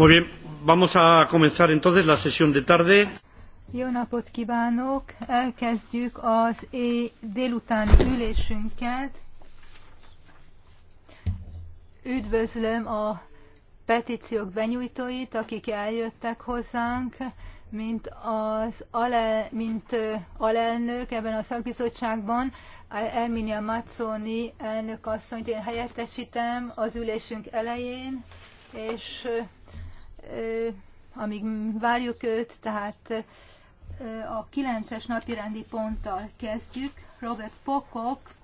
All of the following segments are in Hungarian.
Muy bien, vamos a comenzar entonces la sesión de tarde. Jó napot kívánok! Elkezdjük az é délutáni ülésünket. Üdvözlöm a petíciók benyújtóit, akik eljöttek hozzánk, mint, az ale, mint alelnök ebben a szakbizottságban, Erminia Mazzoni elnök asszonyt én helyettesítem az ülésünk elején, és amíg várjuk őt, tehát a 9-es napi rendi ponttal kezdjük. Robert Pokok,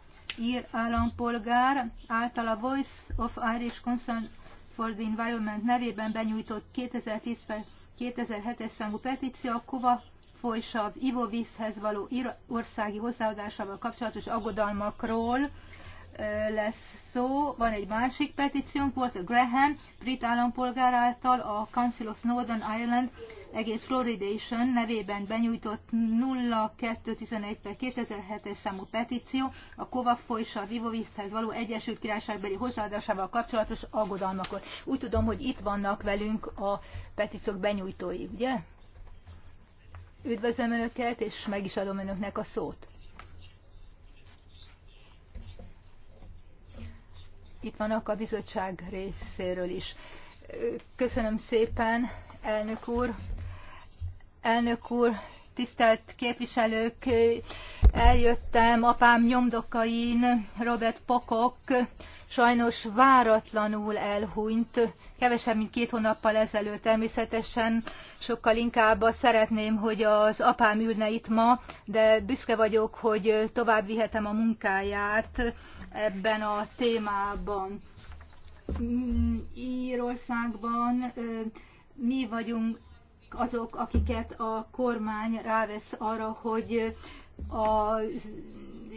ír állampolgár által a Voice of Irish Concern for the Environment nevében benyújtott 2010 2007-es számú petíció a kova folysav ivóvízhez való országi hozzáadásával kapcsolatos aggodalmakról lesz szó. Van egy másik petíciónk, volt a Graham, brit állampolgár által a Council of Northern Ireland egész Floridation nevében benyújtott 0211 per 2007-es számú petíció a Kovafoly és a Vivovisthez való Egyesült Királyságbeli hozzáadásával kapcsolatos aggodalmakot. Úgy tudom, hogy itt vannak velünk a petíciók benyújtói, ugye? Üdvözlöm Önöket, és meg is adom Önöknek a szót. itt vannak a bizottság részéről is. Köszönöm szépen, elnök úr. Elnök úr, tisztelt képviselők, eljöttem apám nyomdokain, Robert Pokok sajnos váratlanul elhunyt, kevesebb, mint két hónappal ezelőtt természetesen, sokkal inkább azt szeretném, hogy az apám ülne itt ma, de büszke vagyok, hogy tovább vihetem a munkáját ebben a témában. Mm, Írországban mi vagyunk azok, akiket a kormány rávesz arra, hogy az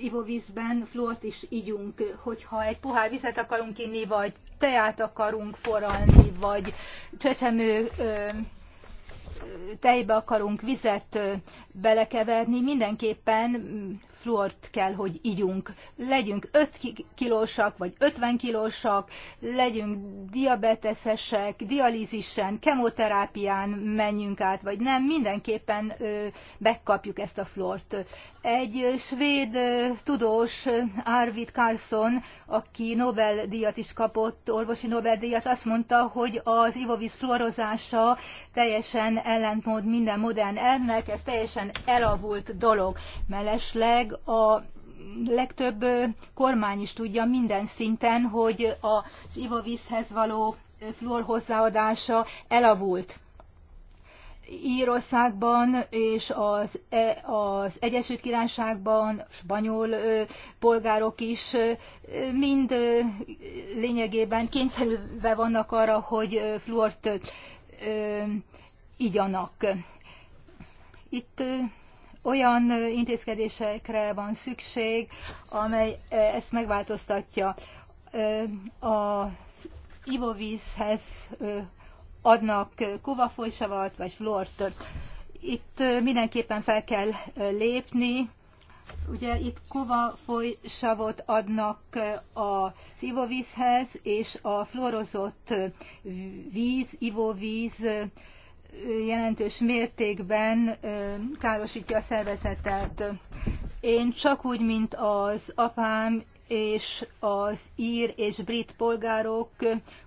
ivóvízben flort is ígyunk, hogyha egy pohár vizet akarunk inni, vagy teát akarunk forralni, vagy csecsemő tejbe akarunk vizet belekeverni, mindenképpen fluort kell, hogy igyunk. Legyünk 5 kilósak, vagy 50 kilósak, legyünk diabeteszesek, dialízisen, kemoterápián menjünk át, vagy nem, mindenképpen ö, megkapjuk ezt a fluort. Egy svéd ö, tudós, Arvid Carlson, aki Nobel-díjat is kapott, orvosi Nobel-díjat, azt mondta, hogy az ivovis fluorozása teljesen ellentmond minden modern elvnek, ez teljesen elavult dolog. Mellesleg meg a legtöbb kormány is tudja minden szinten, hogy az ivóvízhez való fluor hozzáadása elavult. Írországban és az, e, az Egyesült Királyságban spanyol polgárok is mind lényegében kényszerülve vannak arra, hogy fluort igyanak. Itt olyan intézkedésekre van szükség, amely ezt megváltoztatja. A ivóvízhez adnak kovafolysavat vagy flort. Itt mindenképpen fel kell lépni, ugye itt kova folysavot adnak az ivóvízhez, és a fluorozott víz, ivóvíz jelentős mértékben károsítja a szervezetet. Én csak úgy, mint az apám és az ír és brit polgárok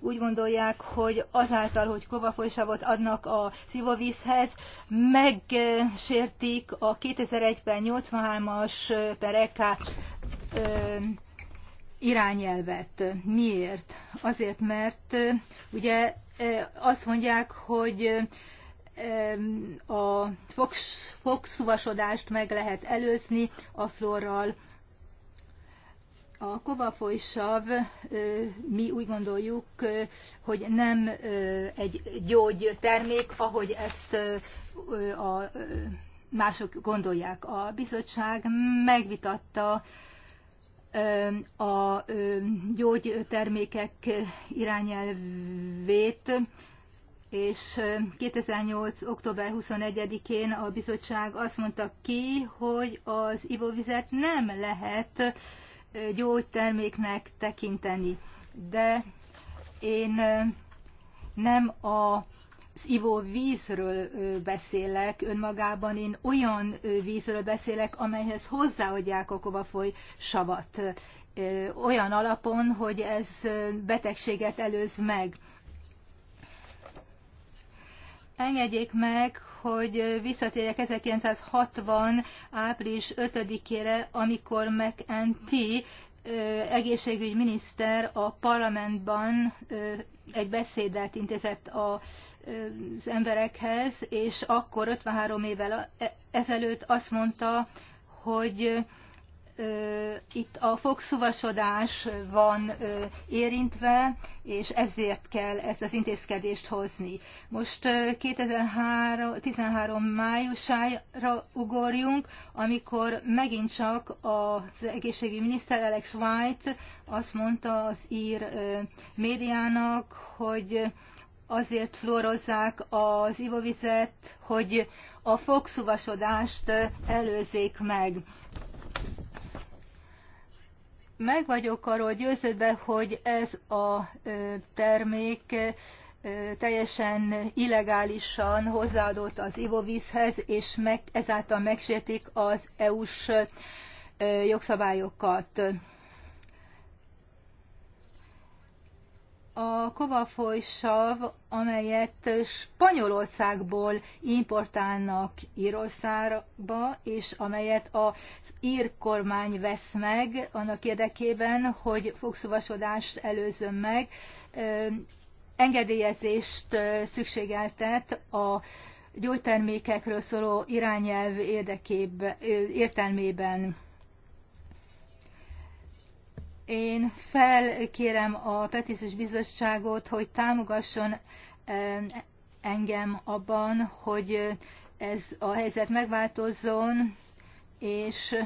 úgy gondolják, hogy azáltal, hogy kovafolysavot adnak a szivóvízhez, megsértik a 2001-ben 83-as pereká irányelvet. Miért? Azért, mert ugye azt mondják, hogy a fogszuvasodást meg lehet előzni a florral. A kovafolysav mi úgy gondoljuk, hogy nem egy gyógytermék, ahogy ezt a mások gondolják. A bizottság megvitatta a gyógytermékek irányelvét, és 2008. október 21-én a bizottság azt mondta ki, hogy az ivóvizet nem lehet gyógyterméknek tekinteni. De én nem a az ivóvízről beszélek önmagában, én olyan vízről beszélek, amelyhez hozzáadják a kovafoly savat. Olyan alapon, hogy ez betegséget előz meg. Engedjék meg, hogy visszatérjek 1960. április 5-ére, amikor McEntee miniszter a parlamentban egy beszédet intézett a az emberekhez, és akkor 53 évvel e, ezelőtt azt mondta, hogy itt a fogszuvasodás van érintve, és ezért kell ezt az intézkedést hozni. Most 2013 májusára ugorjunk, amikor megint csak az egészségügyi miniszter Alex White azt mondta az ír médiának, hogy azért fluorozzák az ivóvizet, hogy a fogszuvasodást előzzék meg. Meg vagyok arról győződve, hogy ez a termék teljesen illegálisan hozzáadott az ivóvízhez, és meg, ezáltal megsértik az EU-s jogszabályokat. a sav, amelyet Spanyolországból importálnak Írországba, és amelyet az ír kormány vesz meg annak érdekében, hogy fogszúvasodást előzön meg, engedélyezést szükségeltet a gyógytermékekről szóló irányelv érdekében. értelmében. Én felkérem a petíciós bizottságot, hogy támogasson engem abban, hogy ez a helyzet megváltozzon, és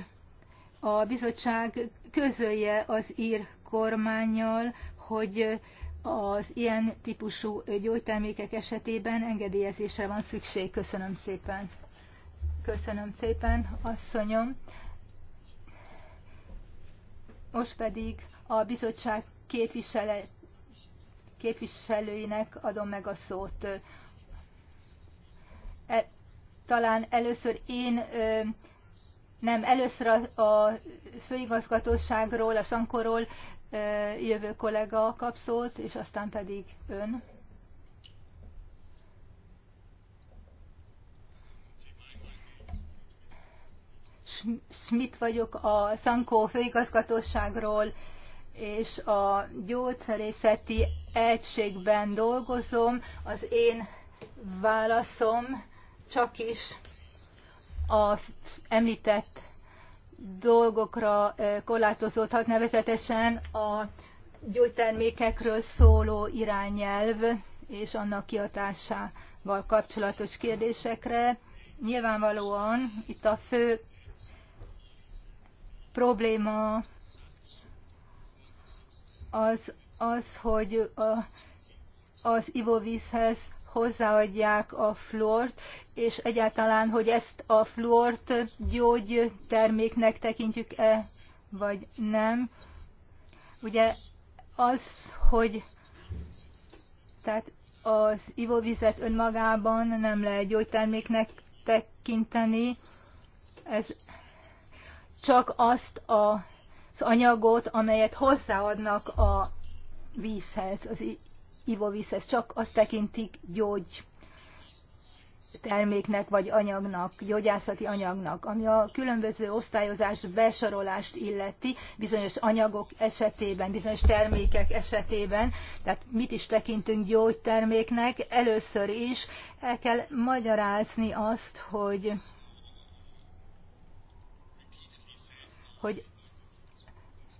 a bizottság közölje az ír kormányjal, hogy az ilyen típusú gyógytermékek esetében engedélyezésre van szükség. Köszönöm szépen. Köszönöm szépen, asszonyom. Most pedig a bizottság képviselet, képviselőinek adom meg a szót. E, talán először én, nem, először a, a főigazgatóságról, a Szankorról jövő kollega kap szót, és aztán pedig ön. Schmidt vagyok a Szankó főigazgatóságról, és a gyógyszerészeti egységben dolgozom. Az én válaszom csak is az említett dolgokra eh, korlátozódhat, nevezetesen a gyógytermékekről szóló irányelv és annak kiadásával kapcsolatos kérdésekre. Nyilvánvalóan itt a fő probléma az, az hogy a, az ivóvízhez hozzáadják a fluort, és egyáltalán, hogy ezt a fluort gyógyterméknek tekintjük-e, vagy nem. Ugye az, hogy tehát az ivóvizet önmagában nem lehet gyógyterméknek tekinteni, ez csak azt a, az anyagot, amelyet hozzáadnak a vízhez, az ivóvízhez, csak azt tekintik gyógy terméknek vagy anyagnak, gyógyászati anyagnak, ami a különböző osztályozás besorolást illeti bizonyos anyagok esetében, bizonyos termékek esetében, tehát mit is tekintünk gyógyterméknek, először is el kell magyarázni azt, hogy hogy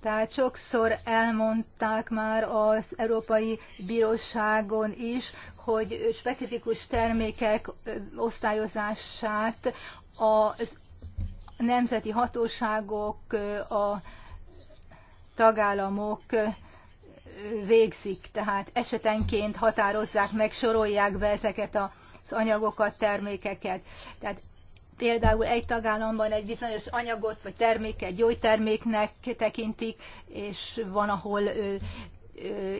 tehát sokszor elmondták már az Európai Bíróságon is, hogy specifikus termékek osztályozását a nemzeti hatóságok, a tagállamok végzik, tehát esetenként határozzák meg, sorolják be ezeket az anyagokat, termékeket. Tehát például egy tagállamban egy bizonyos anyagot vagy terméket gyógyterméknek tekintik, és van, ahol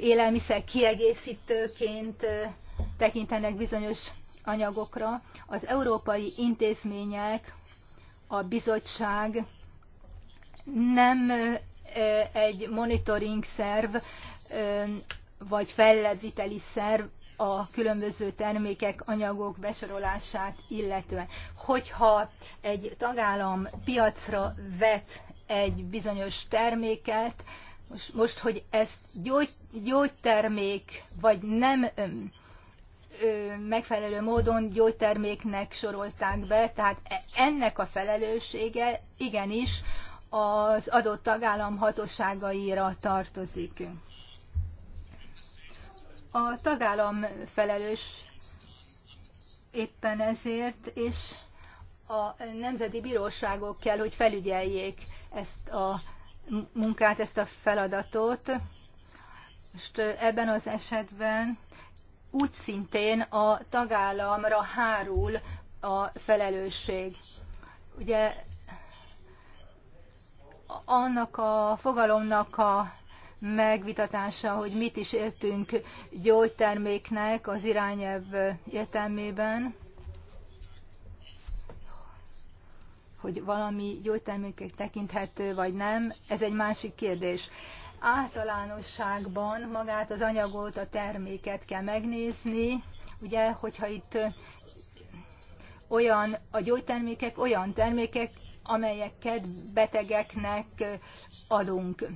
élelmiszer kiegészítőként tekintenek bizonyos anyagokra. Az európai intézmények, a bizottság nem egy monitoring szerv, vagy felleviteli szerv, a különböző termékek, anyagok besorolását illetően. Hogyha egy tagállam piacra vet egy bizonyos terméket, most, most hogy ez gyógy, gyógytermék, vagy nem ö, megfelelő módon gyógyterméknek sorolták be, tehát e, ennek a felelőssége igenis az adott tagállam hatóságaira tartozik a tagállam felelős éppen ezért, és a nemzeti bíróságok kell, hogy felügyeljék ezt a munkát, ezt a feladatot. Most ebben az esetben úgy szintén a tagállamra hárul a felelősség. Ugye annak a fogalomnak a megvitatása, hogy mit is értünk gyógyterméknek az irányelv értelmében, hogy valami gyógytermékek tekinthető vagy nem, ez egy másik kérdés. Általánosságban magát az anyagot, a terméket kell megnézni, ugye, hogyha itt olyan, a gyógytermékek olyan termékek, amelyeket betegeknek adunk.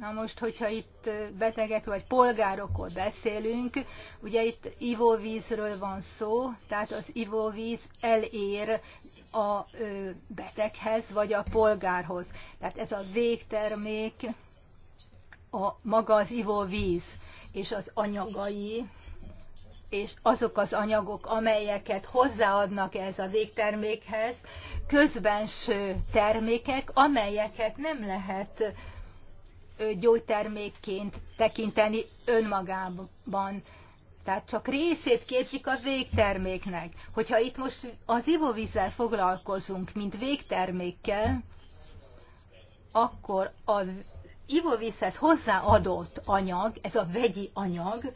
Na most, hogyha itt betegek vagy polgárokról beszélünk, ugye itt ivóvízről van szó, tehát az ivóvíz elér a beteghez vagy a polgárhoz. Tehát ez a végtermék, a maga az ivóvíz és az anyagai, és azok az anyagok, amelyeket hozzáadnak ez a végtermékhez, közbenső termékek, amelyeket nem lehet gyógytermékként tekinteni önmagában. Tehát csak részét képzik a végterméknek. Hogyha itt most az ivóvízzel foglalkozunk, mint végtermékkel, akkor az ivóvízhez hozzáadott anyag, ez a vegyi anyag,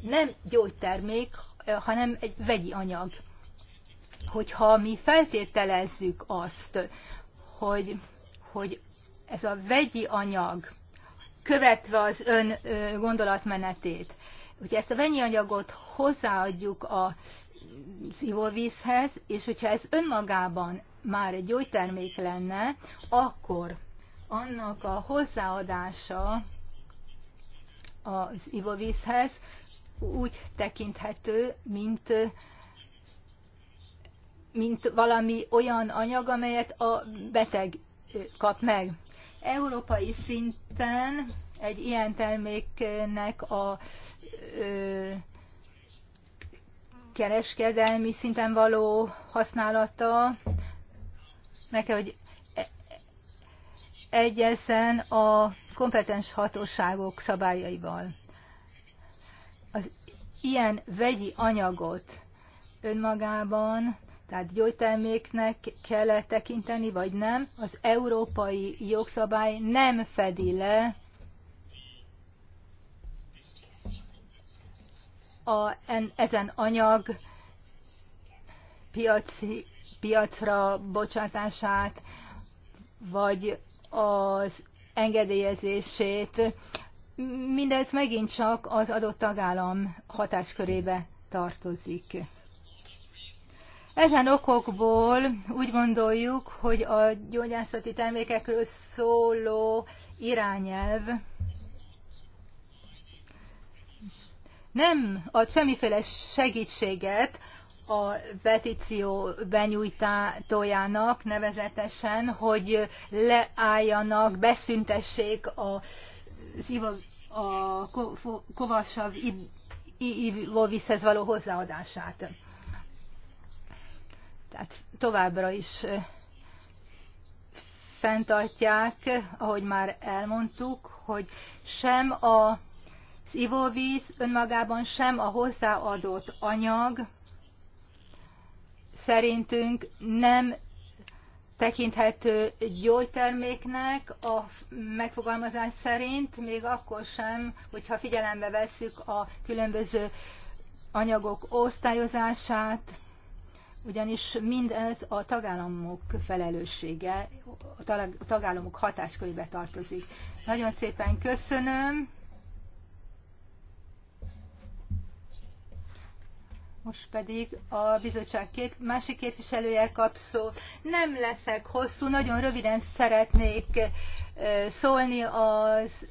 nem gyógytermék, hanem egy vegyi anyag. Hogyha mi feltételezzük azt, hogy, hogy ez a vegyi anyag, követve az ön gondolatmenetét, hogy ezt a vegyi anyagot hozzáadjuk a szivóvízhez, és hogyha ez önmagában már egy gyógytermék lenne, akkor annak a hozzáadása az ivóvízhez úgy tekinthető, mint, mint valami olyan anyag, amelyet a beteg kap meg. Európai szinten egy ilyen terméknek a ö, kereskedelmi szinten való használata meg kell, hogy e, egyezzen a kompetens hatóságok szabályaival. Az ilyen vegyi anyagot önmagában tehát gyógyterméknek kell -e tekinteni, vagy nem? Az európai jogszabály nem fedi le a, en, ezen anyag piaci, piacra bocsátását, vagy az engedélyezését. Mindez megint csak az adott tagállam hatáskörébe tartozik. Ezen okokból úgy gondoljuk, hogy a gyógyászati termékekről szóló irányelv nem ad semmiféle segítséget a petíció benyújtójának nevezetesen, hogy leálljanak, beszüntessék a, a kovasav ivóvízhez való hozzáadását tehát továbbra is fenntartják, ahogy már elmondtuk, hogy sem a az ivóvíz önmagában sem a hozzáadott anyag szerintünk nem tekinthető gyógyterméknek a megfogalmazás szerint, még akkor sem, hogyha figyelembe vesszük a különböző anyagok osztályozását, ugyanis mindez a tagállamok felelőssége, a tagállamok hatáskörébe tartozik. Nagyon szépen köszönöm. Most pedig a bizottság kép, másik képviselője kap szó. Nem leszek hosszú, nagyon röviden szeretnék szólni az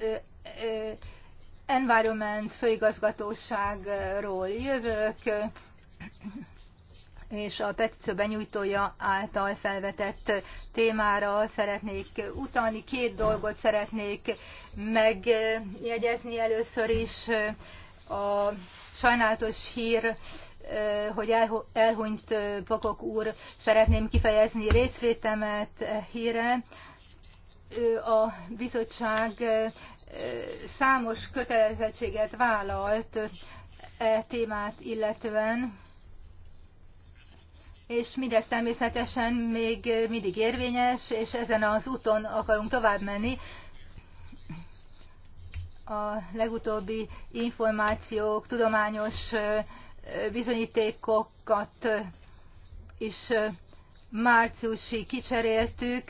Environment főigazgatóságról. Jövök és a petíció benyújtója által felvetett témára szeretnék utalni. Két dolgot szeretnék megjegyezni először is. A sajnálatos hír hogy elhunyt Pakok úr, szeretném kifejezni részvétemet e híre. A bizottság számos kötelezettséget vállalt e témát illetően, és mindez természetesen még mindig érvényes, és ezen az úton akarunk tovább menni. A legutóbbi információk, tudományos bizonyítékokat is márciusi kicseréltük,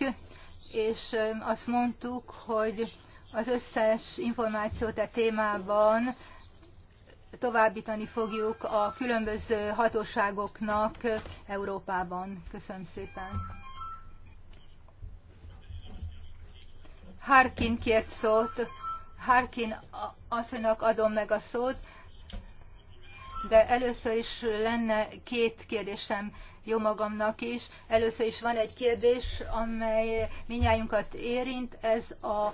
és azt mondtuk, hogy az összes információt a e témában továbbítani fogjuk a különböző hatóságoknak Európában. Köszönöm szépen. Harkin kért szót. Harkin asszonynak adom meg a szót, de először is lenne két kérdésem jó magamnak is. Először is van egy kérdés, amely minnyájunkat érint, ez a, a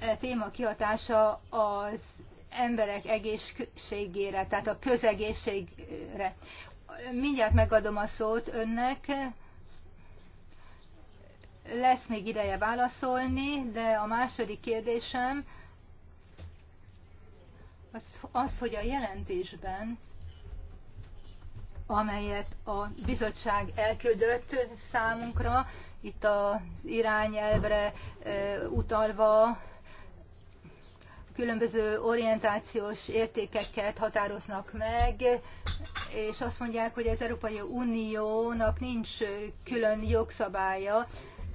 e téma kihatása az emberek egészségére, tehát a közegészségre. Mindjárt megadom a szót önnek. Lesz még ideje válaszolni, de a második kérdésem az, az hogy a jelentésben, amelyet a bizottság elküldött számunkra, itt az irányelvre utalva különböző orientációs értékeket határoznak meg, és azt mondják, hogy az Európai Uniónak nincs külön jogszabálya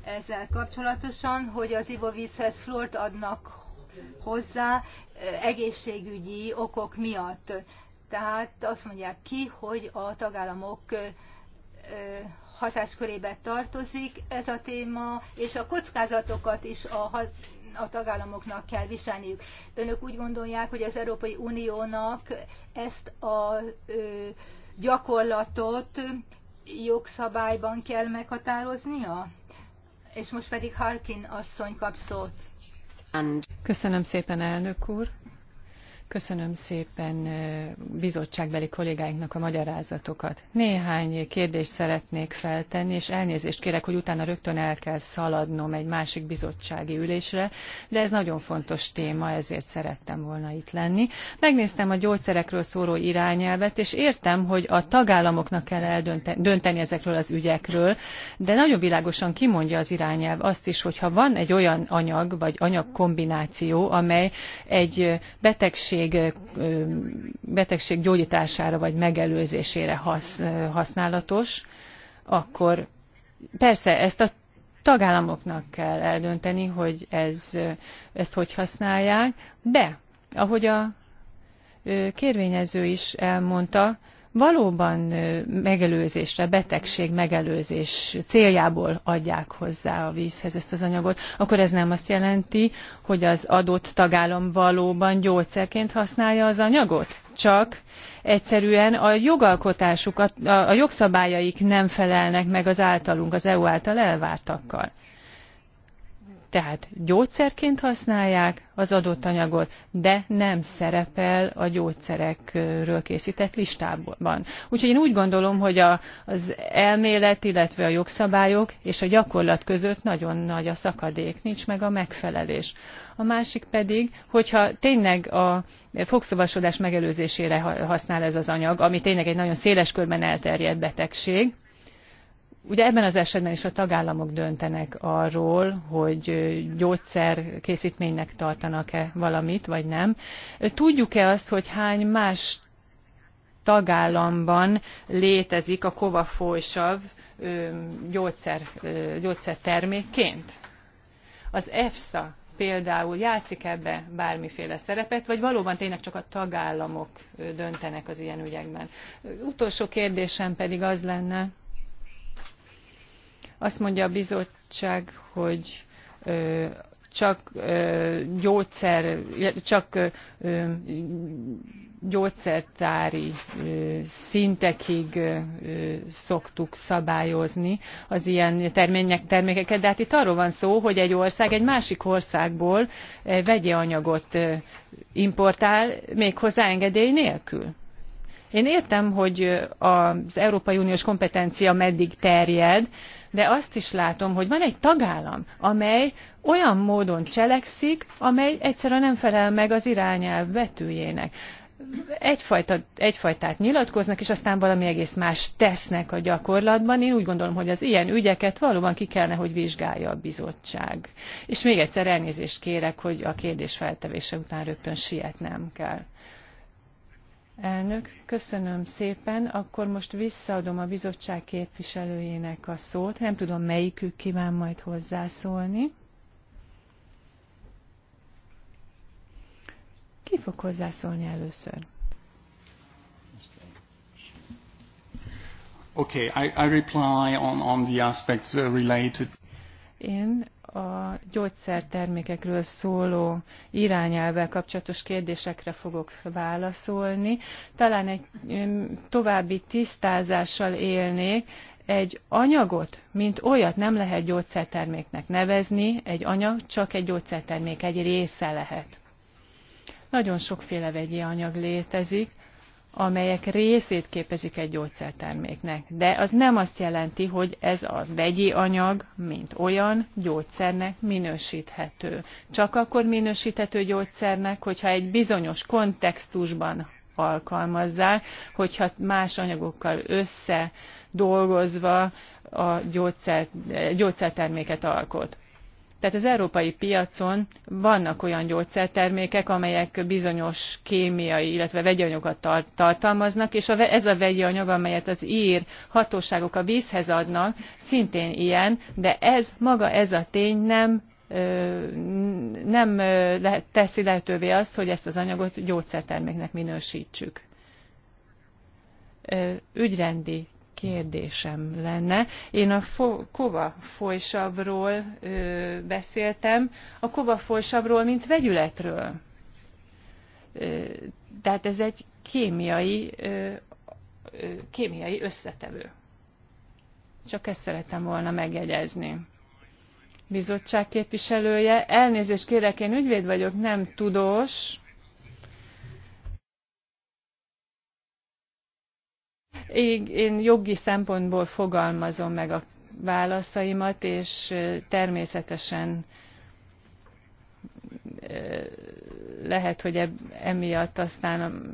ezzel kapcsolatosan, hogy az ivóvízhez flort adnak hozzá egészségügyi okok miatt. Tehát azt mondják ki, hogy a tagállamok hatáskörébe tartozik ez a téma, és a kockázatokat is a, a tagállamoknak kell viselniük. Önök úgy gondolják, hogy az Európai Uniónak ezt a ö, gyakorlatot jogszabályban kell meghatároznia? És most pedig Harkin asszony kap szót. Köszönöm szépen, elnök úr. Köszönöm szépen bizottságbeli kollégáinknak a magyarázatokat. Néhány kérdést szeretnék feltenni, és elnézést kérek, hogy utána rögtön el kell szaladnom egy másik bizottsági ülésre, de ez nagyon fontos téma, ezért szerettem volna itt lenni. Megnéztem a gyógyszerekről szóló irányelvet, és értem, hogy a tagállamoknak kell eldönteni ezekről az ügyekről, de nagyon világosan kimondja az irányelv azt is, hogyha van egy olyan anyag vagy anyagkombináció, amely egy betegség betegség, betegség gyógyítására vagy megelőzésére használatos, akkor persze ezt a tagállamoknak kell eldönteni, hogy ez, ezt hogy használják, de ahogy a kérvényező is elmondta, valóban megelőzésre, betegség megelőzés céljából adják hozzá a vízhez ezt az anyagot, akkor ez nem azt jelenti, hogy az adott tagállam valóban gyógyszerként használja az anyagot, csak egyszerűen a jogalkotásuk, a, a jogszabályaik nem felelnek meg az általunk, az EU által elvártakkal. Tehát gyógyszerként használják az adott anyagot, de nem szerepel a gyógyszerekről készített listában. Úgyhogy én úgy gondolom, hogy a, az elmélet, illetve a jogszabályok és a gyakorlat között nagyon nagy a szakadék, nincs meg a megfelelés. A másik pedig, hogyha tényleg a fogszabasodás megelőzésére használ ez az anyag, ami tényleg egy nagyon széles körben elterjedt betegség, Ugye ebben az esetben is a tagállamok döntenek arról, hogy gyógyszerkészítménynek tartanak-e valamit, vagy nem. Tudjuk-e azt, hogy hány más tagállamban létezik a folysav gyógyszer, gyógyszertermékként? Az EFSA például játszik ebbe bármiféle szerepet, vagy valóban tényleg csak a tagállamok döntenek az ilyen ügyekben? Utolsó kérdésem pedig az lenne, azt mondja a bizottság, hogy csak gyógyszer, csak gyógyszertári szintekig szoktuk szabályozni az ilyen termények, termékeket, de hát itt arról van szó, hogy egy ország egy másik országból vegyi anyagot importál, méghozzá engedély nélkül. Én értem, hogy az Európai Uniós kompetencia meddig terjed, de azt is látom, hogy van egy tagállam, amely olyan módon cselekszik, amely egyszerűen nem felel meg az irányelv betűjének egyfajta, egyfajtát nyilatkoznak, és aztán valami egész más tesznek a gyakorlatban. Én úgy gondolom, hogy az ilyen ügyeket valóban ki kellene, hogy vizsgálja a bizottság. És még egyszer elnézést kérek, hogy a kérdés feltevése után rögtön sietnem kell. Elnök, köszönöm szépen. Akkor most visszaadom a bizottság képviselőjének a szót. Nem tudom, melyikük kíván majd hozzászólni. Ki fog hozzászólni először? Okay, I, I reply on, on the aspects uh, related. Én a gyógyszertermékekről szóló irányelvvel kapcsolatos kérdésekre fogok válaszolni. Talán egy további tisztázással élnék. Egy anyagot, mint olyat nem lehet gyógyszerterméknek nevezni, egy anyag csak egy gyógyszertermék egy része lehet. Nagyon sokféle vegyi anyag létezik, amelyek részét képezik egy gyógyszerterméknek. De az nem azt jelenti, hogy ez a vegyi anyag, mint olyan gyógyszernek minősíthető. Csak akkor minősíthető gyógyszernek, hogyha egy bizonyos kontextusban alkalmazzák, hogyha más anyagokkal dolgozva a gyógyszer, gyógyszerterméket alkot. Tehát az európai piacon vannak olyan gyógyszertermékek, amelyek bizonyos kémiai, illetve vegyi anyagokat tar tartalmaznak, és a, ez a vegyi anyag, amelyet az ír hatóságok a vízhez adnak, szintén ilyen, de ez maga ez a tény nem nem lehet, teszi lehetővé azt, hogy ezt az anyagot gyógyszerterméknek minősítsük. Ügyrendi kérdésem lenne. Én a fo- kova folysabról ö, beszéltem, a kova folysabról, mint vegyületről. Ö, tehát ez egy kémiai, ö, ö, kémiai összetevő. Csak ezt szeretem volna megjegyezni bizottság képviselője. Elnézést kérek, én ügyvéd vagyok, nem tudós, Én jogi szempontból fogalmazom meg a válaszaimat, és természetesen lehet, hogy e, emiatt aztán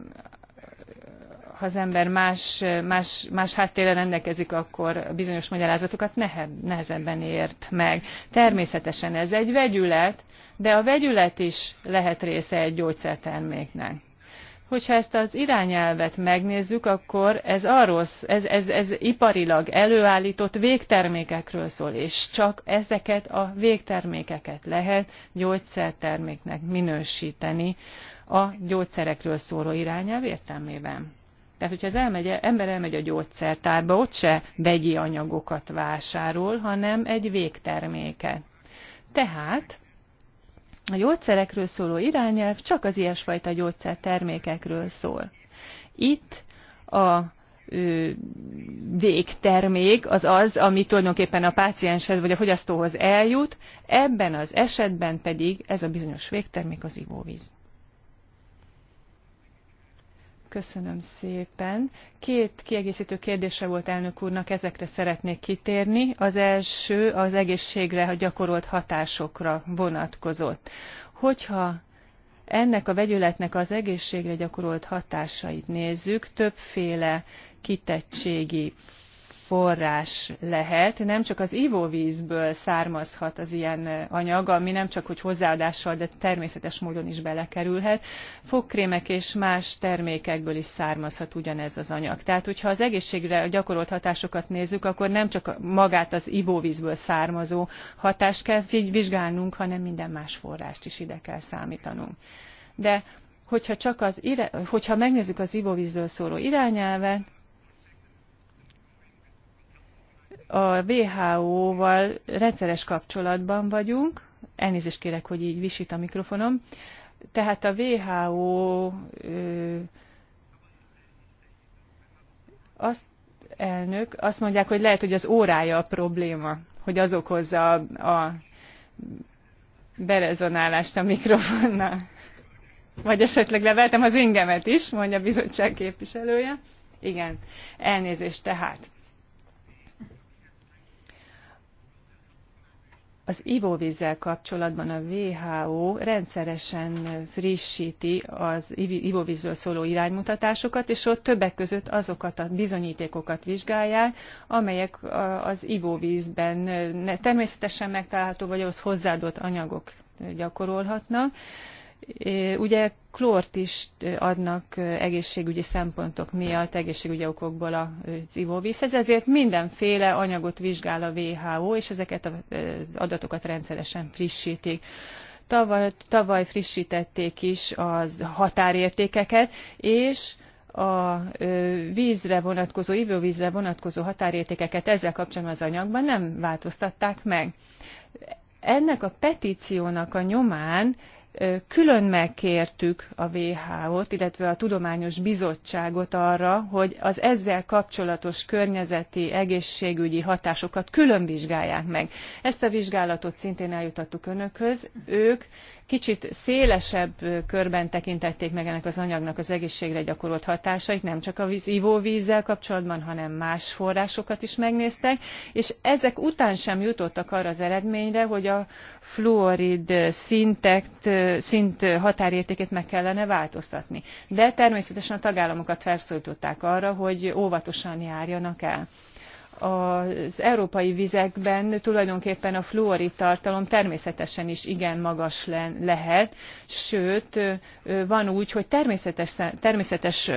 ha az ember más, más, más háttérre rendelkezik, akkor bizonyos magyarázatokat nehezebben ért meg. Természetesen ez egy vegyület, de a vegyület is lehet része egy gyógyszerterméknek. Hogyha ezt az irányelvet megnézzük, akkor ez arról, ez, ez, ez iparilag előállított végtermékekről szól, és csak ezeket a végtermékeket lehet gyógyszerterméknek minősíteni a gyógyszerekről szóló irányelv értelmében. Tehát, hogyha az elmegy, ember elmegy a gyógyszertárba, ott se vegyi anyagokat vásárol, hanem egy végterméket. Tehát a gyógyszerekről szóló irányelv csak az ilyesfajta gyógyszertermékekről szól. Itt a ö, végtermék az az, ami tulajdonképpen a pácienshez vagy a fogyasztóhoz eljut, ebben az esetben pedig ez a bizonyos végtermék az ivóvíz. Köszönöm szépen. Két kiegészítő kérdése volt elnök úrnak, ezekre szeretnék kitérni. Az első az egészségre gyakorolt hatásokra vonatkozott. Hogyha ennek a vegyületnek az egészségre gyakorolt hatásait nézzük, többféle kitettségi forrás lehet, nem csak az ivóvízből származhat az ilyen anyag, ami nem csak hogy hozzáadással, de természetes módon is belekerülhet. Fogkrémek és más termékekből is származhat ugyanez az anyag. Tehát, hogyha az egészségre gyakorolt hatásokat nézzük, akkor nem csak magát az ivóvízből származó hatást kell vizsgálnunk, hanem minden más forrást is ide kell számítanunk. De hogyha, csak az, hogyha megnézzük az ivóvízről szóló irányelvet, a WHO-val rendszeres kapcsolatban vagyunk, elnézést kérek, hogy így visít a mikrofonom, tehát a WHO ö, azt elnök, azt mondják, hogy lehet, hogy az órája a probléma, hogy az okozza a, a berezonálást a mikrofonnál, Vagy esetleg leveltem az ingemet is, mondja a bizottság képviselője. Igen, elnézést tehát. Az ivóvízzel kapcsolatban a WHO rendszeresen frissíti az ivóvízről szóló iránymutatásokat, és ott többek között azokat a bizonyítékokat vizsgálják, amelyek az ivóvízben természetesen megtalálható, vagy ahhoz hozzáadott anyagok gyakorolhatnak ugye klort is adnak egészségügyi szempontok miatt, egészségügyi okokból az ivóvízhez, ezért mindenféle anyagot vizsgál a WHO, és ezeket az adatokat rendszeresen frissítik. Tavaly, tavaly frissítették is az határértékeket, és a vízre vonatkozó, ivóvízre vonatkozó határértékeket ezzel kapcsolatban az anyagban nem változtatták meg. Ennek a petíciónak a nyomán külön megkértük a WHO-t, illetve a Tudományos Bizottságot arra, hogy az ezzel kapcsolatos környezeti egészségügyi hatásokat külön vizsgálják meg. Ezt a vizsgálatot szintén eljutattuk önökhöz. Ők kicsit szélesebb körben tekintették meg ennek az anyagnak az egészségre gyakorolt hatásait, nem csak a ivóvízzel kapcsolatban, hanem más forrásokat is megnéztek, és ezek után sem jutottak arra az eredményre, hogy a fluorid szintet, szint határértékét meg kellene változtatni. De természetesen a tagállamokat felszólították arra, hogy óvatosan járjanak el az európai vizekben tulajdonképpen a fluorid tartalom természetesen is igen magas lehet, sőt van úgy, hogy természetes, természetes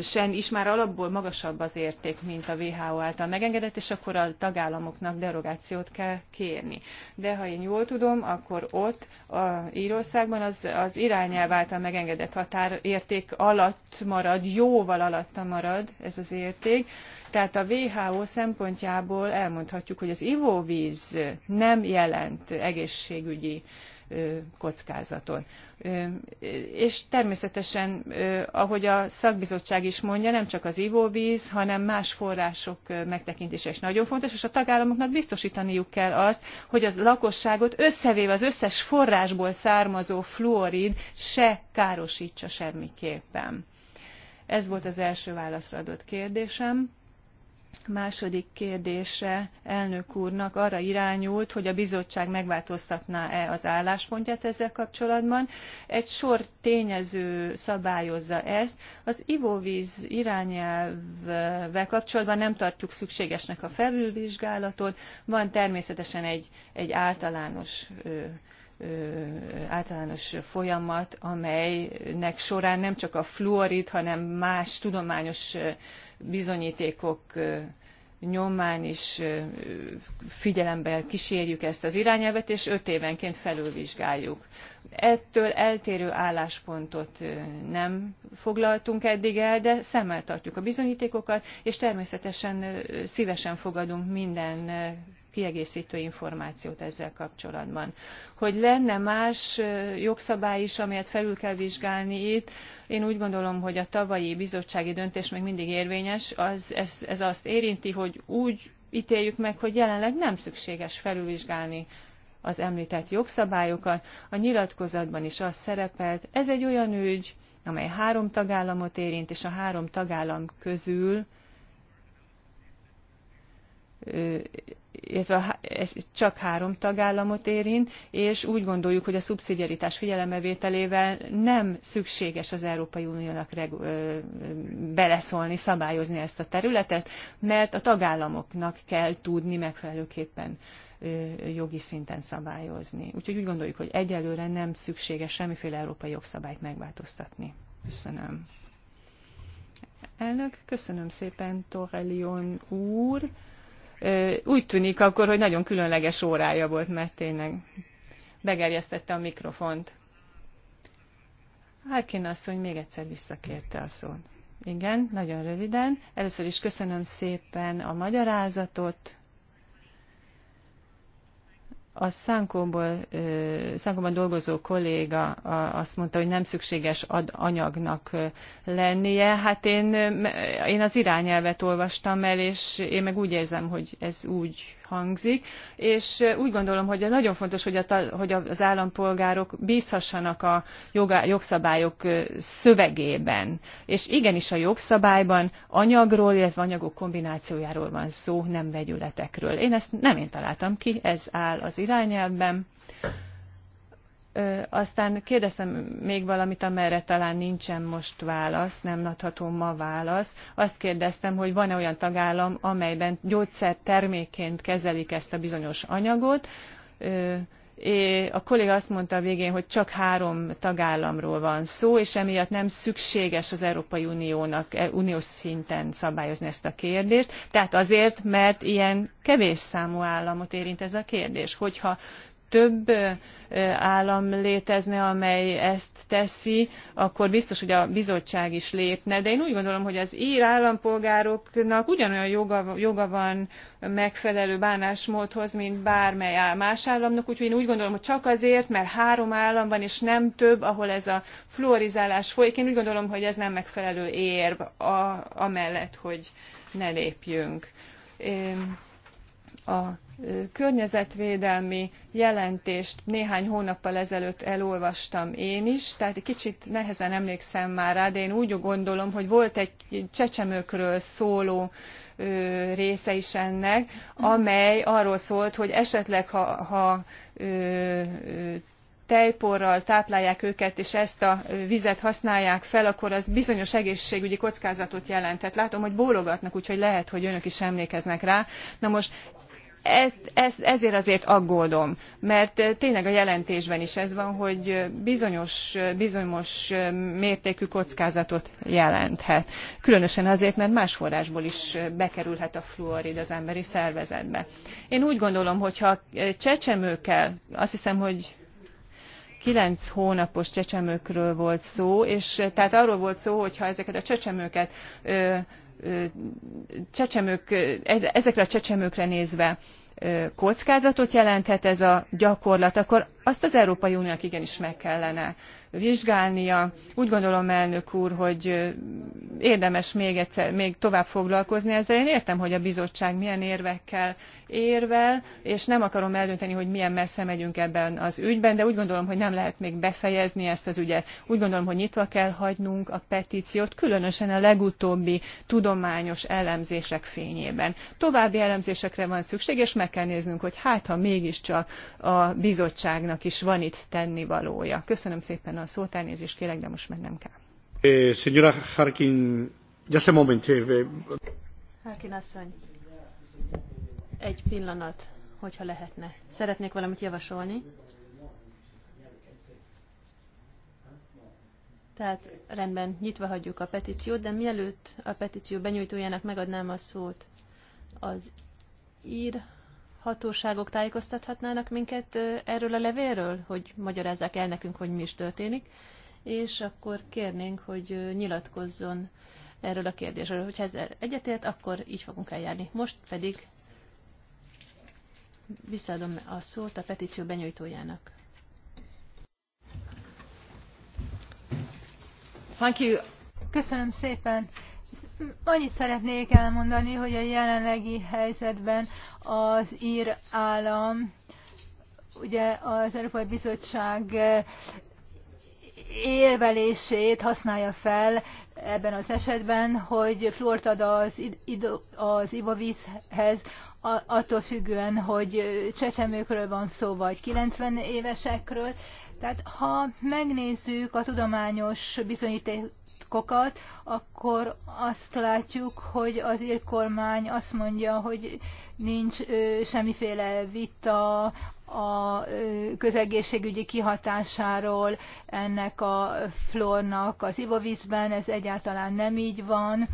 sen is már alapból magasabb az érték, mint a WHO által megengedett, és akkor a tagállamoknak derogációt kell kérni. De ha én jól tudom, akkor ott a Írországban az, az irányelv által megengedett határérték alatt marad, jóval alatta marad ez az érték, tehát a WHO szempontjából elmondhatjuk, hogy az ivóvíz nem jelent egészségügyi kockázaton. És természetesen, ahogy a szakbizottság is mondja, nem csak az ivóvíz, hanem más források megtekintése is nagyon fontos, és a tagállamoknak biztosítaniuk kell azt, hogy az lakosságot összevéve az összes forrásból származó fluorid se károsítsa semmiképpen. Ez volt az első válaszra adott kérdésem. Második kérdése elnök úrnak arra irányult, hogy a bizottság megváltoztatná-e az álláspontját ezzel kapcsolatban. Egy sor tényező szabályozza ezt. Az ivóvíz irányelvvel kapcsolatban nem tartjuk szükségesnek a felülvizsgálatot. Van természetesen egy, egy általános általános folyamat, amelynek során nem csak a fluorid, hanem más tudományos bizonyítékok nyomán is figyelembe kísérjük ezt az irányelvet, és öt évenként felülvizsgáljuk. Ettől eltérő álláspontot nem foglaltunk eddig el, de szemmel tartjuk a bizonyítékokat, és természetesen szívesen fogadunk minden kiegészítő információt ezzel kapcsolatban. Hogy lenne más jogszabály is, amelyet felül kell vizsgálni itt, én úgy gondolom, hogy a tavalyi bizottsági döntés még mindig érvényes, az, ez, ez azt érinti, hogy úgy ítéljük meg, hogy jelenleg nem szükséges felülvizsgálni az említett jogszabályokat. A nyilatkozatban is az szerepelt, ez egy olyan ügy, amely három tagállamot érint, és a három tagállam közül illetve ez csak három tagállamot érint, és úgy gondoljuk, hogy a szubszidiaritás figyelemevételével nem szükséges az Európai Uniónak beleszólni, szabályozni ezt a területet, mert a tagállamoknak kell tudni megfelelőképpen jogi szinten szabályozni. Úgyhogy úgy gondoljuk, hogy egyelőre nem szükséges semmiféle európai jogszabályt megváltoztatni. Köszönöm. Elnök, köszönöm szépen, Torellion úr úgy tűnik akkor, hogy nagyon különleges órája volt, mert tényleg begerjesztette a mikrofont. Harkin asszony még egyszer visszakérte a szót. Igen, nagyon röviden. Először is köszönöm szépen a magyarázatot, a szánkóból, szánkóban dolgozó kolléga azt mondta, hogy nem szükséges ad anyagnak lennie. Hát én, én az irányelvet olvastam el, és én meg úgy érzem, hogy ez úgy hangzik, és úgy gondolom, hogy nagyon fontos, hogy, az állampolgárok bzhassanak a jogszabályok szövegében. És igenis a jogszabályban anyagról, illetve anyagok kombinációjáról van szó, nem vegyületekről. Én ezt nem én találtam ki, ez áll az irányelvben. Aztán kérdeztem még valamit, amerre talán nincsen most válasz, nem adható ma válasz. Azt kérdeztem, hogy van-e olyan tagállam, amelyben gyógyszertermékként kezelik ezt a bizonyos anyagot. A kolléga azt mondta a végén, hogy csak három tagállamról van szó, és emiatt nem szükséges az Európai Uniónak e, uniós szinten szabályozni ezt a kérdést. Tehát azért, mert ilyen kevés számú államot érint ez a kérdés. Hogyha több állam létezne, amely ezt teszi, akkor biztos, hogy a bizottság is lépne. De én úgy gondolom, hogy az ír állampolgároknak ugyanolyan joga, joga van megfelelő bánásmódhoz, mint bármely más államnak. Úgyhogy én úgy gondolom, hogy csak azért, mert három állam van, és nem több, ahol ez a fluorizálás folyik. Én úgy gondolom, hogy ez nem megfelelő érv a, amellett, hogy ne lépjünk. A környezetvédelmi jelentést néhány hónappal ezelőtt elolvastam én is, tehát egy kicsit nehezen emlékszem már rá, de én úgy gondolom, hogy volt egy csecsemőkről szóló része is ennek, amely arról szólt, hogy esetleg ha, ha tejporral táplálják őket, és ezt a vizet használják fel, akkor az bizonyos egészségügyi kockázatot jelentett. Látom, hogy bólogatnak, úgyhogy lehet, hogy önök is emlékeznek rá. Na most ezért azért aggódom, mert eh, tényleg a jelentésben is ez van, hogy bizonyos, eh, bizonyos eh, mértékű kockázatot jelenthet. Különösen azért, mert más forrásból is bekerülhet a fluorid az emberi szervezetbe. Én úgy gondolom, hogyha csecsemőkkel, azt hiszem, hogy kilenc hónapos csecsemőkről volt szó, és tehát arról volt szó, hogy ha ezeket a csecsemőket csecsemők, ezekre a csecsemőkre nézve kockázatot jelenthet ez a gyakorlat, akkor azt az Európai Uniónak igenis meg kellene vizsgálnia. Úgy gondolom, elnök úr, hogy érdemes még, egyszer, még tovább foglalkozni ezzel. Én értem, hogy a bizottság milyen érvekkel érvel, és nem akarom eldönteni, hogy milyen messze megyünk ebben az ügyben, de úgy gondolom, hogy nem lehet még befejezni ezt az ügyet. Úgy gondolom, hogy nyitva kell hagynunk a petíciót, különösen a legutóbbi tudományos elemzések fényében. További elemzésekre van szükség, és meg kell néznünk, hogy hát, ha mégiscsak a bizottságnak is van itt tennivalója. Köszönöm szépen a a szót, elnézést kérek, de most mennem kell. Eh, señora Harkin, just a eh, Harkin asszony, egy pillanat, hogyha lehetne. Szeretnék valamit javasolni. Tehát rendben, nyitva hagyjuk a petíciót, de mielőtt a petíció benyújtójának megadnám a szót az ír hatóságok tájékoztathatnának minket erről a levélről, hogy magyarázzák el nekünk, hogy mi is történik, és akkor kérnénk, hogy nyilatkozzon erről a kérdésről. Hogyha ezzel egyetért, akkor így fogunk eljárni. Most pedig visszaadom a szót a petíció benyújtójának. Thank you. Köszönöm szépen. Annyit szeretnék elmondani, hogy a jelenlegi helyzetben az ír állam, ugye az Európai Bizottság élvelését használja fel ebben az esetben, hogy flort ad az, az ivóvízhez, attól függően, hogy csecsemőkről van szó, vagy 90 évesekről. Tehát ha megnézzük a tudományos bizonyítékokat, akkor azt látjuk, hogy az írkormány azt mondja, hogy nincs ö, semmiféle vita a ö, közegészségügyi kihatásáról ennek a flornak az ivóvízben, ez egyáltalán nem így van.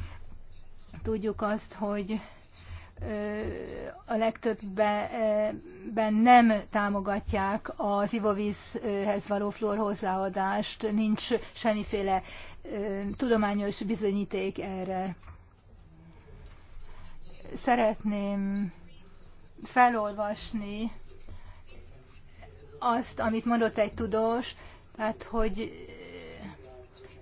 Tudjuk azt, hogy a legtöbbben nem támogatják az ivóvízhez való flór hozzáadást, nincs semmiféle tudományos bizonyíték erre. Szeretném felolvasni azt, amit mondott egy tudós, tehát hogy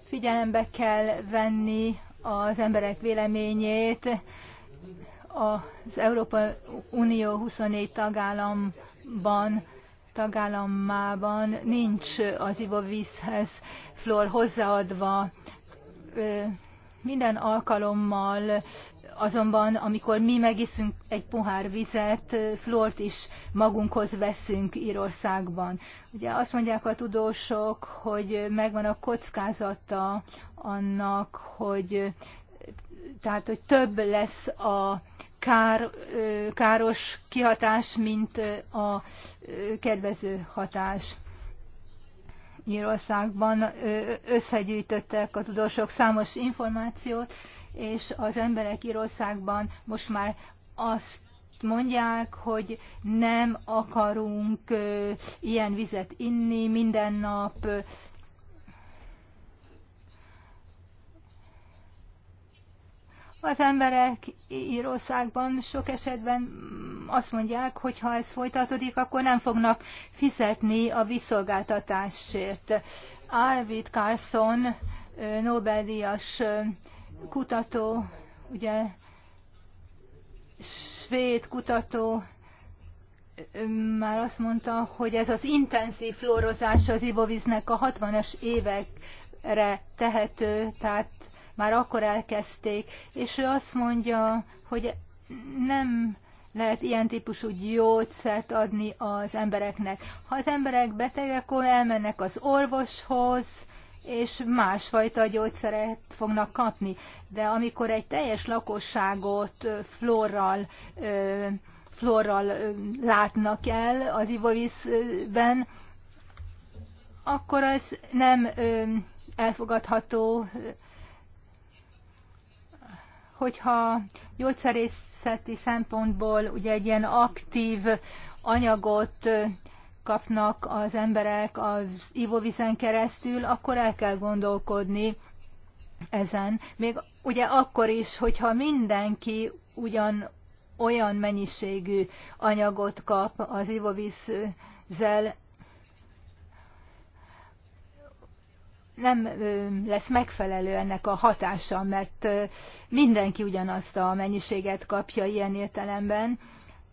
figyelembe kell venni az emberek véleményét, az Európai Unió 24 tagállamban tagállamában nincs az ivóvízhez flor hozzáadva. Minden alkalommal azonban, amikor mi megiszünk egy pohár vizet, flort is magunkhoz veszünk Írországban. Ugye azt mondják a tudósok, hogy megvan a kockázata annak, hogy tehát, hogy több lesz a kár, káros kihatás, mint a kedvező hatás. Nyírországban összegyűjtöttek a tudósok számos információt, és az emberek Írországban most már azt mondják, hogy nem akarunk ilyen vizet inni minden nap, Az emberek Írországban sok esetben azt mondják, hogy ha ez folytatódik, akkor nem fognak fizetni a visszolgáltatásért. Arvid Carson, Nobel-díjas kutató, ugye svéd kutató már azt mondta, hogy ez az intenzív fluorozás az ivóvíznek a 60-as évekre tehető, tehát már akkor elkezdték, és ő azt mondja, hogy nem lehet ilyen típusú gyógyszert adni az embereknek. Ha az emberek betegek, akkor elmennek az orvoshoz, és másfajta gyógyszeret fognak kapni. De amikor egy teljes lakosságot florral, florral látnak el az ivóvízben, akkor ez nem elfogadható hogyha gyógyszerészeti szempontból ugye egy ilyen aktív anyagot kapnak az emberek az ivóvizen keresztül, akkor el kell gondolkodni ezen. Még ugye akkor is, hogyha mindenki ugyan olyan mennyiségű anyagot kap az ivóvízzel nem lesz megfelelő ennek a hatása, mert mindenki ugyanazt a mennyiséget kapja ilyen értelemben.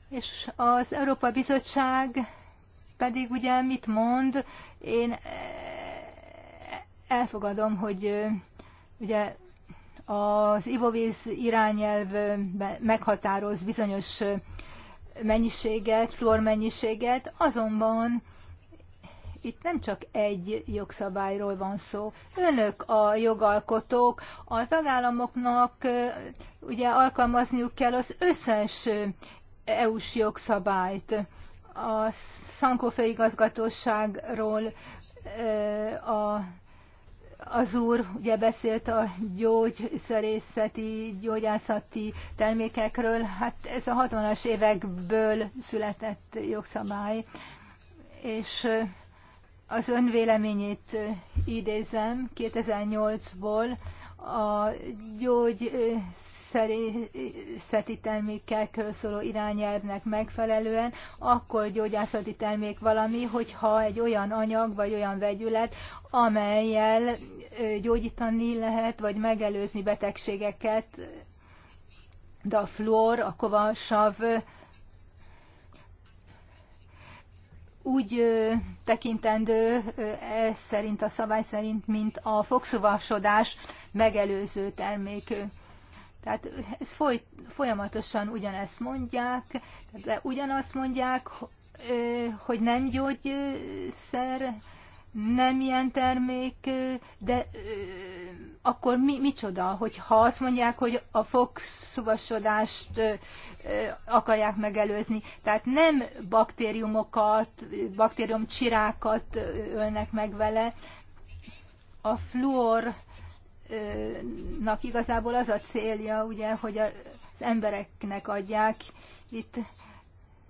És az Európa Bizottság pedig ugye mit mond, én elfogadom, hogy ugye az ivóvíz irányelv meghatároz bizonyos mennyiséget, flormennyiséget, azonban itt nem csak egy jogszabályról van szó. Önök a jogalkotók, a tagállamoknak ugye alkalmazniuk kell az összes EU-s jogszabályt. A Szankó főigazgatóságról a az úr ugye beszélt a gyógyszerészeti, gyógyászati termékekről, hát ez a 60-as évekből született jogszabály, és az ön véleményét idézem 2008-ból a gyógyszeri termékekről szóló irányelvnek megfelelően, akkor gyógyászati termék valami, hogyha egy olyan anyag vagy olyan vegyület, amelyel gyógyítani lehet, vagy megelőzni betegségeket, de a fluor, a kovasav úgy tekintendő ez szerint, a szabály szerint, mint a fogszuvasodás megelőző termék. Tehát ez foly, folyamatosan ugyanezt mondják, de ugyanazt mondják, hogy nem gyógyszer, nem ilyen termék, de akkor mi, micsoda, hogy ha azt mondják, hogy a fogszúvasodást akarják megelőzni. Tehát nem baktériumokat, baktériumcsirákat ölnek meg vele. A fluornak igazából az a célja, ugye, hogy az embereknek adják itt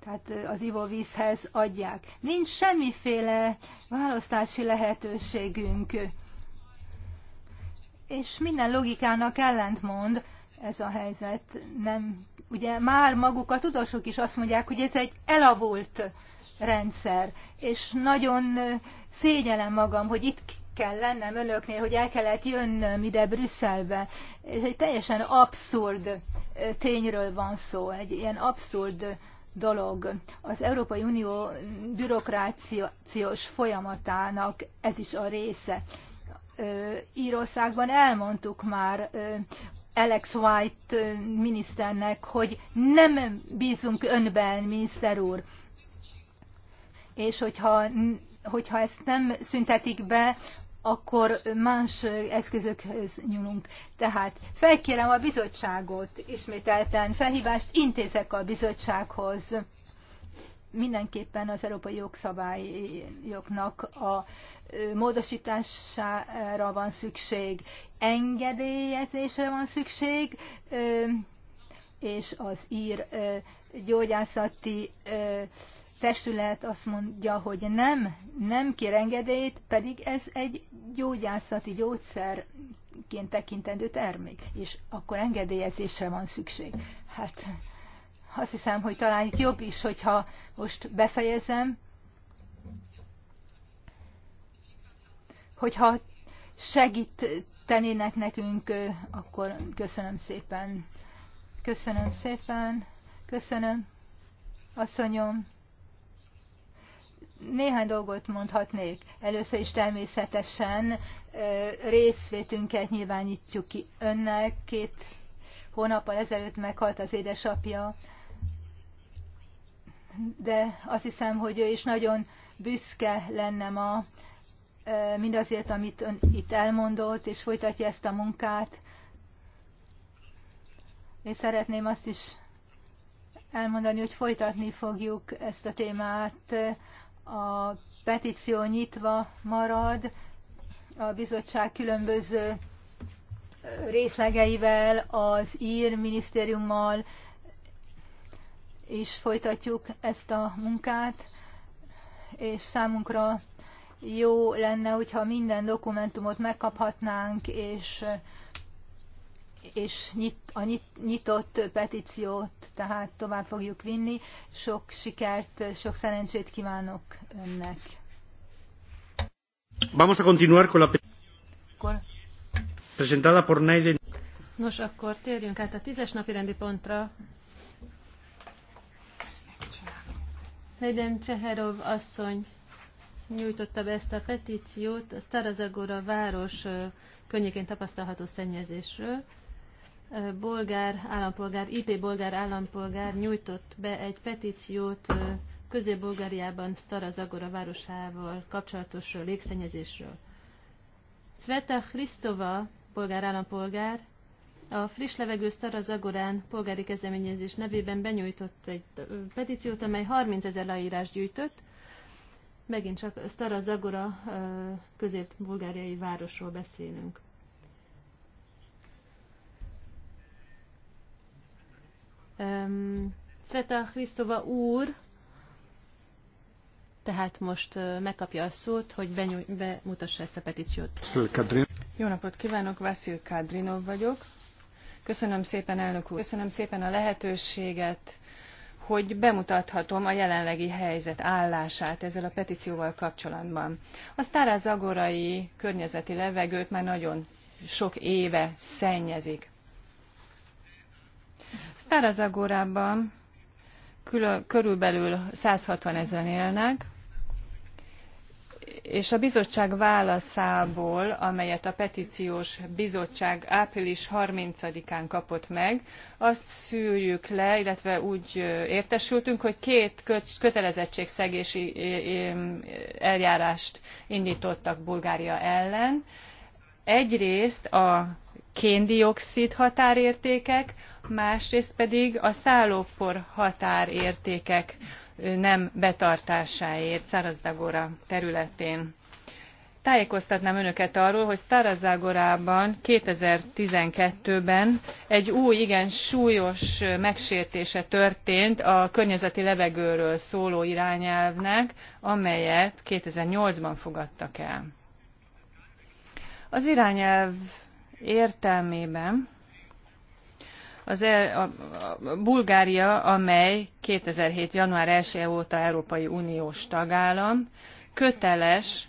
tehát az ivóvízhez adják. Nincs semmiféle választási lehetőségünk. És minden logikának ellentmond ez a helyzet. Nem, ugye már maguk a tudósok is azt mondják, hogy ez egy elavult rendszer, és nagyon szégyelem magam, hogy itt kell lennem önöknél, hogy el kellett jönnöm ide Brüsszelbe. Ez egy teljesen abszurd tényről van szó, egy ilyen abszurd dolog. Az Európai Unió bürokrációs folyamatának ez is a része. Ö, Írországban elmondtuk már Alex White miniszternek, hogy nem bízunk önben, miniszter úr. És hogyha, hogyha ezt nem szüntetik be, akkor más eszközökhöz nyúlunk. Tehát felkérem a bizottságot ismételten, felhívást intézek a bizottsághoz. Mindenképpen az európai jogszabályoknak a módosítására van szükség, engedélyezésre van szükség, és az ír gyógyászati testület azt mondja, hogy nem, nem kér engedélyt, pedig ez egy gyógyászati gyógyszerként tekintendő termék, és akkor engedélyezésre van szükség. Hát azt hiszem, hogy talán itt jobb is, hogyha most befejezem, hogyha segítenének nekünk, akkor köszönöm szépen. Köszönöm szépen. Köszönöm. Asszonyom. Néhány dolgot mondhatnék. Először is természetesen részvétünket nyilvánítjuk ki önnek. Két hónappal ezelőtt meghalt az édesapja, de azt hiszem, hogy ő is nagyon büszke lenne ma mindazért, amit ön itt elmondott, és folytatja ezt a munkát. És szeretném azt is elmondani, hogy folytatni fogjuk ezt a témát a petíció nyitva marad a bizottság különböző részlegeivel, az ír minisztériummal is folytatjuk ezt a munkát, és számunkra jó lenne, hogyha minden dokumentumot megkaphatnánk, és és nyit, a nyit, nyitott petíciót tehát tovább fogjuk vinni. Sok sikert, sok szerencsét kívánok önnek. Vamos a continuar con la akkor... presentada por Naiden. Nos, akkor térjünk át a tízes napi rendi pontra. Neiden Cseherov asszony nyújtotta be ezt a petíciót a Starazagora város könnyékén tapasztalható szennyezésről bolgár állampolgár, IP bolgár állampolgár nyújtott be egy petíciót Közép-Bulgáriában Stara Zagora városával kapcsolatos légszennyezésről. Cveta Hristova bolgár állampolgár a Friss Levegő Stara Zagorán polgári kezdeményezés nevében benyújtott egy petíciót, amely 30 ezer leírás gyűjtött, megint csak Stara Zagora közép-bulgáriai városról beszélünk. Sveta Krisztova úr, tehát most megkapja a szót, hogy benyúj, bemutassa ezt a petíciót. Jó napot kívánok, Vasil Kadrinov vagyok. Köszönöm szépen, elnök úr. Köszönöm szépen a lehetőséget, hogy bemutathatom a jelenlegi helyzet állását ezzel a petícióval kapcsolatban. A Sztáráz környezeti levegőt már nagyon sok éve szennyezik Sztárazagórában körülbelül 160 ezeren élnek, és a bizottság válaszából, amelyet a petíciós bizottság április 30-án kapott meg, azt szűrjük le, illetve úgy értesültünk, hogy két kötelezettségszegési eljárást indítottak Bulgária ellen. Egyrészt a kéndioxid határértékek, másrészt pedig a szállópor határértékek nem betartásáért Szárazdagora területén. Tájékoztatnám önöket arról, hogy Szárazdagorában 2012-ben egy új, igen súlyos megsértése történt a környezeti levegőről szóló irányelvnek, amelyet 2008-ban fogadtak el. Az irányelv értelmében az el, a, a Bulgária, amely 2007. január 1 óta Európai Uniós tagállam, köteles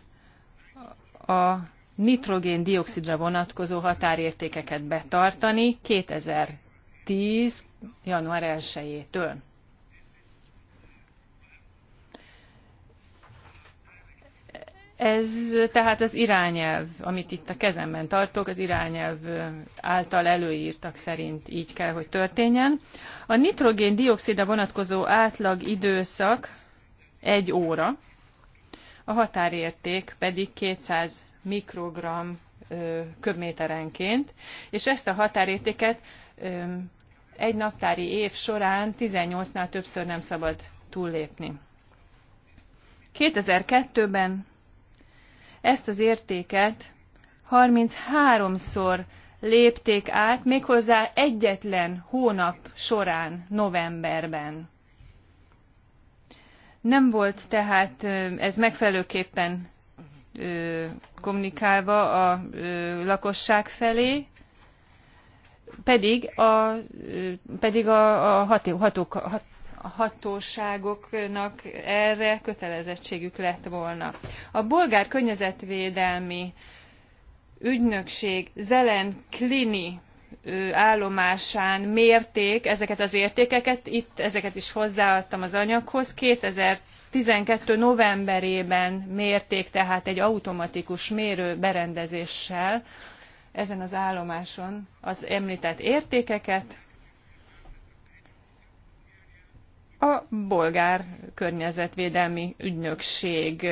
a nitrogén-dioxidra vonatkozó határértékeket betartani 2010. január 1-től. Ez tehát az irányelv, amit itt a kezemben tartok, az irányelv által előírtak szerint így kell, hogy történjen. A nitrogén dioxida vonatkozó átlag időszak egy óra, a határérték pedig 200 mikrogram köbméterenként, és ezt a határértéket egy naptári év során 18-nál többször nem szabad túllépni. 2002-ben ezt az értéket 33-szor lépték át, méghozzá egyetlen hónap során, novemberben. Nem volt tehát ez megfelelőképpen kommunikálva a lakosság felé, pedig a, pedig a, a hatók, hat, a hatóságoknak erre kötelezettségük lett volna. A bolgár környezetvédelmi ügynökség Zelen Klini állomásán mérték ezeket az értékeket, itt ezeket is hozzáadtam az anyaghoz, 2000 12 novemberében mérték tehát egy automatikus mérő berendezéssel ezen az állomáson az említett értékeket, a bolgár környezetvédelmi ügynökség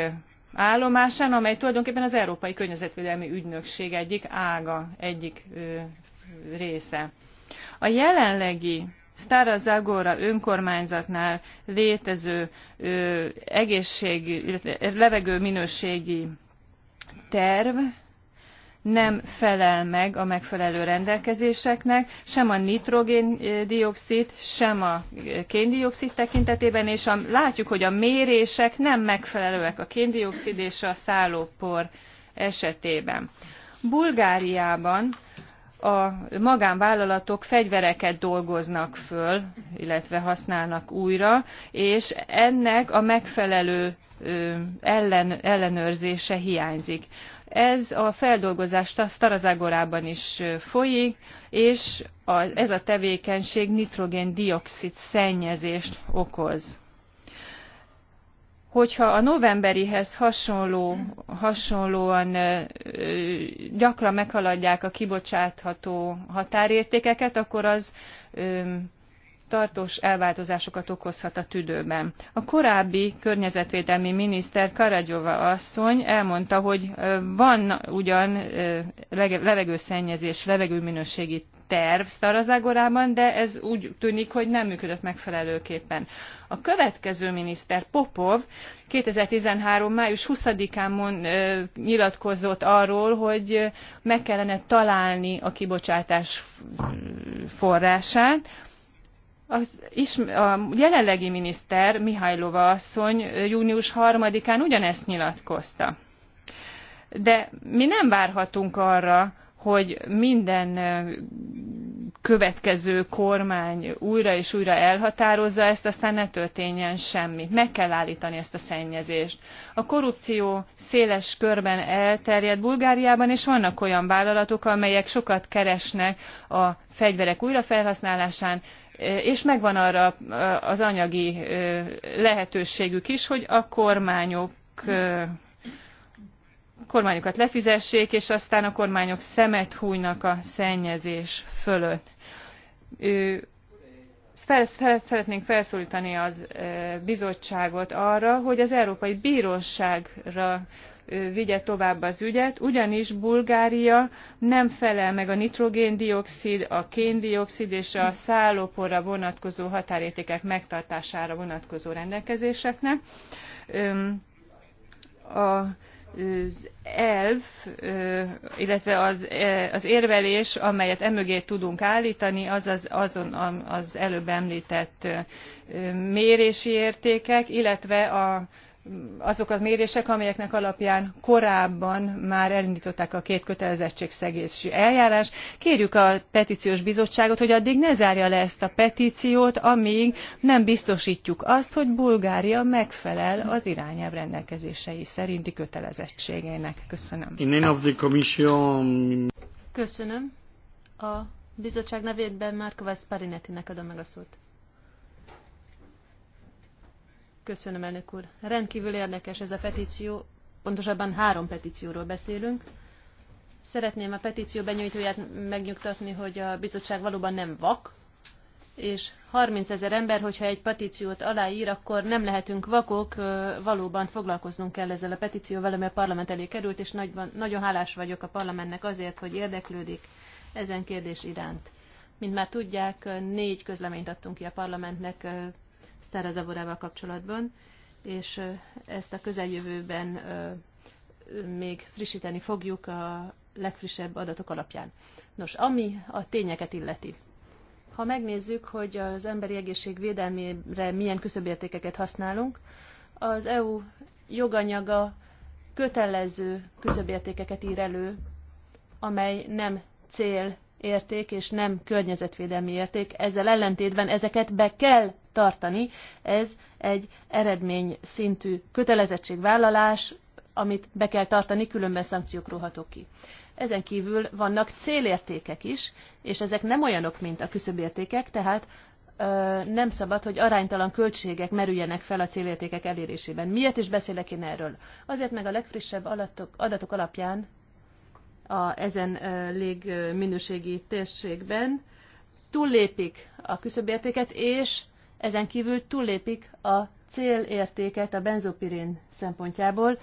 állomásán, amely tulajdonképpen az Európai Környezetvédelmi Ügynökség egyik ága, egyik ö, része. A jelenlegi Stara Zagora önkormányzatnál létező ö, egészség, minőségi terv nem felel meg a megfelelő rendelkezéseknek, sem a eh, dioxid sem a eh, kéndioxid tekintetében, és a, látjuk, hogy a mérések nem megfelelőek a kéndioxid és a szállópor esetében. Bulgáriában a magánvállalatok fegyvereket dolgoznak föl, illetve használnak újra, és ennek a megfelelő ellen, ellenőrzése hiányzik ez a feldolgozás Starazágorában is folyik, és ez a tevékenység nitrogén-dioxid szennyezést okoz hogyha a novemberihez hasonló, hasonlóan gyakran meghaladják a kibocsátható határértékeket, akkor az tartós elváltozásokat okozhat a tüdőben. A korábbi környezetvédelmi miniszter Karadzsova asszony elmondta, hogy van ugyan levegőszennyezés, levegőminőségi terv Szarazágorában, de ez úgy tűnik, hogy nem működött megfelelőképpen. A következő miniszter, Popov, 2013. május 20-án nyilatkozott arról, hogy meg kellene találni a kibocsátás forrását, az is, a jelenlegi miniszter, Mihajlova asszony június 3-án ugyanezt nyilatkozta. De mi nem várhatunk arra, hogy minden következő kormány újra és újra elhatározza ezt, aztán ne történjen semmi. Meg kell állítani ezt a szennyezést. A korrupció széles körben elterjed Bulgáriában, és vannak olyan vállalatok, amelyek sokat keresnek a fegyverek újrafelhasználásán, és megvan arra az anyagi lehetőségük is, hogy a kormányok kormányokat lefizessék, és aztán a kormányok szemet hújnak a szennyezés fölött. Szeretnénk felszólítani az bizottságot arra, hogy az Európai Bíróságra vigye tovább az ügyet, ugyanis Bulgária nem felel meg a nitrogéndioxid, a kéndioxid és a szállóporra vonatkozó határértékek megtartására vonatkozó rendelkezéseknek. Az elv, illetve az, az érvelés, amelyet emögé tudunk állítani, az az, azon az előbb említett mérési értékek, illetve a azok a mérések amelyeknek alapján korábban már elindtották a két kötelezettségszegési eljárást. kérjük a petciós bizottságot hogy addig ne zárja le ezt a petciót amg nem biztostjuk azt hogy bulgária megfelel az irányelv rendelkezései szerinti kötelezettségeinek. köszönöm. köszönöm. a bizottság nevében Márko Veszparinetinek adom meg a szót. Köszönöm, elnök úr. Rendkívül érdekes ez a petíció. Pontosabban három petícióról beszélünk. Szeretném a petíció benyújtóját megnyugtatni, hogy a bizottság valóban nem vak, és 30 ezer ember, hogyha egy petíciót aláír, akkor nem lehetünk vakok, valóban foglalkoznunk kell ezzel a petícióval, ami a parlament elé került, és nagyban, nagyon hálás vagyok a parlamentnek azért, hogy érdeklődik ezen kérdés iránt. Mint már tudják, négy közleményt adtunk ki a parlamentnek Zaborával kapcsolatban, és ezt a közeljövőben még frissíteni fogjuk a legfrissebb adatok alapján. Nos, ami a tényeket illeti. Ha megnézzük, hogy az emberi egészség védelmére milyen küszöbértékeket használunk, az EU joganyaga kötelező küszöbértékeket ír elő, amely nem célérték és nem környezetvédelmi érték. Ezzel ellentétben ezeket be kell tartani. Ez egy eredmény szintű kötelezettségvállalás, amit be kell tartani, különben szankciók róhatók ki. Ezen kívül vannak célértékek is, és ezek nem olyanok, mint a küszöbértékek, tehát ö, nem szabad, hogy aránytalan költségek merüljenek fel a célértékek elérésében. Miért is beszélek én erről? Azért meg a legfrissebb adatok, adatok alapján a ezen ö, légminőségi térségben túllépik a küszöbértéket, és ezen kívül túllépik a célértéket a benzopirén szempontjából,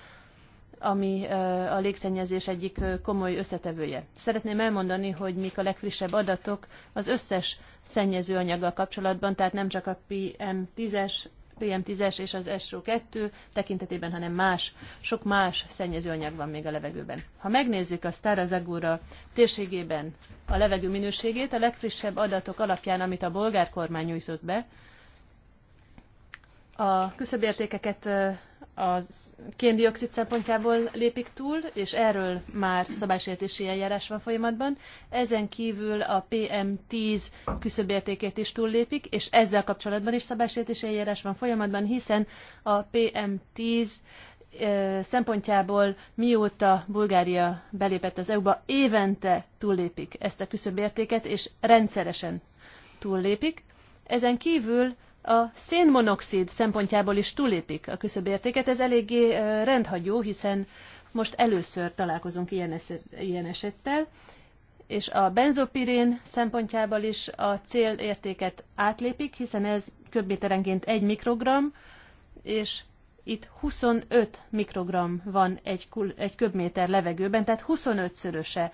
ami a légszennyezés egyik komoly összetevője. Szeretném elmondani, hogy mik a legfrissebb adatok az összes szennyezőanyaggal kapcsolatban, tehát nem csak a PM10-es, PM10-es és az SO2 tekintetében, hanem más, sok más szennyezőanyag van még a levegőben. Ha megnézzük a Starazagura térségében a levegő minőségét, a legfrissebb adatok alapján, amit a bolgár kormány nyújtott be, a küszöbértékeket a kéndioxid szempontjából lépik túl, és erről már szabálysértési eljárás van folyamatban. Ezen kívül a PM10 küszöbértékét is túllépik, és ezzel kapcsolatban is szabálysértési eljárás van folyamatban, hiszen a PM10 szempontjából mióta Bulgária belépett az EU-ba, évente túllépik ezt a küszöbértéket, és rendszeresen túllépik. Ezen kívül a szénmonoxid szempontjából is túlépik a küszöbértéket. Ez eléggé rendhagyó, hiszen most először találkozunk ilyen, eset, ilyen esettel, és a benzopirén szempontjából is a célértéket átlépik, hiszen ez köbméterenként 1 mikrogram, és itt 25 mikrogram van egy, egy köbméter levegőben, tehát 25-szöröse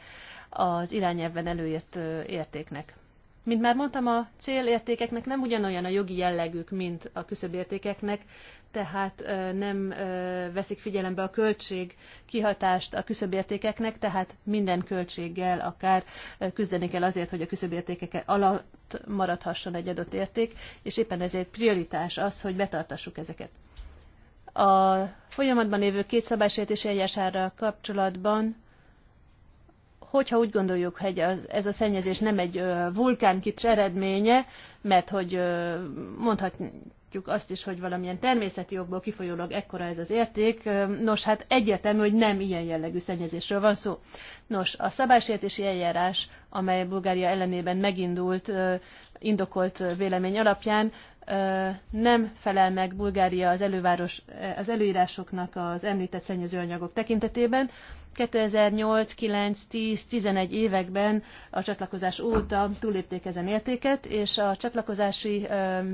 az irányelven előírt értéknek. Mint már mondtam, a célértékeknek nem ugyanolyan a jogi jellegük, mint a küszöbértékeknek, tehát nem veszik figyelembe a költség kihatást a küszöbértékeknek, tehát minden költséggel akár küzdeni kell azért, hogy a küszöbértékek alatt maradhasson egy adott érték, és éppen ezért prioritás az, hogy betartassuk ezeket. A folyamatban lévő két szabálysértési eljárására kapcsolatban hogyha úgy gondoljuk, hogy ez a szennyezés nem egy vulkánkics eredménye, mert hogy mondhatjuk azt is, hogy valamilyen természeti jogból kifolyólag ekkora ez az érték, nos hát egyértelmű, hogy nem ilyen jellegű szennyezésről van szó. Nos, a szabálysértési eljárás, amely Bulgária ellenében megindult, indokolt vélemény alapján, nem felel meg Bulgária az, előváros, az előírásoknak az említett szennyezőanyagok tekintetében, 2008, 9, 10, 11 években a csatlakozás óta túlépték ezen értéket, és a csatlakozási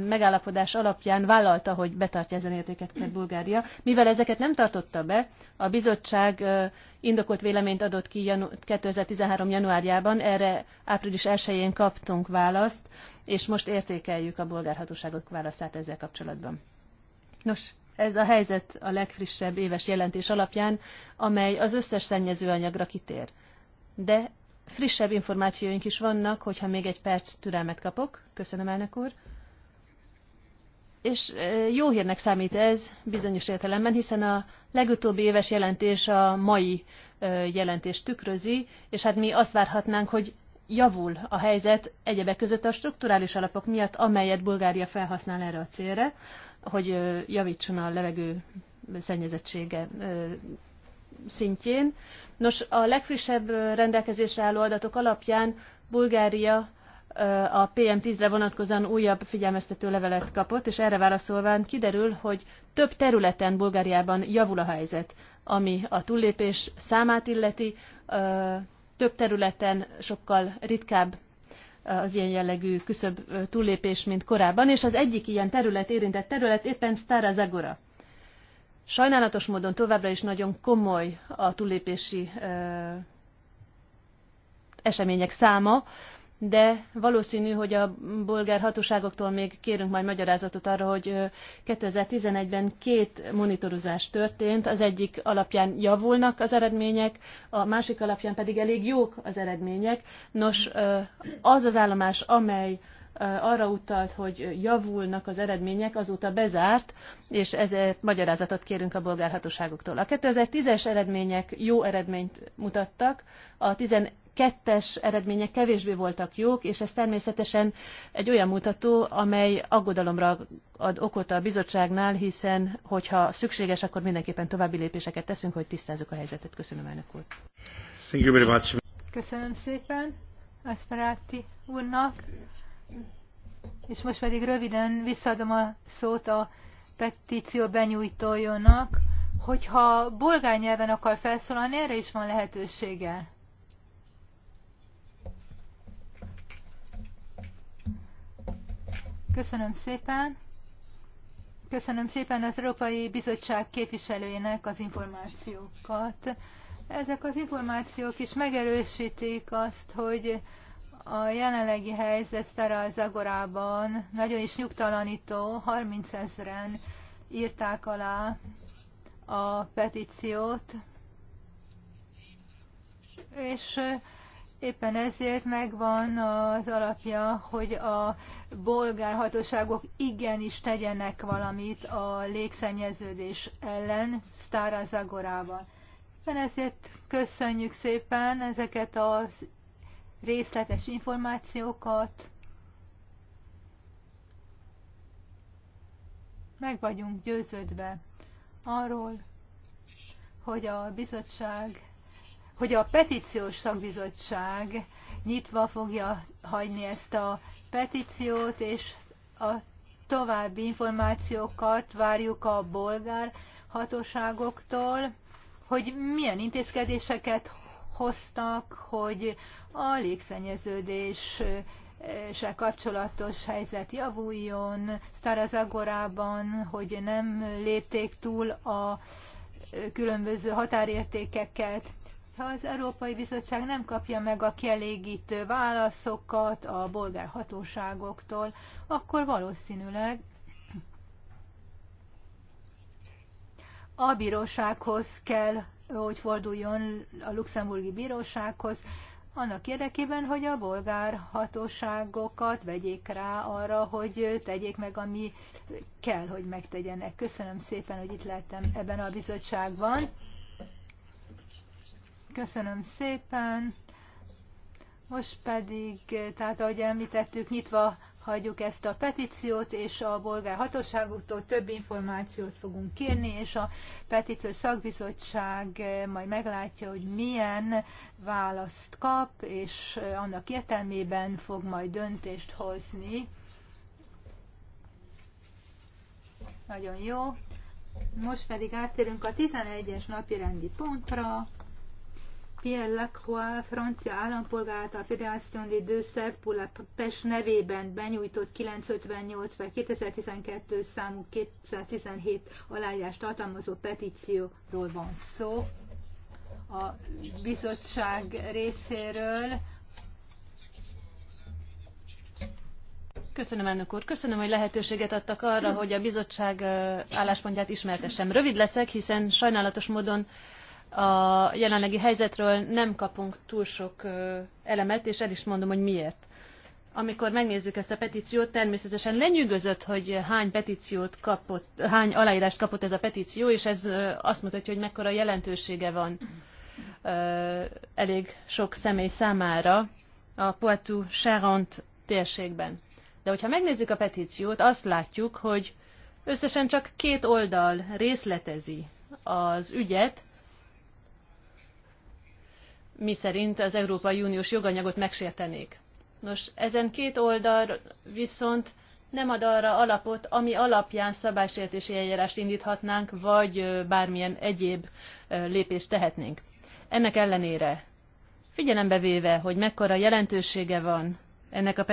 megállapodás alapján vállalta, hogy betartja ezen értéket Bulgária. Mivel ezeket nem tartotta be, a bizottság indokolt véleményt adott ki 2013. januárjában, erre április 1-én kaptunk választ, és most értékeljük a bulgár hatóságok válaszát ezzel kapcsolatban. Nos, ez a helyzet a legfrissebb éves jelentés alapján, amely az összes szennyezőanyagra kitér. De frissebb információink is vannak, hogyha még egy perc türelmet kapok. Köszönöm, elnök úr. És jó hírnek számít ez bizonyos értelemben, hiszen a legutóbbi éves jelentés a mai jelentést tükrözi, és hát mi azt várhatnánk, hogy javul a helyzet egyebek között a strukturális alapok miatt, amelyet Bulgária felhasznál erre a célra, hogy javítson a levegő szennyezettsége szintjén. Nos, a legfrissebb rendelkezésre álló adatok alapján Bulgária a PM10-re vonatkozóan újabb figyelmeztető levelet kapott, és erre válaszolván kiderül, hogy több területen Bulgáriában javul a helyzet, ami a túllépés számát illeti, több területen sokkal ritkább eh, az ilyen jellegű küszöb eh, túllépés, mint korábban, és az egyik ilyen terület, érintett terület éppen Stara Zagora. Sajnálatos módon továbbra is nagyon komoly a túllépési ö, eh, események száma, de valószínű, hogy a bolgár hatóságoktól még kérünk majd magyarázatot arra, hogy 2011-ben két monitorozás történt, az egyik alapján javulnak az eredmények, a másik alapján pedig elég jók az eredmények. Nos, az az állomás, amely arra utalt, hogy javulnak az eredmények, azóta bezárt, és ezért magyarázatot kérünk a bolgár hatóságoktól. A 2010-es eredmények jó eredményt mutattak, a kettes eredmények kevésbé voltak jók, és ez természetesen egy olyan mutató, amely aggodalomra ad okot a bizottságnál, hiszen hogyha szükséges, akkor mindenképpen további lépéseket teszünk, hogy tisztázzuk a helyzetet. Köszönöm, elnök úr. Thank you very much. Köszönöm szépen Aszperáti úrnak, és most pedig röviden visszaadom a szót a petíció benyújtójónak, hogyha bolgár nyelven akar felszólalni, erre is van lehetősége. Köszönöm szépen. Köszönöm szépen az Európai Bizottság képviselőjének az információkat. Ezek az információk is megerősítik azt, hogy a jelenlegi helyzet Szara Zagorában nagyon is nyugtalanító, 30 ezeren írták alá a petíciót, és Éppen ezért megvan az alapja, hogy a bolgár hatóságok igenis tegyenek valamit a légszennyeződés ellen Stara Zagorában. Éppen ezért köszönjük szépen ezeket a részletes információkat. Meg vagyunk győződve arról, hogy a bizottság hogy a petíciós szakbizottság nyitva fogja hagyni ezt a petíciót, és a további információkat várjuk a bolgár hatóságoktól, hogy milyen intézkedéseket hoztak, hogy a se kapcsolatos helyzet javuljon, Starazagorában, hogy nem lépték túl a különböző határértékeket, ha az Európai Bizottság nem kapja meg a kielégítő válaszokat a bolgár hatóságoktól, akkor valószínűleg a bírósághoz kell, hogy forduljon a luxemburgi bírósághoz, annak érdekében, hogy a bolgár hatóságokat vegyék rá arra, hogy tegyék meg, ami kell, hogy megtegyenek. Köszönöm szépen, hogy itt lehettem ebben a bizottságban. Köszönöm szépen. Most pedig, tehát ahogy említettük, nyitva hagyjuk ezt a petíciót, és a bolgár hatóságoktól több információt fogunk kérni, és a petíciós szakbizottság majd meglátja, hogy milyen választ kap, és annak értelmében fog majd döntést hozni. Nagyon jó. Most pedig áttérünk a 11-es napirendi pontra. Pierre Lacroix, francia állampolgárt a Fédération des deux Sèvres pour la Pêche nevében benyújtott 958 per 2012 számú 217 aláírás tartalmazó petícióról van szó. A bizottság részéről Köszönöm, elnök úr. Köszönöm, hogy lehetőséget adtak arra, hogy a bizottság álláspontját ismertessem. Rövid leszek, hiszen sajnálatos módon a jelenlegi helyzetről nem kapunk túl sok elemet, és el is mondom, hogy miért. Amikor megnézzük ezt a petíciót, természetesen lenyűgözött, hogy hány petíciót kapott, hány aláírást kapott ez a petíció, és ez azt mutatja, hogy mekkora jelentősége van elég sok személy számára a Poitou Charent térségben. De hogyha megnézzük a petíciót, azt látjuk, hogy összesen csak két oldal részletezi az ügyet, miszerint az Európai Uniós joganyagot megsértenék. Nos, ezen két oldal viszont nem ad arra alapot, ami alapján szabálysértési eljárást indíthatnánk, vagy bármilyen egyéb lépést tehetnénk. Ennek ellenére, figyelembe véve, hogy mekkora jelentősége van ennek a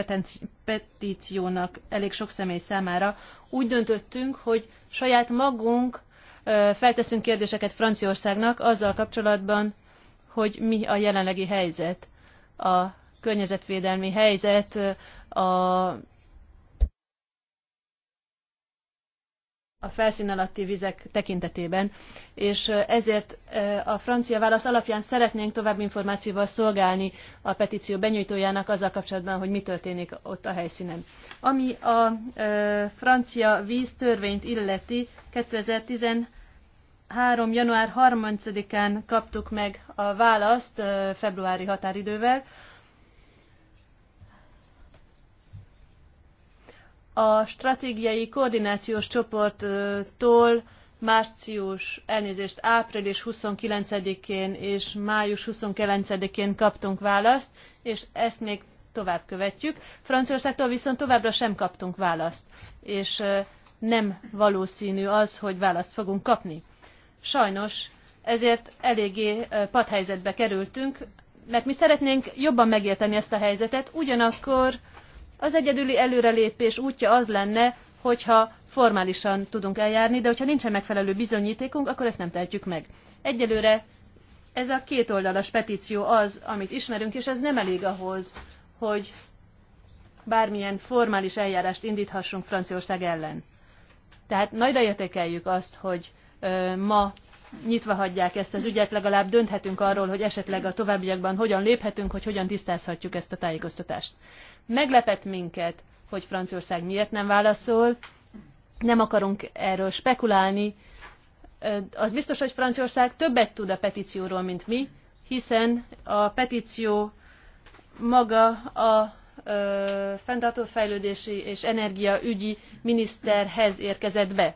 petíciónak elég sok személy számára, úgy döntöttünk, hogy saját magunk felteszünk kérdéseket Franciaországnak azzal kapcsolatban, hogy mi a jelenlegi helyzet, a környezetvédelmi helyzet, a, a felszín alatti vizek tekintetében, és ezért a francia válasz alapján szeretnénk további információval szolgálni a petíció benyújtójának azzal kapcsolatban, hogy mi történik ott a helyszínen. Ami a francia víztörvényt illeti, 2013 3. január 30-án kaptuk meg a választ februári határidővel. A stratégiai koordinációs csoporttól március, elnézést, április 29-én és május 29-én kaptunk választ, és ezt még tovább követjük. Franciaországtól viszont továbbra sem kaptunk választ, és nem valószínű az, hogy választ fogunk kapni. Sajnos ezért eléggé padhelyzetbe kerültünk, mert mi szeretnénk jobban megérteni ezt a helyzetet, ugyanakkor az egyedüli előrelépés útja az lenne, hogyha formálisan tudunk eljárni, de hogyha nincsen megfelelő bizonyítékunk, akkor ezt nem tehetjük meg. Egyelőre ez a kétoldalas petíció az, amit ismerünk, és ez nem elég ahhoz, hogy bármilyen formális eljárást indíthassunk Franciaország ellen. Tehát nagyra értékeljük azt, hogy ma nyitva hagyják ezt az ügyet, legalább dönthetünk arról, hogy esetleg a továbbiakban hogyan léphetünk, hogy hogyan tisztázhatjuk ezt a tájékoztatást. Meglepett minket, hogy Franciaország miért nem válaszol, nem akarunk erről spekulálni. Az biztos, hogy Franciaország többet tud a petícióról, mint mi, hiszen a petíció maga a fenntartó fejlődési és energiaügyi miniszterhez érkezett be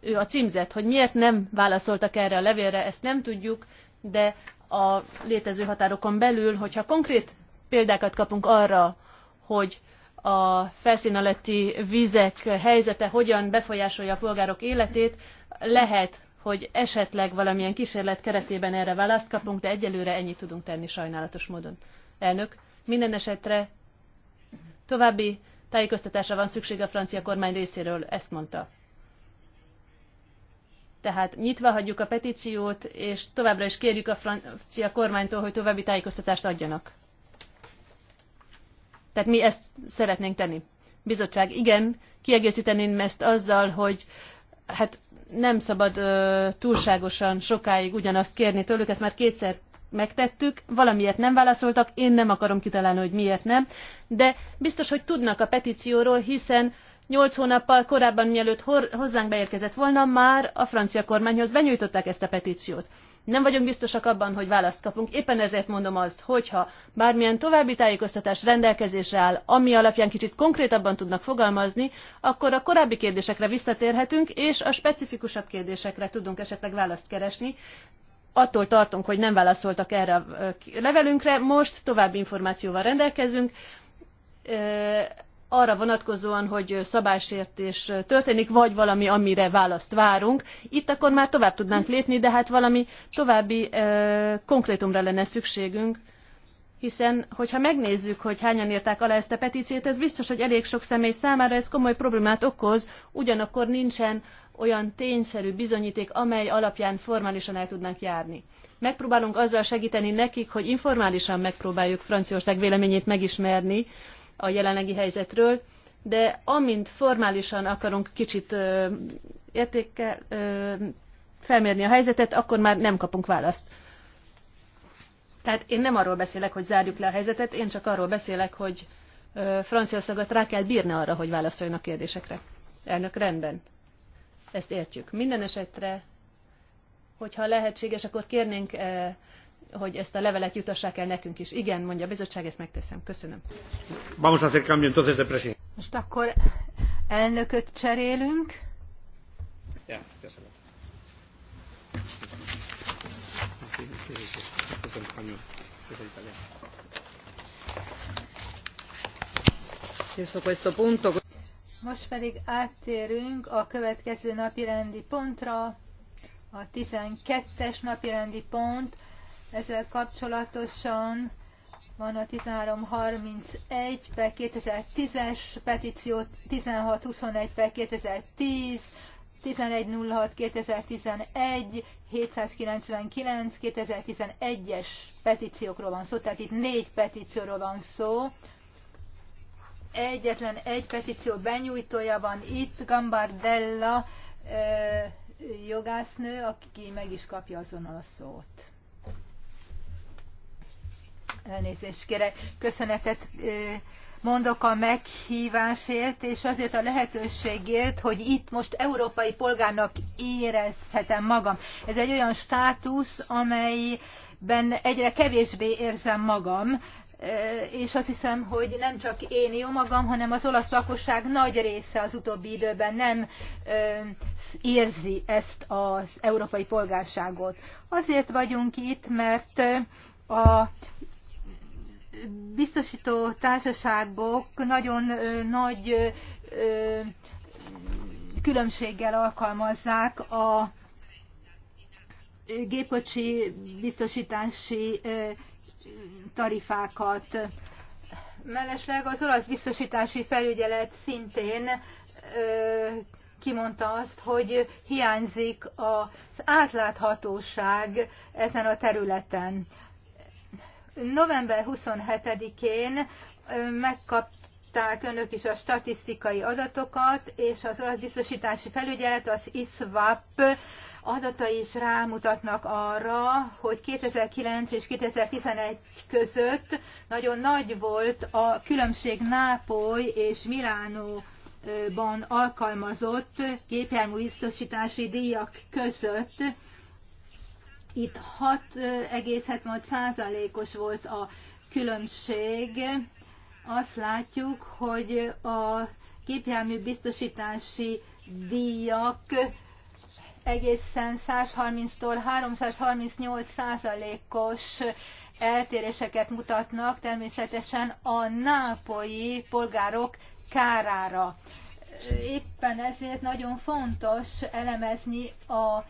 ő a címzett, hogy miért nem válaszoltak erre a levélre, ezt nem tudjuk, de a létező határokon belül, hogyha konkrét példákat kapunk arra, hogy a felszín alatti vizek helyzete hogyan befolyásolja a polgárok életét, lehet, hogy esetleg valamilyen kísérlet keretében erre választ kapunk, de egyelőre ennyit tudunk tenni sajnálatos módon. Elnök, minden esetre további tájékoztatásra van szükség a francia kormány részéről, ezt mondta. Tehát nyitva hagyjuk a petíciót, és továbbra is kérjük a francia kormánytól, hogy további tájékoztatást adjanak. Tehát mi ezt szeretnénk tenni. Bizottság, igen, kiegészíteném ezt azzal, hogy hát nem szabad ö, túlságosan sokáig ugyanazt kérni tőlük, ezt már kétszer megtettük, valamiért nem válaszoltak, én nem akarom kitalálni, hogy miért nem, de biztos, hogy tudnak a petícióról, hiszen Nyolc hónappal korábban, mielőtt hozzánk beérkezett volna, már a francia kormányhoz benyújtották ezt a petíciót. Nem vagyunk biztosak abban, hogy választ kapunk. Éppen ezért mondom azt, hogyha bármilyen további tájékoztatás rendelkezésre áll, ami alapján kicsit konkrétabban tudnak fogalmazni, akkor a korábbi kérdésekre visszatérhetünk, és a specifikusabb kérdésekre tudunk esetleg választ keresni. Attól tartunk, hogy nem válaszoltak erre a levelünkre, most további információval rendelkezünk arra vonatkozóan, hogy szabálysértés történik, vagy valami, amire választ várunk. Itt akkor már tovább tudnánk lépni, de hát valami további ö, konkrétumra lenne szükségünk, hiszen hogyha megnézzük, hogy hányan írták alá ezt a petíciót, ez biztos, hogy elég sok személy számára ez komoly problémát okoz, ugyanakkor nincsen olyan tényszerű bizonyíték, amely alapján formálisan el tudnánk járni. Megpróbálunk azzal segíteni nekik, hogy informálisan megpróbáljuk Franciaország véleményét megismerni, a jelenlegi helyzetről, de amint formálisan akarunk kicsit ö, ö, felmérni a helyzetet, akkor már nem kapunk választ. Tehát én nem arról beszélek, hogy zárjuk le a helyzetet, én csak arról beszélek, hogy Franciaországot rá kell bírni arra, hogy válaszoljon a kérdésekre. Elnök, rendben. Ezt értjük. Minden esetre, hogyha lehetséges, akkor kérnénk hogy ezt a levelet jutassák el nekünk is. Igen, mondja a bizottság, ezt megteszem. Köszönöm. Vamos a hacer cambio entonces de presidente. Most akkor elnököt cserélünk. Ja, köszönöm. Most pedig áttérünk a következő napi rendi pontra, a 12-es napi rendi pont, ezzel kapcsolatosan van a 1331 per 2010-es petíció, 1621 per 2010, 1106 2011, 799 2011-es petíciókról van szó, tehát itt négy petícióról van szó. Egyetlen egy petíció benyújtója van itt, Gambardella jogásznő, aki meg is kapja azonnal a szót elnézést kérek, köszönetet mondok a meghívásért, és azért a lehetőségért, hogy itt most európai polgárnak érezhetem magam. Ez egy olyan státusz, amelyben egyre kevésbé érzem magam, és azt hiszem, hogy nem csak én jó magam, hanem az olasz lakosság nagy része az utóbbi időben nem érzi ezt az európai polgárságot. Azért vagyunk itt, mert a biztosító társaságok nagyon nagy különbséggel alkalmazzák a gépkocsi biztosítási tarifákat. Mellesleg az olasz biztosítási felügyelet szintén kimondta azt, hogy hiányzik az átláthatóság ezen a területen. November 27-én megkapták önök is a statisztikai adatokat, és az adatbiztosítási felügyelet, az ISVAP adatai is rámutatnak arra, hogy 2009 és 2011 között nagyon nagy volt a különbség Nápoly és Milánóban alkalmazott gépjármű biztosítási díjak között. Itt 6,76%-os volt a különbség. Azt látjuk, hogy a képjármű biztosítási díjak egészen 130-tól 338 százalékos eltéréseket mutatnak természetesen a nápolyi polgárok kárára. Éppen ezért nagyon fontos elemezni a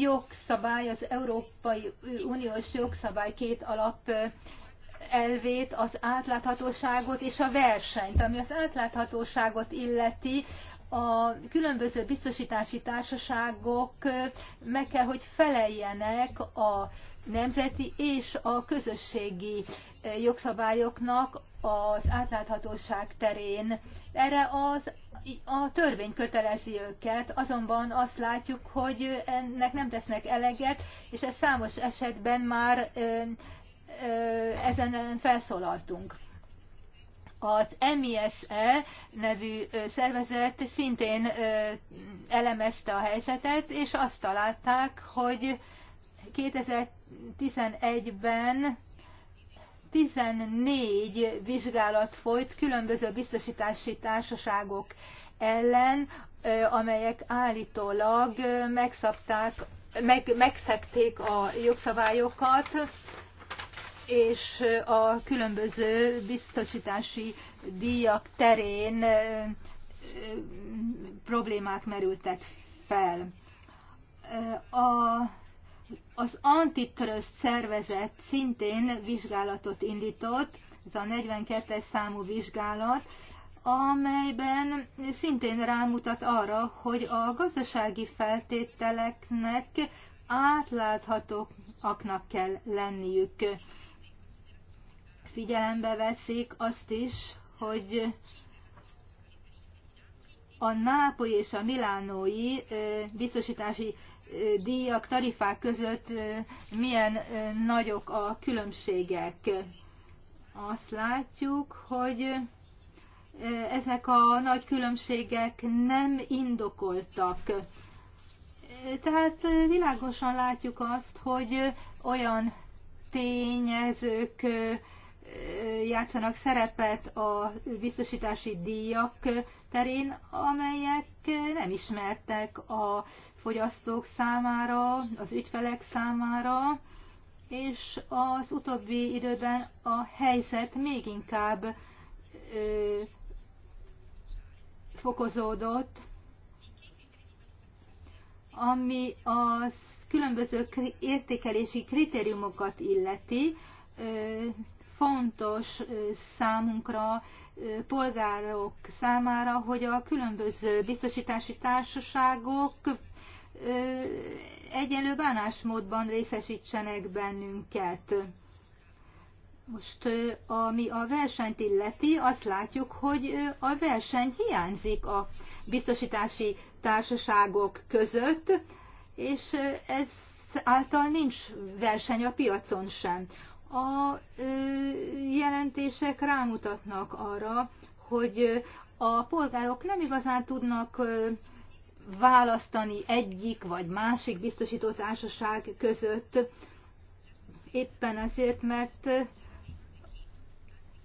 jogszabály, az Európai Uniós jogszabály két alap elvét, az átláthatóságot és a versenyt. Ami az átláthatóságot illeti, a különböző biztosítási társaságok meg kell, hogy feleljenek a nemzeti és a közösségi jogszabályoknak az átláthatóság terén. Erre az, a törvény kötelezi őket, azonban azt látjuk, hogy ennek nem tesznek eleget, és ez számos esetben már ezen felszólaltunk. Az MISE nevű szervezet szintén elemezte a helyzetet, és azt találták, hogy 2011-ben 14 vizsgálat folyt különböző biztosítási társaságok ellen, amelyek állítólag megszabták, meg, megszekték a jogszabályokat, és a különböző biztosítási díjak terén problémák merültek fel. A, az antitrust szervezet szintén vizsgálatot indított, ez a 42-es számú vizsgálat, amelyben szintén rámutat arra, hogy a gazdasági feltételeknek átláthatóaknak kell lenniük figyelembe veszik azt is, hogy a nápoly és a milánói biztosítási díjak, tarifák között milyen nagyok a különbségek. Azt látjuk, hogy ezek a nagy különbségek nem indokoltak. Tehát világosan látjuk azt, hogy olyan tényezők játszanak szerepet a biztosítási díjak terén, amelyek nem ismertek a fogyasztók számára, az ügyfelek számára, és az utóbbi időben a helyzet még inkább ö, fokozódott, ami az különböző értékelési kritériumokat illeti, fontos számunkra, polgárok számára, hogy a különböző biztosítási társaságok egyenlő bánásmódban részesítsenek bennünket. Most ami a versenyt illeti, azt látjuk, hogy a verseny hiányzik a biztosítási társaságok között, és ez által nincs verseny a piacon sem. A jelentések rámutatnak arra, hogy a polgárok nem igazán tudnak választani egyik vagy másik biztosító társaság között, éppen azért, mert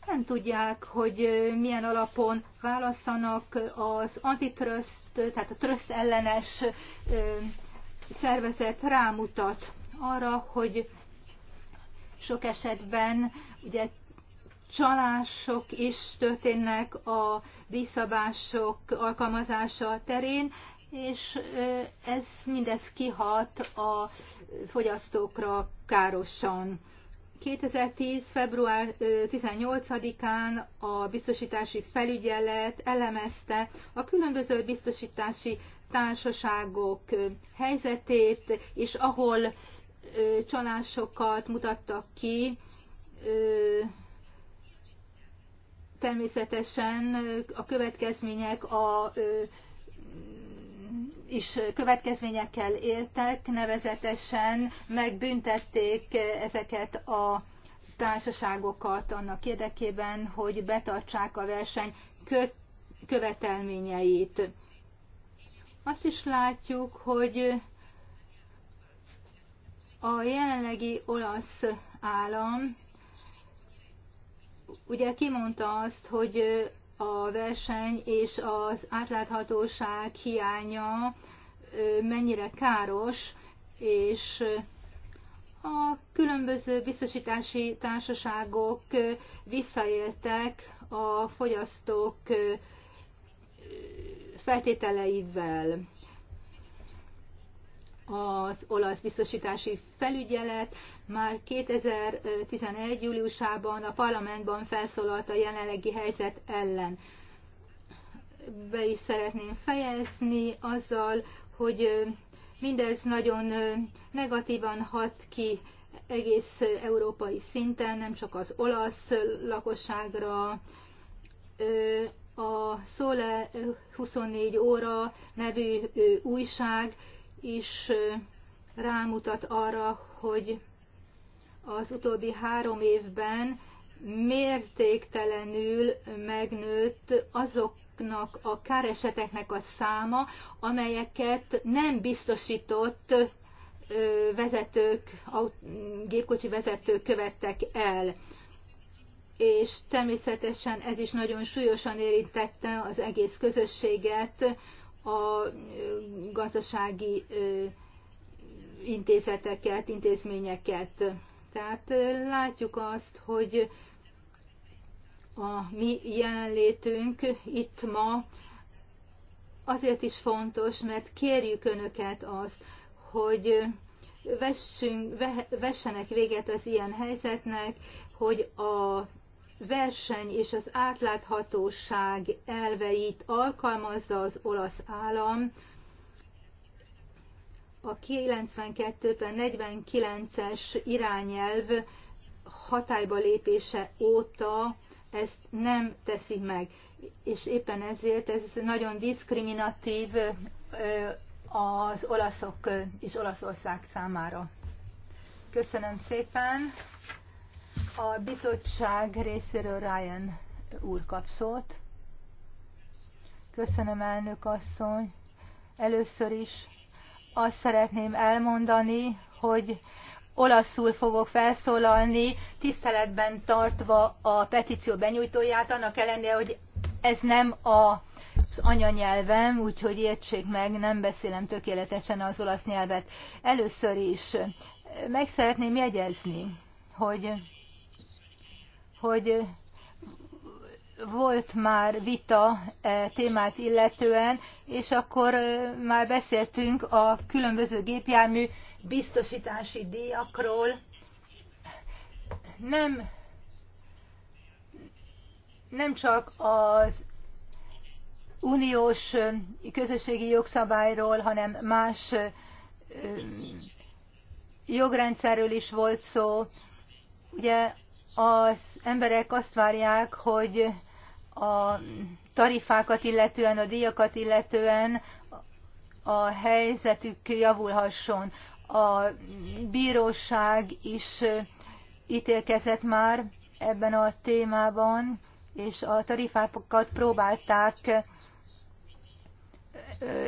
nem tudják, hogy milyen alapon válaszanak az antitrust, tehát a trust ellenes szervezet rámutat arra, hogy sok esetben ugye csalások is történnek a díjszabások alkalmazása terén, és ez mindez kihat a fogyasztókra károsan. 2010. február 18-án a biztosítási felügyelet elemezte a különböző biztosítási társaságok helyzetét, és ahol csalásokat mutattak ki, természetesen a következmények a, is következményekkel éltek, nevezetesen megbüntették ezeket a társaságokat annak érdekében, hogy betartsák a verseny követelményeit. Azt is látjuk, hogy a jelenlegi olasz állam ugye kimondta azt, hogy a verseny és az átláthatóság hiánya mennyire káros, és a különböző biztosítási társaságok visszaéltek a fogyasztók feltételeivel az olasz biztosítási felügyelet már 2011. júliusában a parlamentban felszólalt a jelenlegi helyzet ellen. Be is szeretném fejezni azzal, hogy mindez nagyon negatívan hat ki egész európai szinten, nem csak az olasz lakosságra. A Szóle 24 óra nevű újság is rámutat arra, hogy az utóbbi három évben mértéktelenül megnőtt azoknak a káreseteknek a száma, amelyeket nem biztosított vezetők, gépkocsi vezetők követtek el. És természetesen ez is nagyon súlyosan érintette az egész közösséget, a gazdasági intézeteket, intézményeket. Tehát látjuk azt, hogy a mi jelenlétünk itt ma azért is fontos, mert kérjük Önöket azt, hogy vessünk, vessenek véget az ilyen helyzetnek, hogy a verseny és az átláthatóság elveit alkalmazza az olasz állam. A 92-ben 49-es irányelv hatályba lépése óta ezt nem teszi meg, és éppen ezért ez nagyon diszkriminatív az olaszok és Olaszország számára. Köszönöm szépen! A bizottság részéről Ryan úr kap szót. Köszönöm, elnök asszony. Először is azt szeretném elmondani, hogy olaszul fogok felszólalni, tiszteletben tartva a petíció benyújtóját, annak ellenére, hogy ez nem a az anyanyelvem, úgyhogy értsék meg, nem beszélem tökéletesen az olasz nyelvet. Először is meg szeretném jegyezni, hogy hogy volt már vita e témát illetően, és akkor e, már beszéltünk a különböző gépjármű biztosítási díjakról. Nem, nem csak az uniós e, közösségi jogszabályról, hanem más jogrendszerről is volt szó. Ugye az emberek azt várják, hogy a tarifákat illetően, a díjakat illetően a helyzetük javulhasson. A bíróság is ítélkezett már ebben a témában, és a tarifákat próbálták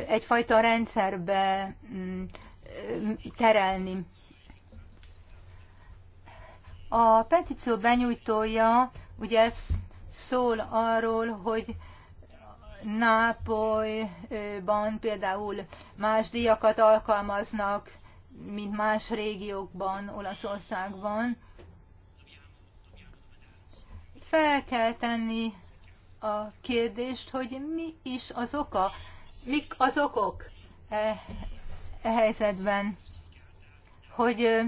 egyfajta rendszerbe mm, terelni. A petíció benyújtója ugye szól arról, hogy Nápolyban például más díjakat alkalmaznak, mint más régiókban, Olaszországban. Fel kell tenni a kérdést, hogy mi is az oka, mik az okok e, e helyzetben, hogy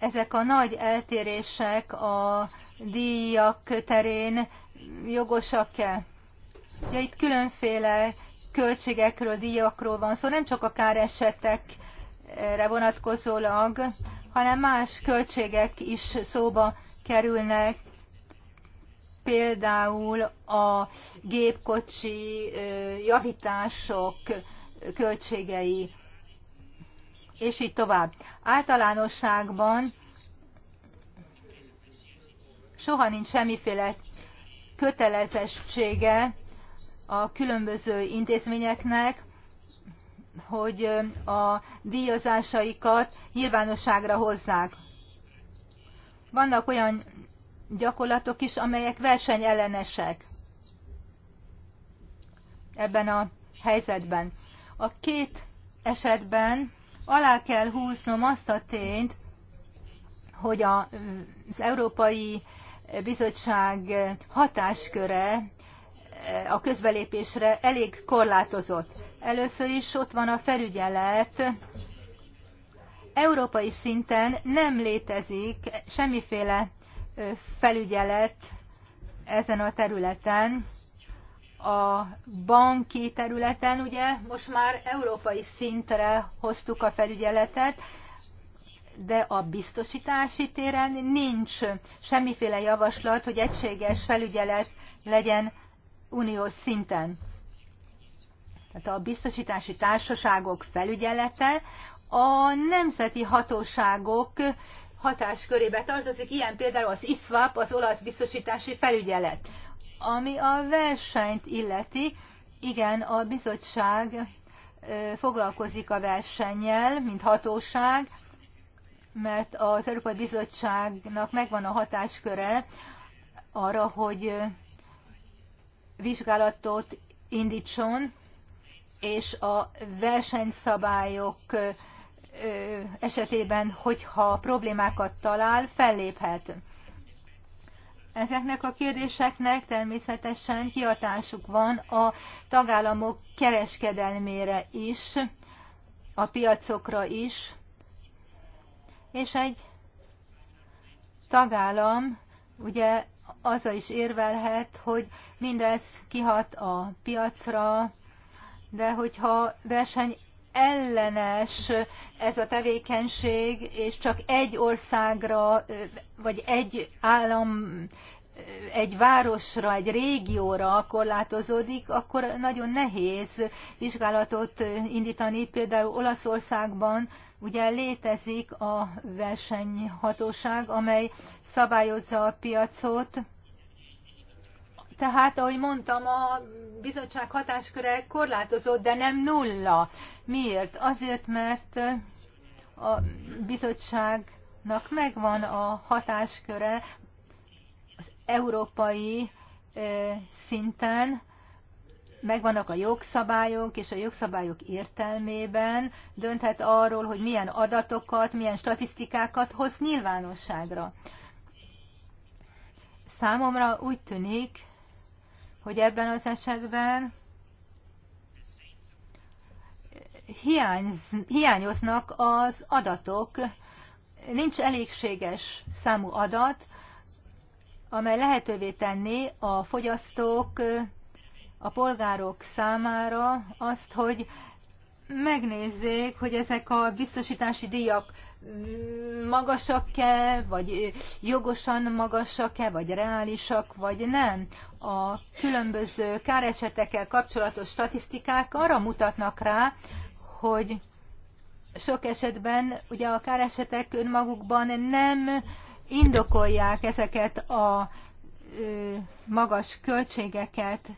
ezek a nagy eltérések a díjak terén jogosak-e? Ugye itt különféle költségekről, díjakról van szó, szóval nem csak a káresetekre vonatkozólag, hanem más költségek is szóba kerülnek, például a gépkocsi javítások költségei és így tovább. Általánosságban soha nincs semmiféle kötelezettsége a különböző intézményeknek, hogy a díjazásaikat nyilvánosságra hozzák. Vannak olyan gyakorlatok is, amelyek versenyellenesek ebben a helyzetben. A két esetben alá kell húznom azt a tényt, hogy az Európai Bizottság hatásköre eh, a közbelépésre elég korlátozott. Először is ott van a felügyelet. Európai szinten nem létezik semmiféle eh, felügyelet ezen a területen a banki területen, ugye most már európai szintre hoztuk a felügyeletet, de a biztosítási téren nincs semmiféle javaslat, hogy egységes felügyelet legyen uniós szinten. Tehát a biztosítási társaságok felügyelete a nemzeti hatóságok hatáskörébe tartozik, ilyen például az isvap, az olasz biztosítási felügyelet. Ami a versenyt illeti, igen, a bizottság foglalkozik a versennyel, mint hatóság, mert az Európai Bizottságnak megvan a hatásköre arra, hogy vizsgálatot indítson, és a versenyszabályok esetében, hogyha problémákat talál, felléphet. Ezeknek a kérdéseknek természetesen kihatásuk van a tagállamok kereskedelmére is, a piacokra is, és egy tagállam ugye azzal is érvelhet, hogy mindez kihat a piacra, de hogyha verseny ellenes ez a tevékenység, és csak egy országra, vagy egy állam, egy városra, egy régióra korlátozódik, akkor nagyon nehéz vizsgálatot indítani. Például Olaszországban ugye létezik a versenyhatóság, amely szabályozza a piacot, tehát, ahogy mondtam, a bizottság hatásköre korlátozott, de nem nulla. Miért? Azért, mert a bizottságnak megvan a hatásköre az európai szinten, megvannak a jogszabályok, és a jogszabályok értelmében dönthet arról, hogy milyen adatokat, milyen statisztikákat hoz nyilvánosságra. Számomra úgy tűnik, hogy ebben az esetben hiányz, hiányoznak az adatok, nincs elégséges számú adat, amely lehetővé tenni a fogyasztók, a polgárok számára azt, hogy megnézzék, hogy ezek a biztosítási díjak magasak-e, vagy jogosan magasak-e, vagy reálisak, vagy nem. A különböző káresetekkel kapcsolatos statisztikák arra mutatnak rá, hogy sok esetben ugye a káresetek önmagukban nem indokolják ezeket a magas költségeket.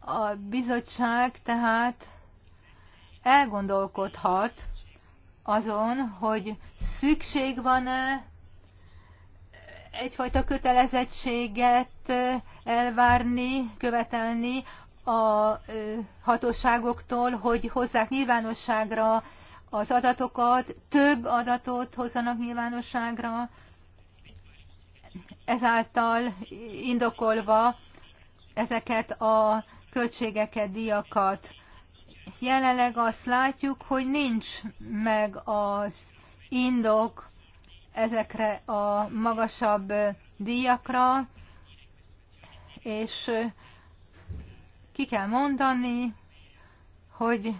A bizottság tehát elgondolkodhat, azon, hogy szükség van-e egyfajta kötelezettséget elvárni, követelni a hatóságoktól, hogy hozzák nyilvánosságra az adatokat, több adatot hozzanak nyilvánosságra, ezáltal indokolva ezeket a költségeket, díjakat jelenleg azt látjuk, hogy nincs meg az indok ezekre a magasabb díjakra, és ki kell mondani, hogy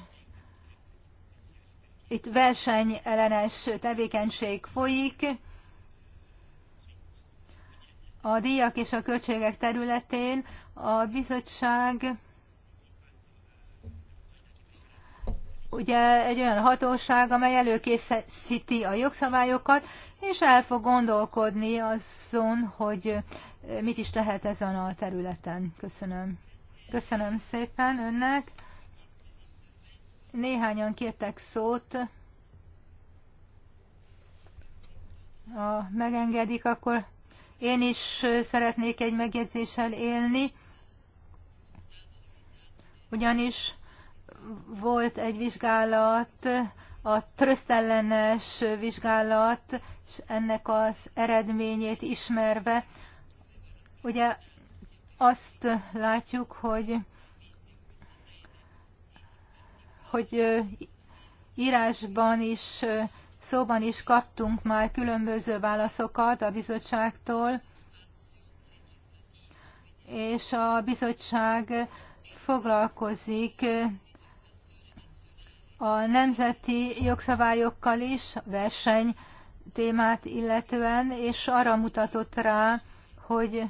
itt versenyellenes tevékenység folyik a díjak és a költségek területén. A bizottság ugye egy olyan hatóság, amely előkészíti a jogszabályokat, és el fog gondolkodni azon, hogy eh, mit is tehet ezen a területen. Köszönöm. Köszönöm szépen önnek. Néhányan kértek szót. Ha megengedik, akkor én is eh, szeretnék egy megjegyzéssel élni, ugyanis volt egy vizsgálat, a trösztellenes vizsgálat, és ennek az eredményét ismerve, ugye azt látjuk, hogy hogy írásban is, szóban is kaptunk már különböző válaszokat a bizottságtól, és a bizottság foglalkozik a nemzeti jogszabályokkal is, verseny témát illetően, és arra mutatott rá, hogy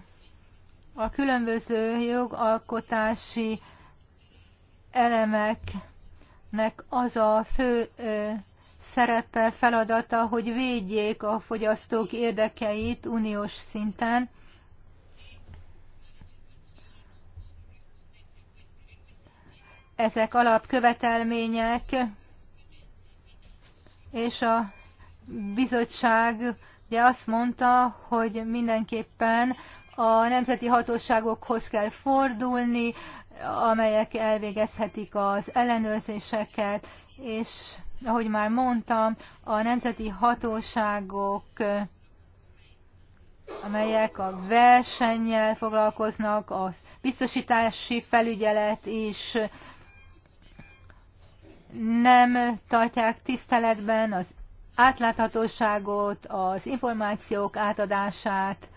a különböző jogalkotási elemeknek az a fő ö, szerepe, feladata, hogy védjék a fogyasztók érdekeit uniós szinten, ezek alapkövetelmények, és a bizottság ugye azt mondta, hogy mindenképpen a nemzeti hatóságokhoz kell fordulni, amelyek elvégezhetik az ellenőrzéseket, és ahogy már mondtam, a nemzeti hatóságok, amelyek a versennyel foglalkoznak, a biztosítási felügyelet is nem tartják tiszteletben az átláthatóságot, az információk átadását.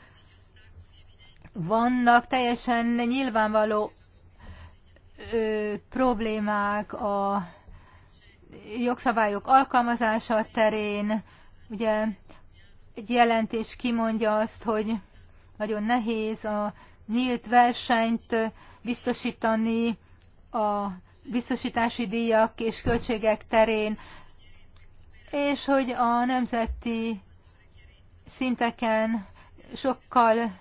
Vannak teljesen nyilvánvaló ö, problémák a jogszabályok alkalmazása terén. Ugye egy jelentés kimondja azt, hogy nagyon nehéz a nyílt versenyt biztosítani a biztosítási díjak és költségek terén, és hogy a nemzeti szinteken sokkal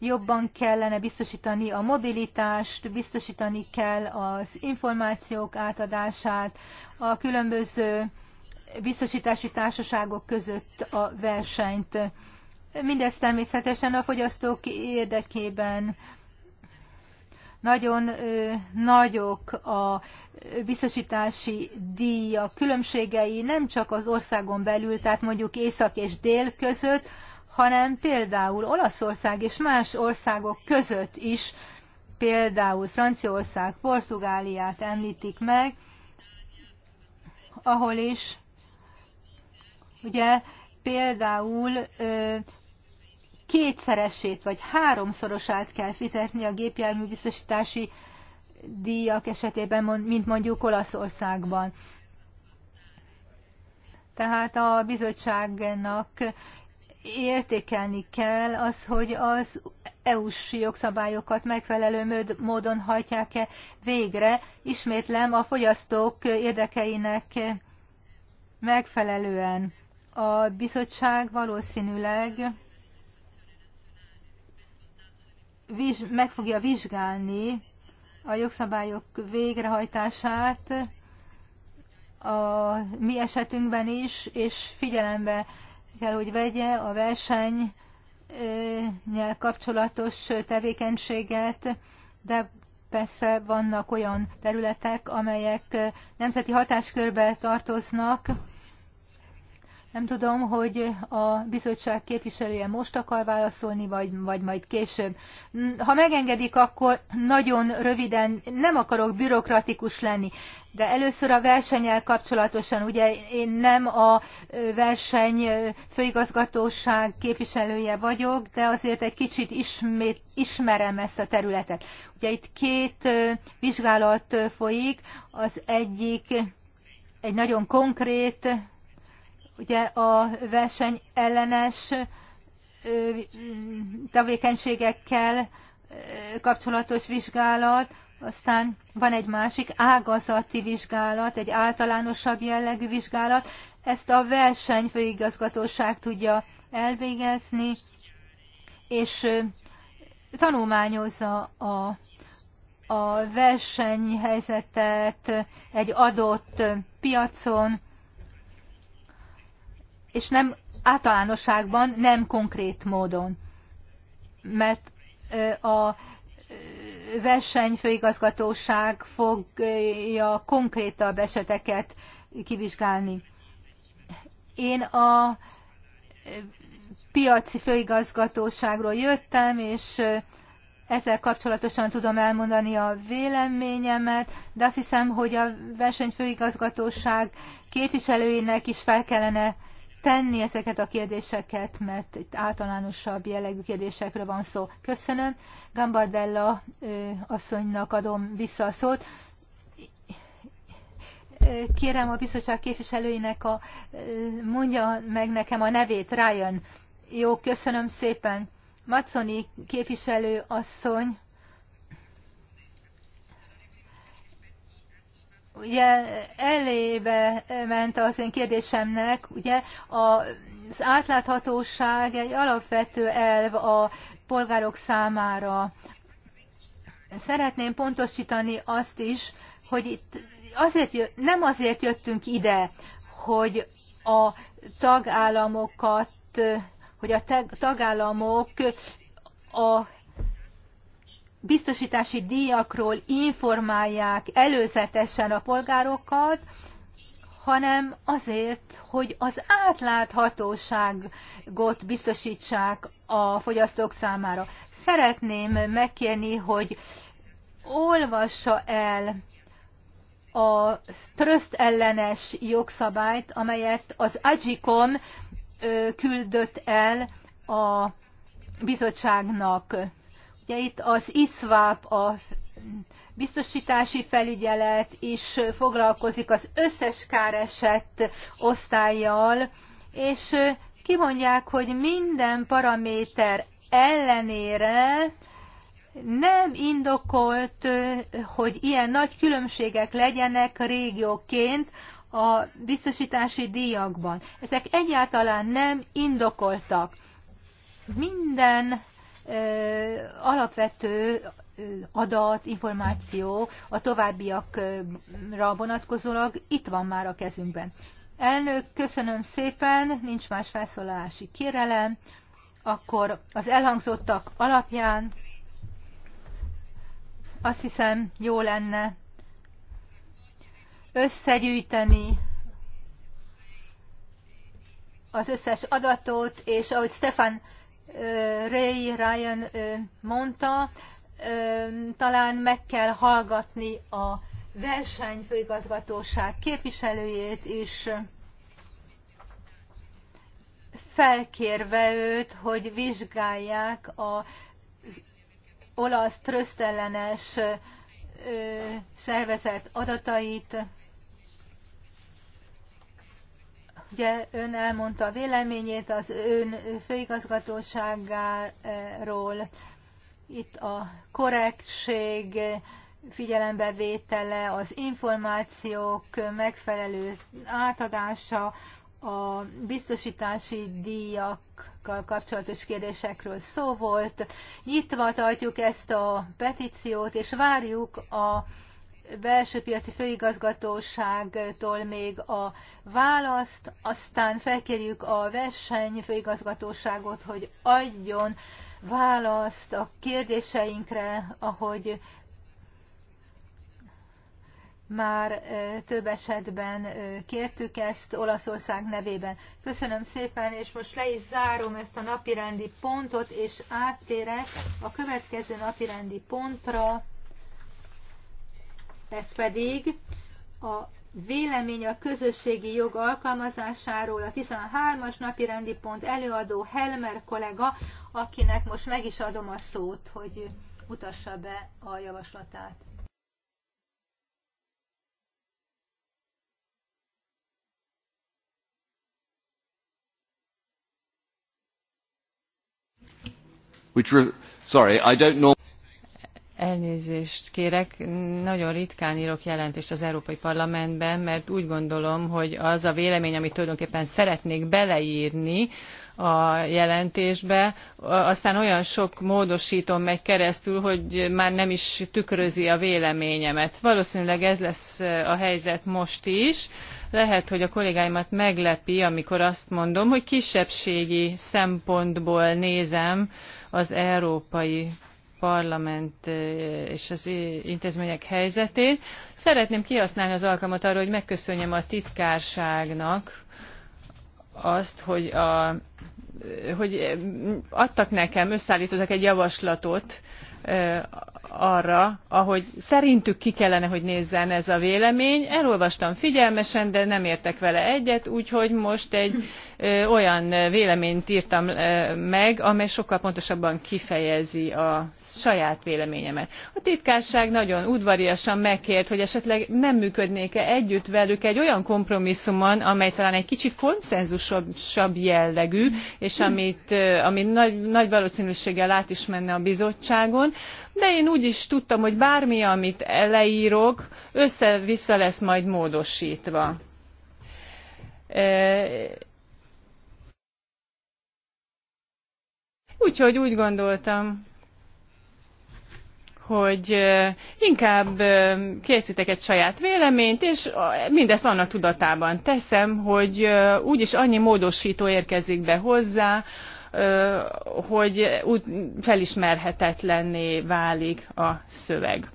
jobban kellene biztosítani a mobilitást, biztosítani kell az információk átadását, a különböző biztosítási társaságok között a versenyt. Mindez természetesen a fogyasztók érdekében nagyon nagyok a biztosítási díja különbségei nem csak az országon belül, tehát mondjuk észak és dél között, hanem például Olaszország és más országok között is, például Franciaország, Portugáliát említik meg, ahol is ugye például kétszeresét vagy háromszorosát kell fizetni a gépjárműbiztosítási díjak esetében, mint mondjuk Olaszországban. Tehát a bizottságnak értékelni kell az, hogy az EU-s jogszabályokat megfelelő módon hajtják-e végre, ismétlem a fogyasztók érdekeinek megfelelően. A bizottság valószínűleg viz, meg fogja vizsgálni a jogszabályok végrehajtását a mi esetünkben is, és figyelembe kell, hogy vegye a verseny kapcsolatos tevékenységet, de persze vannak olyan területek, amelyek nemzeti hatáskörbe tartoznak, nem tudom, hogy a bizottság képviselője most akar válaszolni, vagy, vagy majd később. Hm, ha megengedik, akkor nagyon röviden, nem akarok bürokratikus lenni, de először a versenyel kapcsolatosan, ugye én nem a verseny főigazgatóság képviselője vagyok, de azért egy kicsit ismét, ismerem ezt a területet. Ugye itt két vizsgálat folyik, az egyik egy nagyon konkrét ugye a verseny ellenes tevékenységekkel kapcsolatos vizsgálat, aztán van egy másik ágazati vizsgálat, egy általánosabb jellegű vizsgálat, ezt a versenyfőigazgatóság tudja elvégezni, és tanulmányozza a, a versenyhelyzetet egy adott piacon, és nem általánosságban, nem konkrét módon. Mert a versenyfőigazgatóság fogja konkrétabb eseteket kivizsgálni. Én a piaci főigazgatóságról jöttem, és ezzel kapcsolatosan tudom elmondani a véleményemet, de azt hiszem, hogy a versenyfőigazgatóság képviselőinek is fel kellene tenni ezeket a kérdéseket, mert itt általánosabb jellegű kérdésekről van szó. Köszönöm. Gambardella asszonynak adom vissza a szót. Kérem a bizottság képviselőinek, a, mondja meg nekem a nevét, Ryan. Jó, köszönöm szépen. Maconi képviselő asszony ugye elébe ment az én kérdésemnek, ugye az átláthatóság egy alapvető elv a polgárok számára. Szeretném pontosítani azt is, hogy itt azért, nem azért jöttünk ide, hogy a tagállamokat, hogy a tagállamok a biztosítási díjakról informálják előzetesen a polgárokat, hanem azért, hogy az átláthatóságot biztosítsák a fogyasztók számára. Szeretném megkérni, hogy olvassa el a tröszt ellenes jogszabályt, amelyet az Agicom küldött el a bizottságnak. Ugye itt az ISVAP, a biztosítási felügyelet is foglalkozik az összes káresett osztályjal, és kimondják, hogy minden paraméter ellenére nem indokolt, hogy ilyen nagy különbségek legyenek régióként a biztosítási díjakban. Ezek egyáltalán nem indokoltak. Minden alapvető adat, információ a továbbiakra vonatkozólag itt van már a kezünkben. Elnök, köszönöm szépen, nincs más felszólalási kérelem. Akkor az elhangzottak alapján azt hiszem jó lenne összegyűjteni az összes adatot, és ahogy Stefan Ray Ryan mondta, talán meg kell hallgatni a versenyfőigazgatóság képviselőjét is, felkérve őt, hogy vizsgálják a olasz trösztellenes szervezet adatait. Ugye ön elmondta a véleményét az ön főigazgatóságáról. Itt a korrektség figyelembevétele, az információk megfelelő átadása, a biztosítási díjakkal kapcsolatos kérdésekről szó volt. Nyitva tartjuk ezt a petíciót, és várjuk a belső piaci főigazgatóságtól még a választ, aztán felkérjük a verseny főigazgatóságot, hogy adjon választ a kérdéseinkre, ahogy már több esetben kértük ezt Olaszország nevében. Köszönöm szépen, és most le is zárom ezt a napirendi pontot, és áttérek a következő napirendi pontra. Ez pedig a vélemény a közösségi jog alkalmazásáról a 13-as napi rendi pont előadó Helmer kollega, akinek most meg is adom a szót, hogy mutassa be a javaslatát. Which re- sorry, I don't know. Elnézést kérek, nagyon ritkán írok jelentést az Európai Parlamentben, mert úgy gondolom, hogy az a vélemény, amit tulajdonképpen szeretnék beleírni a jelentésbe, aztán olyan sok módosítom megy keresztül, hogy már nem is tükrözi a véleményemet. Valószínűleg ez lesz a helyzet most is. Lehet, hogy a kollégáimat meglepi, amikor azt mondom, hogy kisebbségi szempontból nézem az Európai Parlament eh, és az intézmények helyzetét. Szeretném kihasználni az alkalmat arra, hogy megköszönjem a titkárságnak azt, hogy, a, hogy eh, adtak nekem, összeállítottak egy javaslatot eh, arra, ahogy szerintük ki kellene, hogy nézzen ez a vélemény. Elolvastam figyelmesen, de nem értek vele egyet, úgyhogy most egy ö, olyan véleményt írtam ö, meg, amely sokkal pontosabban kifejezi a saját véleményemet. A titkárság nagyon udvariasan megkért, hogy esetleg nem működnék-e együtt velük egy olyan kompromisszumon, amely talán egy kicsit konszenzusabb jellegű, és amit, ö, ami nagy, nagy valószínűséggel át is menne a bizottságon, de én úgy is tudtam, hogy bármi, amit lerok össze-vissza lesz majd módosítva. E, úgyhogy úgy gondoltam, hogy e, inkább e, készítek egy saját véleményt, és mindezt annak tudatában teszem, hogy úgyis annyi módosító érkezik be hozzá, hogy felismerhetetlenné válik a szöveg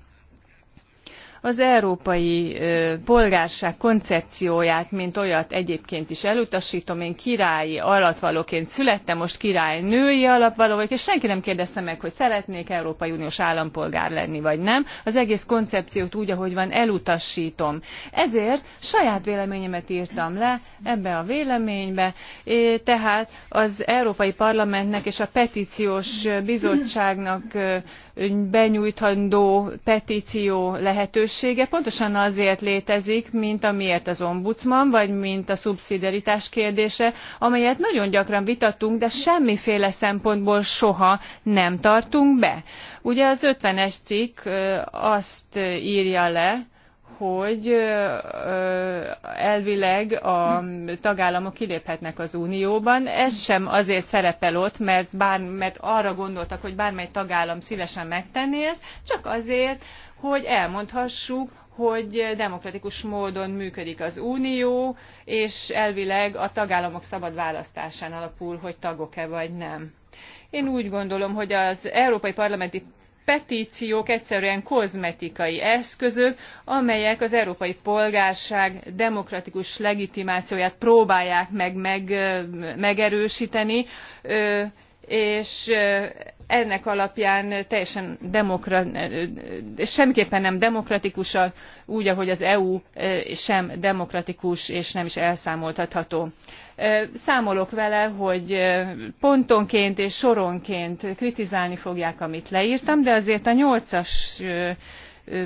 az európai polgárság koncepcióját, mint olyat egyébként is elutasítom. Én királyi alattvalóként születtem, most király női alattvaló vagyok, és senki nem kérdezte meg, hogy szeretnék Európai Uniós állampolgár lenni, vagy nem. Az egész koncepciót úgy, ahogy van, elutasítom. Ezért saját véleményemet írtam le ebbe a véleménybe, tehát az Európai Parlamentnek és a petíciós bizottságnak benyújtandó petíció lehetősége pontosan azért létezik, mint amiért az ombudsman, vagy mint a szubszidiaritás kérdése, amelyet nagyon gyakran vitatunk, de semmiféle szempontból soha nem tartunk be. Ugye az 50-es cikk azt írja le, hogy elvileg a tagállamok kiléphetnek az unióban. Ez sem azért szerepel ott, mert, bár, mert arra gondoltak, hogy bármely tagállam szívesen megtenné ezt, csak azért, hogy elmondhassuk, hogy demokratikus módon működik az unió, és elvileg a tagállamok szabad választásán alapul, hogy tagok-e vagy nem. Én úgy gondolom, hogy az európai parlamenti petíciók egyszerűen kozmetikai eszközök, amelyek az európai polgárság demokratikus legitimációját próbálják meg, meg megerősíteni, és ennek alapján teljesen demokra... semmiképpen nem demokratikusak, úgy, ahogy az EU sem demokratikus és nem is elszámoltatható számolok vele hogy pontonként és soronként kritizálni fogják amit lertam de azért a nyolcas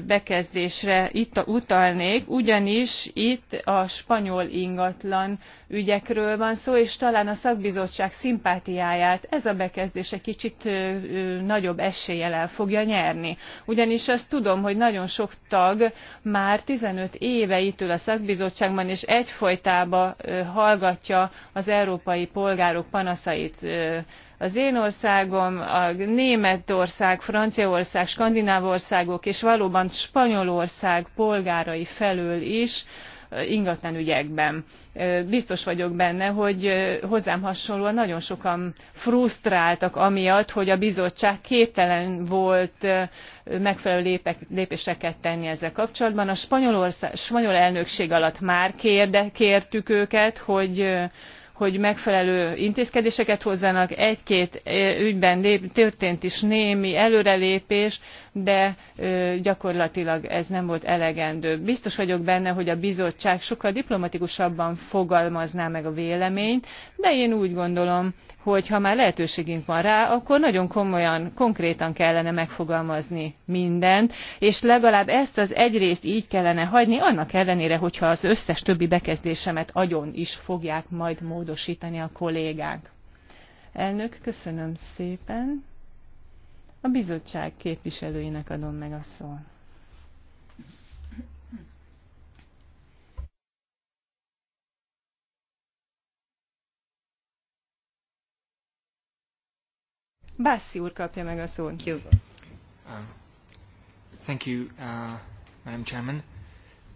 bekezdésre itt utalnék, ugyanis itt a spanyol ingatlan ügyekről van szó, és talán a szakbizottság szimpátiáját ez a bekezdés egy kicsit nagyobb eséllyel el fogja nyerni. Ugyanis azt tudom, hogy nagyon sok tag már 15 éve itt ül a szakbizottságban, és egyfolytában hallgatja az európai polgárok panaszait az én országom, a Németország, Franciaország, Skandináv országok és valóban Spanyolország polgárai felől is ingatlanügyekben. Biztos vagyok benne, hogy hozzám hasonlóan nagyon sokan frusztráltak amiatt, hogy a bizottság képtelen volt megfelelő lépéseket tenni ezzel kapcsolatban. A spanyol, ország, spanyol elnökség alatt már kérde, kértük őket, hogy hogy megfelelő intézkedéseket hozzanak. Egy-két ügyben történt is némi előrelépés, de gyakorlatilag ez nem volt elegendő. Biztos vagyok benne, hogy a bizottság sokkal diplomatikusabban fogalmazná meg a véleményt, de én úgy gondolom, hogy ha már lehetőségünk van rá, akkor nagyon komolyan, konkrétan kellene megfogalmazni mindent, és legalább ezt az egyrészt így kellene hagyni, annak ellenére, hogyha az összes többi bekezdésemet agyon is fogják majd módosítani a kollégák. Elnök, köszönöm szépen. A bizottság képviselőinek adom meg a szót. Bassi úr kapja meg a szót. Thank you. Um, thank you, uh, Madam Chairman.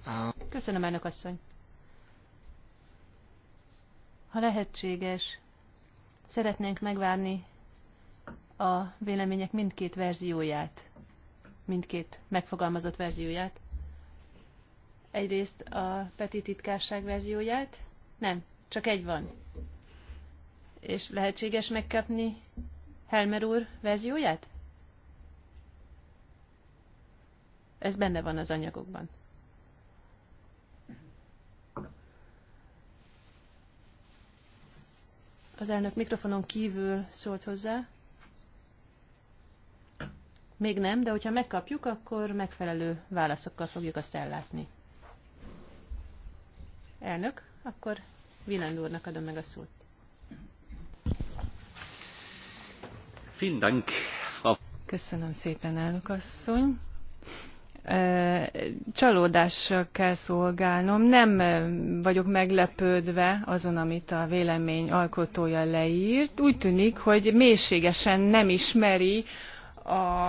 Uh... Köszönöm, elnök asszony. Ha lehetséges, szeretnénk megvárni a vélemények mindkét verzióját, mindkét megfogalmazott verzióját. Egyrészt a Peti titkárság verzióját, nem, csak egy van. És lehetséges megkapni Helmer úr verzióját? Ez benne van az anyagokban. Az elnök mikrofonon kívül szólt hozzá. Még nem, de hogyha megkapjuk, akkor megfelelő válaszokkal fogjuk azt ellátni. Elnök, akkor Vilend úrnak adom meg a szót. Köszönöm szépen, elnök asszony csalódással kell szolgálnom. Nem vagyok meglepődve azon, amit a vélemény alkotója leírt. Úgy tűnik, hogy mélységesen nem ismeri,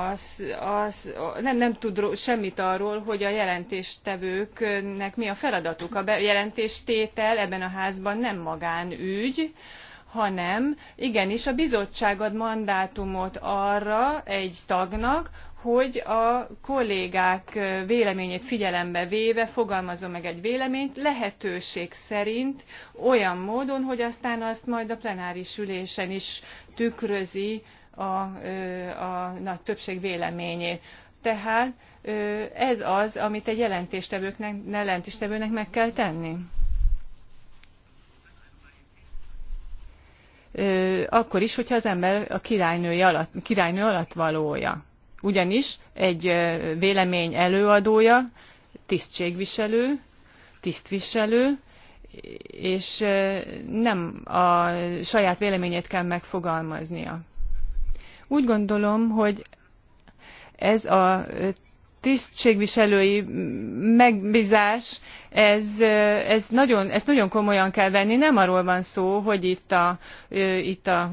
az, az, nem, nem tud semmit arról, hogy a jelentéstevőknek mi a feladatuk. A jelentéstétel ebben a házban nem magánügy, hanem igenis a bizottság ad mandátumot arra egy tagnak, hogy a kollégák véleményét figyelembe véve fogalmazom meg egy véleményt lehetőség szerint olyan módon, hogy aztán azt majd a plenáris ülésen is tükrözi a, a nagy többség véleményét. Tehát ez az, amit egy jelentéstevőnek, jelentéstevőnek meg kell tenni. akkor is, hogyha az ember a alatt, királynő alatt valója. Ugyanis egy vélemény előadója, tisztségviselő, tisztviselő, és nem a saját véleményét kell megfogalmaznia. Úgy gondolom, hogy ez a tisztségviselői megbízás, ez, ez nagyon, ezt nagyon komolyan kell venni. Nem arról van szó, hogy itt, a, itt a,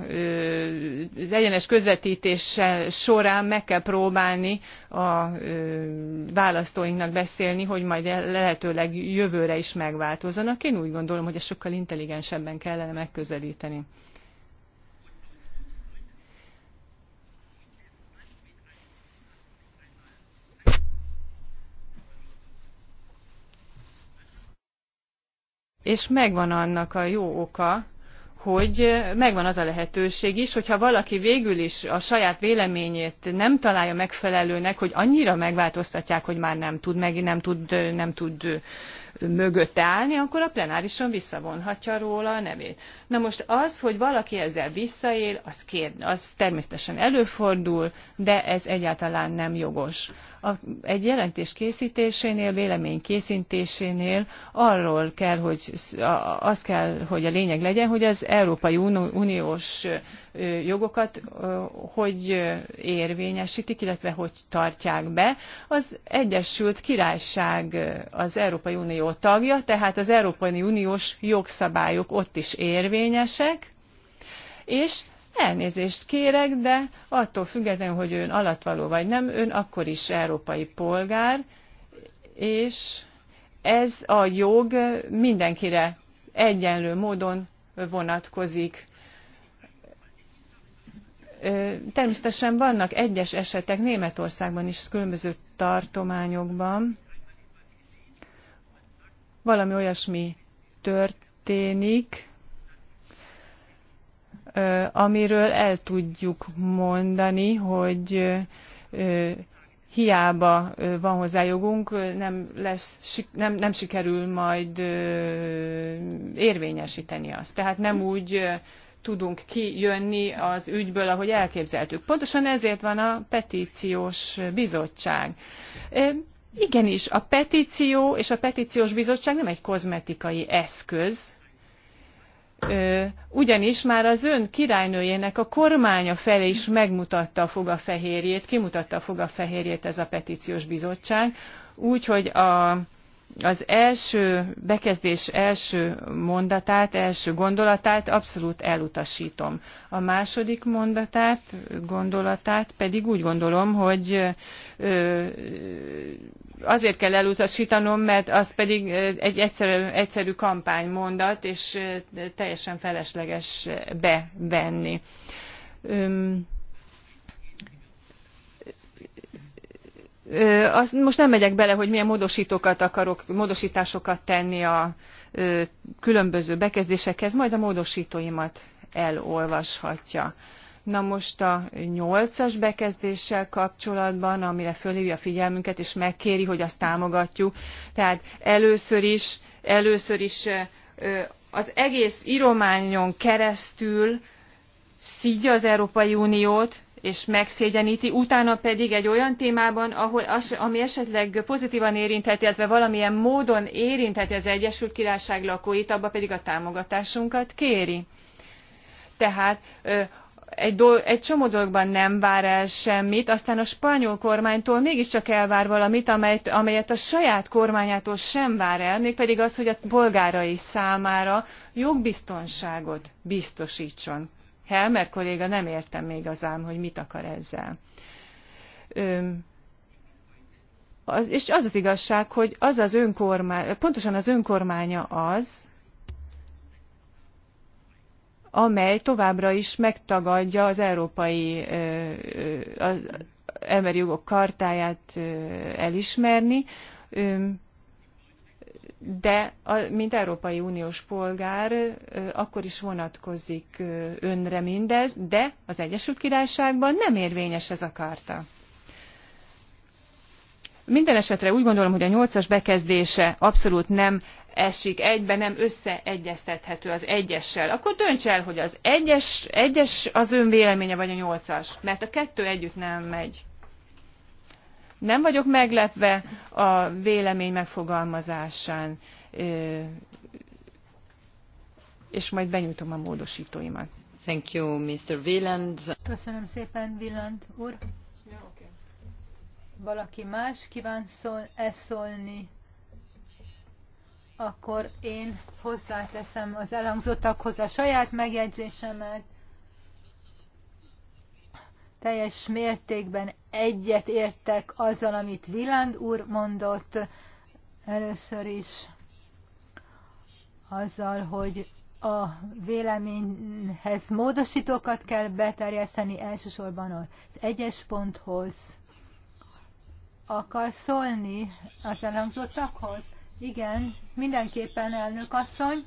az egyenes közvetítés során meg kell próbálni a választóinknak beszélni, hogy majd e lehetőleg jövőre is megváltozanak. Én úgy gondolom, hogy ezt sokkal intelligensebben kellene megközelíteni. és megvan annak a jó oka, hogy megvan az a lehetőség is, hogyha valaki végül is a saját véleményét nem találja megfelelőnek, hogy annyira megváltoztatják, hogy már nem tud meg, nem tud, nem tud mögött állni, akkor a plenárison visszavonhatja róla a nevét. Na most az, hogy valaki ezzel visszaél, az, kér, az természetesen előfordul, de ez egyáltalán nem jogos. A, egy jelentés készítésénél, vélemény készítésénél arról kell, hogy az kell, hogy a lényeg legyen, hogy az Európai Uniós jogokat hogy érvényesítik, illetve hogy tartják be. Az Egyesült Királyság az Európai Unió tagja, tehát az Európai Uniós jogszabályok ott is érvényesek, és elnézést kérek, de attól függetlenül, hogy ön alattvaló vagy nem, ön akkor is európai polgár, és ez a jog mindenkire egyenlő módon vonatkozik. Természetesen vannak egyes esetek Németországban is, különböző tartományokban. Valami olyasmi történik, amiről el tudjuk mondani, hogy hiába van hozzá jogunk, nem, lesz, nem, nem sikerül majd érvényesíteni azt. Tehát nem úgy tudunk kijönni az ügyből, ahogy elképzeltük. Pontosan ezért van a petíciós bizottság. Igenis, a petíció és a petíciós bizottság nem egy kozmetikai eszköz, ugyanis már az ön királynőjének a kormánya felé is megmutatta a fogafehérjét, kimutatta a fogafehérjét ez a petíciós bizottság, úgyhogy a az első bekezdés első mondatát, első gondolatát abszolút elutasítom. A második mondatát, gondolatát pedig úgy gondolom, hogy azért kell elutasítanom, mert az pedig egy egyszerű, egyszerű kampánymondat, és teljesen felesleges bevenni. azt most nem megyek bele, hogy milyen módosítókat akarok, módosításokat tenni a különböző bekezdésekhez, majd a módosítóimat elolvashatja. Na most a nyolcas bekezdéssel kapcsolatban, amire fölhívja a figyelmünket, és megkéri, hogy azt támogatjuk. Tehát először is, először is az egész írományon keresztül szígy az Európai Uniót, és megszégyeníti, utána pedig egy olyan témában, ahol az, ami esetleg pozitívan érintheti, illetve valamilyen módon érintheti az Egyesült Királyság lakóit, abba pedig a támogatásunkat kéri. Tehát egy, egy csomó dologban nem vár el semmit, aztán a spanyol kormánytól mégiscsak elvár valamit, amelyet, amelyet a saját kormányától sem vár el, mégpedig az, hogy a polgárai számára jogbiztonságot biztosítson Helmer kolléga, nem értem még ám, hogy mit akar ezzel. Öm, az, és az az igazság, hogy az az önkormány, pontosan az önkormánya az, amely továbbra is megtagadja az európai ö, ö, az emberi jogok kartáját ö, elismerni de mint Európai Uniós polgár akkor is vonatkozik önre mindez, de az Egyesült Királyságban nem érvényes ez a karta. Minden esetre úgy gondolom, hogy a nyolcas bekezdése abszolút nem esik egybe, nem összeegyeztethető az egyessel. Akkor dönts el, hogy az egyes, egyes az ön véleménye, vagy a nyolcas, mert a kettő együtt nem megy. Nem vagyok meglepve a vélemény megfogalmazásán, és majd benyújtom a módosítóimat. Thank you, Mr. Wieland. Köszönöm szépen, Wieland úr. Valaki más kíván szól, e szólni? Akkor én hozzáteszem az elhangzottakhoz a saját megjegyzésemet teljes mértékben egyet értek azzal, amit Viland úr mondott először is, azzal, hogy a véleményhez módosítókat kell beterjeszteni elsősorban az egyes ponthoz. Akar szólni az elhangzottakhoz? Igen, mindenképpen elnök asszony.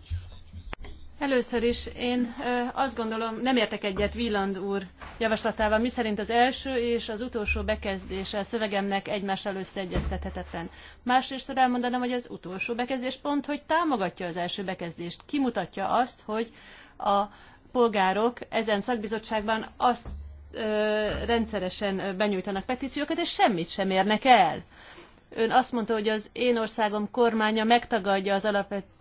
Először is én azt gondolom, nem értek egyet Wieland úr javaslatával, miszerint az első és az utolsó bekezdése a szövegemnek egymással összeegyeztethetetlen. Másrészt elmondanám, hogy az utolsó bekezdés pont, hogy támogatja az első bekezdést, kimutatja azt, hogy a polgárok ezen szakbizottságban azt rendszeresen benyújtanak petíciókat, és semmit sem érnek el. Ön azt mondta, hogy az én országom kormánya megtagadja az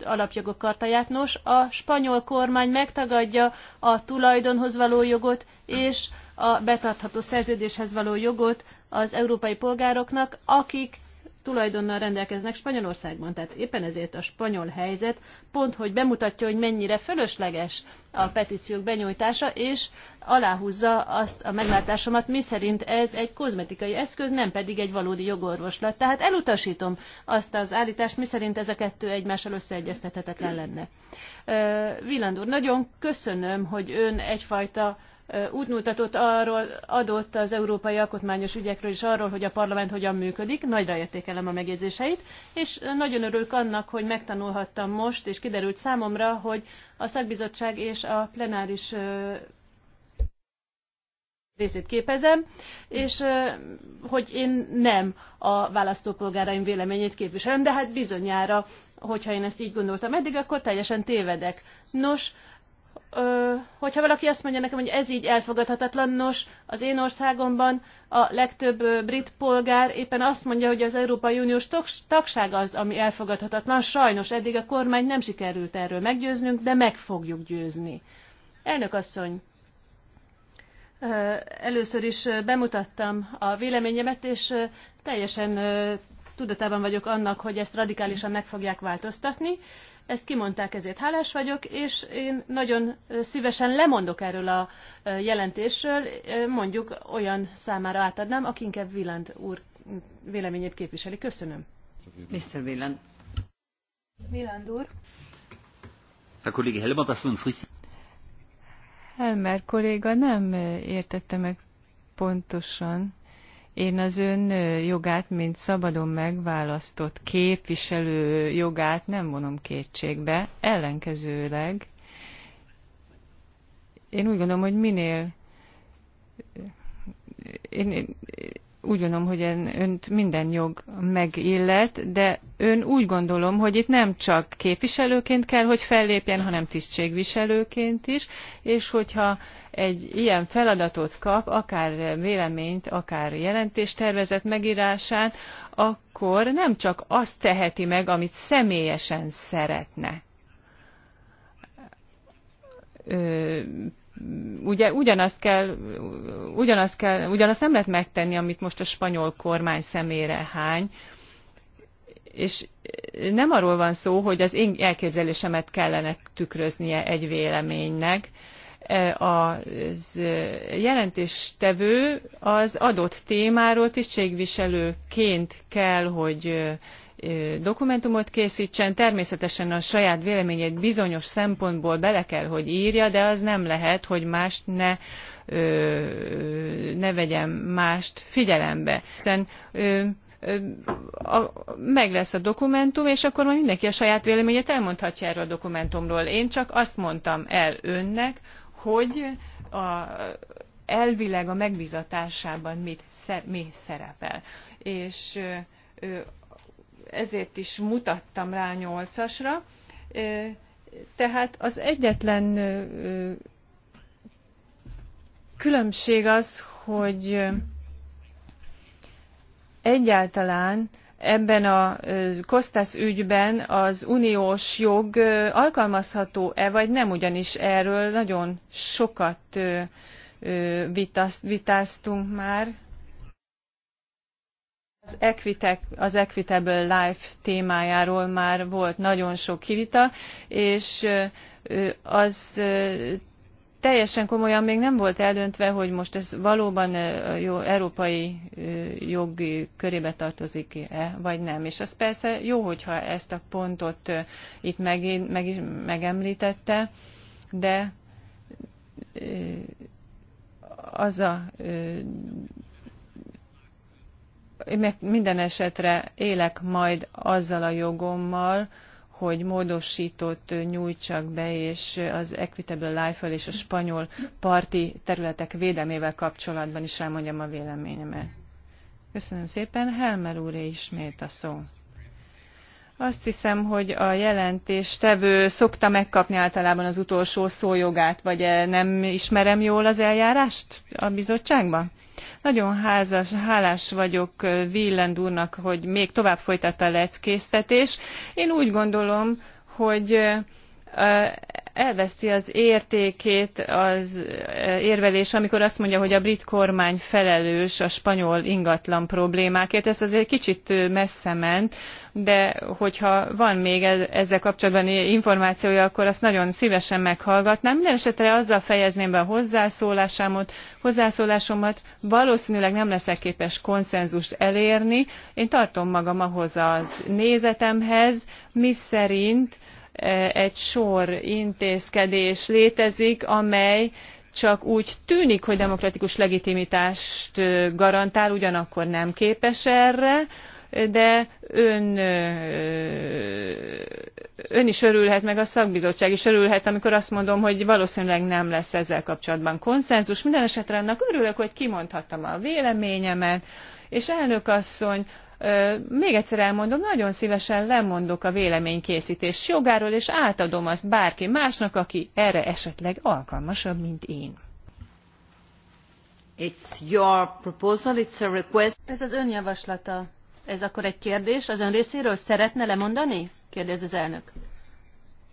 alapjogok kartáját. Nos, a spanyol kormány megtagadja a tulajdonhoz való jogot és a betartható szerződéshez való jogot az európai polgároknak, akik tulajdonnal rendelkeznek Spanyolországban. Tehát éppen ezért a spanyol helyzet pont, hogy bemutatja, hogy mennyire fölösleges a petíciók benyújtása, és aláhúzza azt a meglátásomat, mi szerint ez egy kozmetikai eszköz, nem pedig egy valódi jogorvoslat. Tehát elutasítom azt az állítást, mi szerint ez a kettő egymással összeegyeztethetetlen lenne. Villandúr, nagyon köszönöm, hogy ön egyfajta útmutatót adott az európai alkotmányos ügyekről és arról, hogy a parlament hogyan működik. Nagyra értékelem a megjegyzéseit, és nagyon örülök annak, hogy megtanulhattam most, és kiderült számomra, hogy a szakbizottság és a plenáris részét képezem, és hogy én nem a választópolgáraim véleményét képviselem, de hát bizonyára, hogyha én ezt így gondoltam eddig, akkor teljesen tévedek. Nos, ö, hogyha valaki azt mondja nekem, hogy ez így elfogadhatatlan, nos, az én országomban a legtöbb ö, brit polgár éppen azt mondja, hogy az Európai Uniós tagság az, ami elfogadhatatlan. Sajnos eddig a kormány nem sikerült erről meggyőznünk, de meg fogjuk győzni. Elnök asszony, ö, először is bemutattam a véleményemet, és teljesen tudatában vagyok annak, hogy ezt radikálisan meg fogják változtatni. Ezt kimondták, ezért hálás vagyok, és én nagyon szívesen lemondok erről a jelentésről, mondjuk olyan számára átadnám, aki inkább Villand úr véleményét képviseli. Köszönöm. Mr. Villand. Villand úr. A Kollege Helmer, azt Helmer kolléga nem értette meg pontosan, én az ön jogát, mint szabadon megválasztott képviselő jogát nem vonom kétségbe, ellenkezőleg én úgy gondolom, hogy minél én, én, úgy gondolom, hogy önt minden jog megillet, de ön úgy gondolom, hogy itt nem csak képviselőként kell, hogy fellépjen, hanem tisztségviselőként is, és hogyha egy ilyen feladatot kap, akár véleményt, akár jelentéstervezet megírását, akkor nem csak azt teheti meg, amit személyesen szeretne ugye ugyanazt kell, ugyanazt kell, ugyanazt nem lehet megtenni, amit most a spanyol kormány szemére hány, és nem arról van szó, hogy az én elképzelésemet kellene tükröznie egy véleménynek. E, a jelentéstevő az adott témáról tisztségviselőként kell, hogy dokumentumot készítsen, természetesen a saját véleményét bizonyos szempontból bele kell, hogy írja, de az nem lehet, hogy mást ne, ne vegyem mást figyelembe. Hiszen a, a, meg lesz a dokumentum, és akkor majd mindenki a saját véleményét elmondhatja erről a dokumentumról. Én csak azt mondtam el önnek, hogy a, elvileg a megbizatásában mit, mi szerepel. És ö, ezért is mutattam rá a nyolcasra. Tehát az egyetlen különbség az, hogy egyáltalán ebben a Kostas ügyben az uniós jog alkalmazható-e, vagy nem, ugyanis erről nagyon sokat vitáztunk már az, az Equitable Life témájáról már volt nagyon sok vita, és az teljesen komolyan még nem volt eldöntve, hogy most ez valóban jó, európai jog körébe tartozik-e, vagy nem. És az persze jó, hogyha ezt a pontot itt meg, meg, megemlítette, de az a minden esetre élek majd azzal a jogommal, hogy módosított nyújtsak be, és az Equitable life és a spanyol parti területek védelmével kapcsolatban is elmondjam a véleményemet. Köszönöm szépen. Helmer úré ismét a szó. Azt hiszem, hogy a jelentéstevő szokta megkapni általában az utolsó szójogát, vagy nem ismerem jól az eljárást a bizottságban? Nagyon házas, hálás vagyok Wieland úrnak, hogy még tovább folytatta a leckésztetés. Én úgy gondolom, hogy elveszti az értékét az eh, érvelés, amikor azt mondja, hogy a brit kormány felelős a spanyol ingatlan problémákért. Ez azért kicsit eh, messze ment, de hogyha van még e- ezzel kapcsolatban információja, akkor azt nagyon szívesen meghallgatnám. Minden esetre azzal fejezném be a hozzászólásomat, hozzászólásomat. Valószínűleg nem leszek képes konszenzust elérni. Én tartom magam ahhoz az nézetemhez, mi szerint egy sor intézkedés létezik, amely csak úgy tűnik, hogy demokratikus legitimitást garantál, ugyanakkor nem képes erre, de ön, ön is örülhet, meg a szakbizottság is örülhet, amikor azt mondom, hogy valószínűleg nem lesz ezzel kapcsolatban konszenzus. Minden esetre annak örülök, hogy kimondhattam a véleményemet, és elnök asszony, még egyszer elmondom, nagyon szívesen lemondok a véleménykészítés jogáról, és átadom azt bárki másnak, aki erre esetleg alkalmasabb, mint én. It's your proposal, it's a request. Ez az ön javaslata. Ez akkor egy kérdés az ön részéről? Szeretne lemondani? Kérdez az elnök.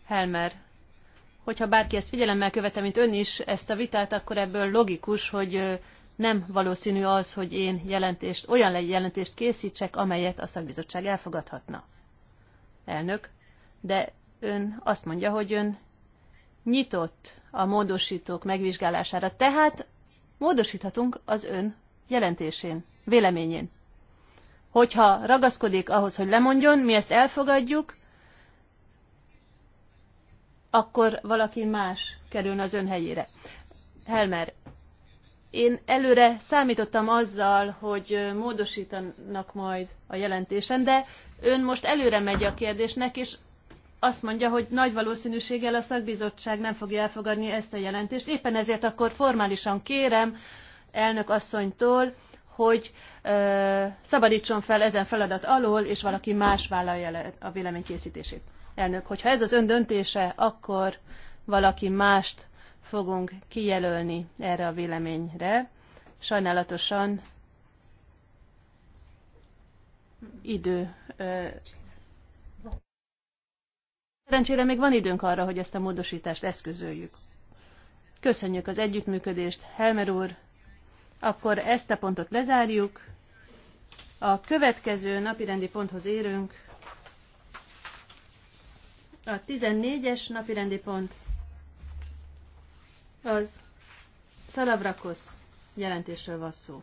Helmer, hogyha bárki ezt figyelemmel követe, mint ön is ezt a vitát, akkor ebből logikus, hogy nem valószínű az, hogy én jelentést, olyan jelentést készítsek, amelyet a szakbizottság elfogadhatna. Elnök, de ön azt mondja, hogy ön nyitott a módosítók megvizsgálására, tehát módosíthatunk az ön jelentésén, véleményén. Hogyha ragaszkodik ahhoz, hogy lemondjon, mi ezt elfogadjuk, akkor valaki más kerül az ön helyére. Helmer, én előre számítottam azzal, hogy módosítanak majd a jelentésen, de ön most előre megy a kérdésnek, és azt mondja, hogy nagy valószínűséggel a szakbizottság nem fogja elfogadni ezt a jelentést. Éppen ezért akkor formálisan kérem elnök asszonytól, hogy ö, szabadítson fel ezen feladat alól, és valaki más vállalja le a véleménykészítését, Elnök, hogyha ez az ön döntése, akkor valaki mást fogunk kijelölni erre a véleményre. Sajnálatosan idő. Szerencsére még van időnk arra, hogy ezt a módosítást eszközöljük. Köszönjük az együttműködést, Helmer úr. Akkor ezt a pontot lezárjuk. A következő napirendi ponthoz érünk. A 14-es napirendi pont az Szalavrakosz jelentésről van szó.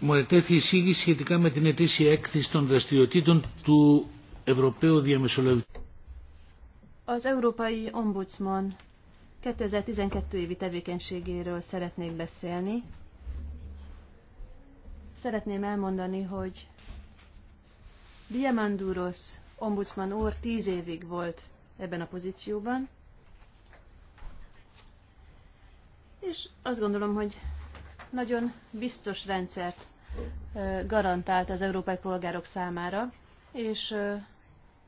Μου ετέθη εισήγηση σχετικά με την ετήσια έκθεση των δραστηριοτήτων του Ευρωπαίου Διαμεσολαβητή. Az Európai Ombudsman 2012 évi tevékenységéről szeretnék beszélni. Szeretném elmondani, hogy Diamandouros ombudsman úr 10 évig volt ebben a pozícióban. És azt gondolom, hogy nagyon biztos rendszert garantált az európai polgárok számára, és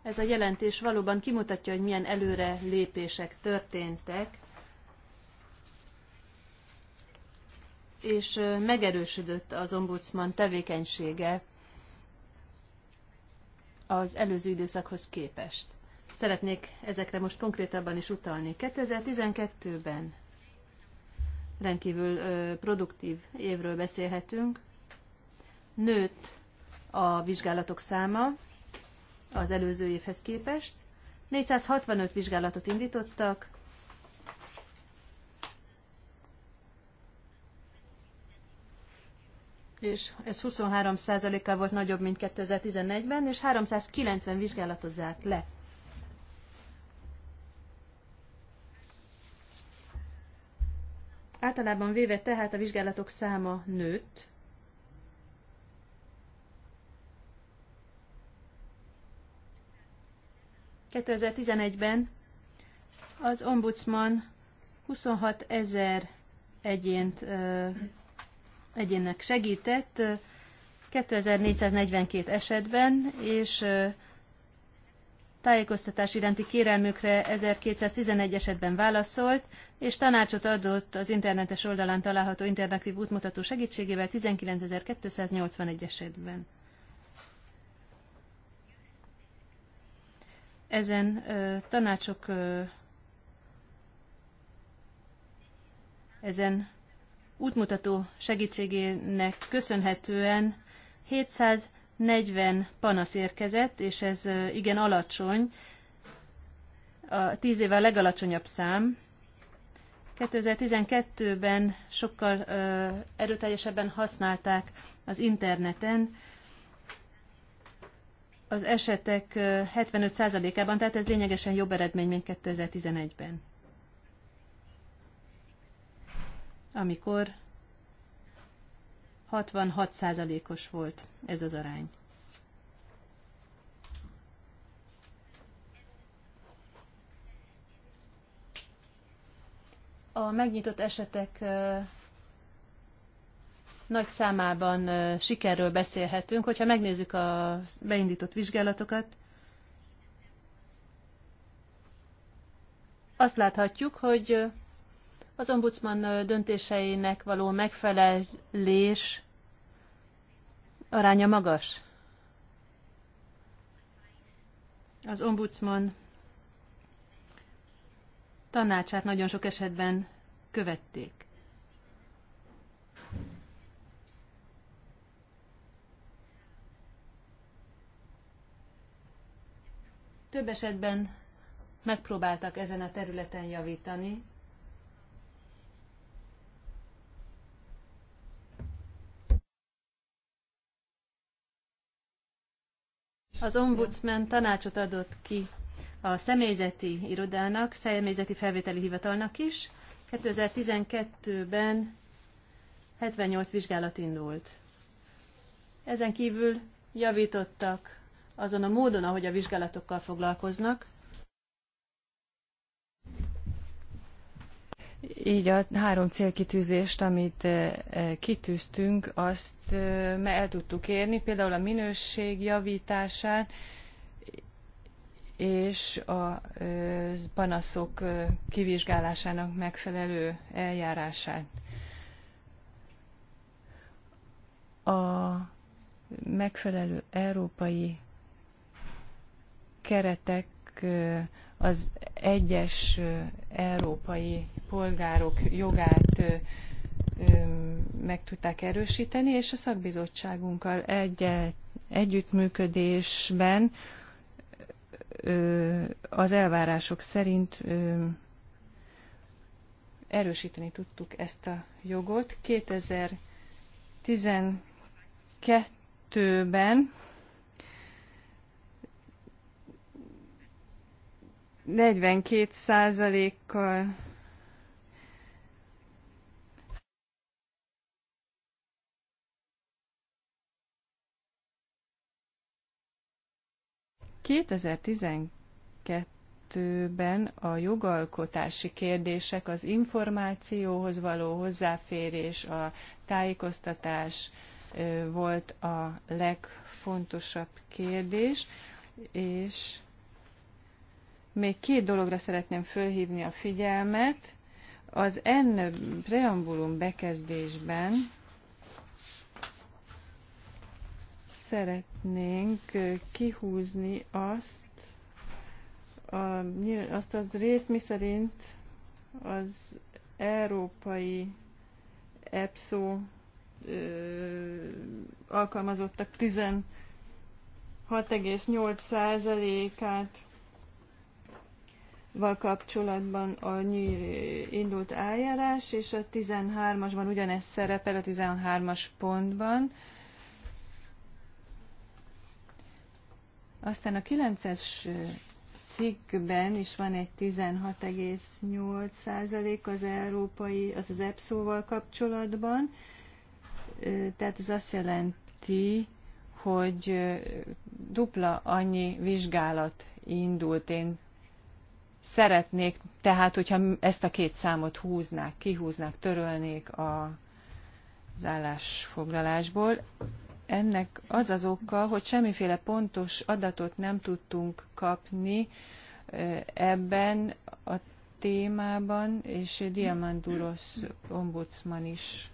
ez a jelentés valóban kimutatja, hogy milyen előre lépések történtek, és megerősödött az ombudsman tevékenysége az előző időszakhoz képest szeretnék ezekre most konkrétabban is utalni. 2012-ben rendkívül produktív évről beszélhetünk. Nőtt a vizsgálatok száma az előző évhez képest. 465 vizsgálatot indítottak, és ez 23%-kal volt nagyobb, mint 2014-ben, és 390 vizsgálatot zárt le Általában véve tehát a vizsgálatok száma nőtt, ben az ombudsman 26 ezer egyént, egyénnek segített 2442 esetben, és tájékoztatás iránti kérelmükre 1211 esetben válaszolt, és tanácsot adott az internetes oldalán található interaktív útmutató segítségével 19281 esetben. Ezen ö, tanácsok ö, ezen útmutató segítségének köszönhetően 700 40 panasz érkezett, és ez igen alacsony, a 10 a legalacsonyabb szám. 2012-ben sokkal erőteljesebben használták az interneten az esetek 75%-ában, tehát ez lényegesen jobb eredmény, mint 2011-ben, amikor 66%-os volt ez az arány. A megnyitott esetek nagy számában sikerről beszélhetünk. Hogyha megnézzük a beindított vizsgálatokat, azt láthatjuk, hogy az ombudsman döntéseinek való megfelelés aránya magas. Az ombudsman tanácsát nagyon sok esetben követték. Több esetben megpróbáltak ezen a területen javítani, Az ombudsman tanácsot adott ki a személyzeti irodának, személyzeti felvételi hivatalnak is. 2012-ben 78 vizsgálat indult. Ezen kívül javítottak azon a módon, ahogy a vizsgálatokkal foglalkoznak, Így a három célkitűzést, amit eh, eh, kitűztünk, azt eh, el tudtuk érni, például a minőség javítását és a panaszok kivizsgálásának megfelelő eljárását. A megfelelő európai keretek az egyes európai polgárok jogát meg tudták erősíteni, és a szakbizottságunkkal egy együttműködésben az elvárások szerint erősíteni tudtuk ezt a jogot. 2012-ben 42 százalékkal ben a jogalkotási kérdések, az információhoz való hozzáférés, a tájékoztatás volt a legfontosabb kérdés, és még két dologra szeretném fölhívni a figyelmet. Az N preambulum bekezdésben szeretnénk kihúzni azt, a, azt az részt, miszerint az európai EPSO alkalmazottak 16,8%-át val kapcsolatban a indult eljárás, és a 13-asban ugyanez szerepel a 13-as pontban. Aztán a 9-es cikkben is van egy 16,8% az európai, az az EPSZO-val kapcsolatban. Tehát ez azt jelenti, hogy dupla annyi vizsgálat indult. Én Szeretnék tehát, hogyha ezt a két számot húznák, kihúznák, törölnék a, az állásfoglalásból. Ennek az az oka, hogy semmiféle pontos adatot nem tudtunk kapni ebben a témában, és Diamanduros ombudsman is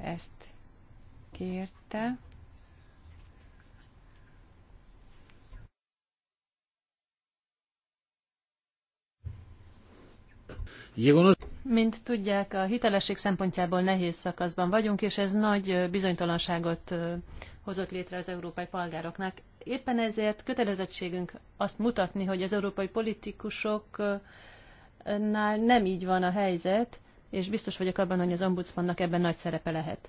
ezt kérte. Mint tudják, a hitelesség szempontjából nehéz szakaszban vagyunk, és ez nagy bizonytalanságot hozott létre az európai polgároknak. Éppen ezért kötelezettségünk azt mutatni, hogy az európai politikusoknál nem így van a helyzet, és biztos vagyok abban, hogy az ombudsmannak ebben nagy szerepe lehet.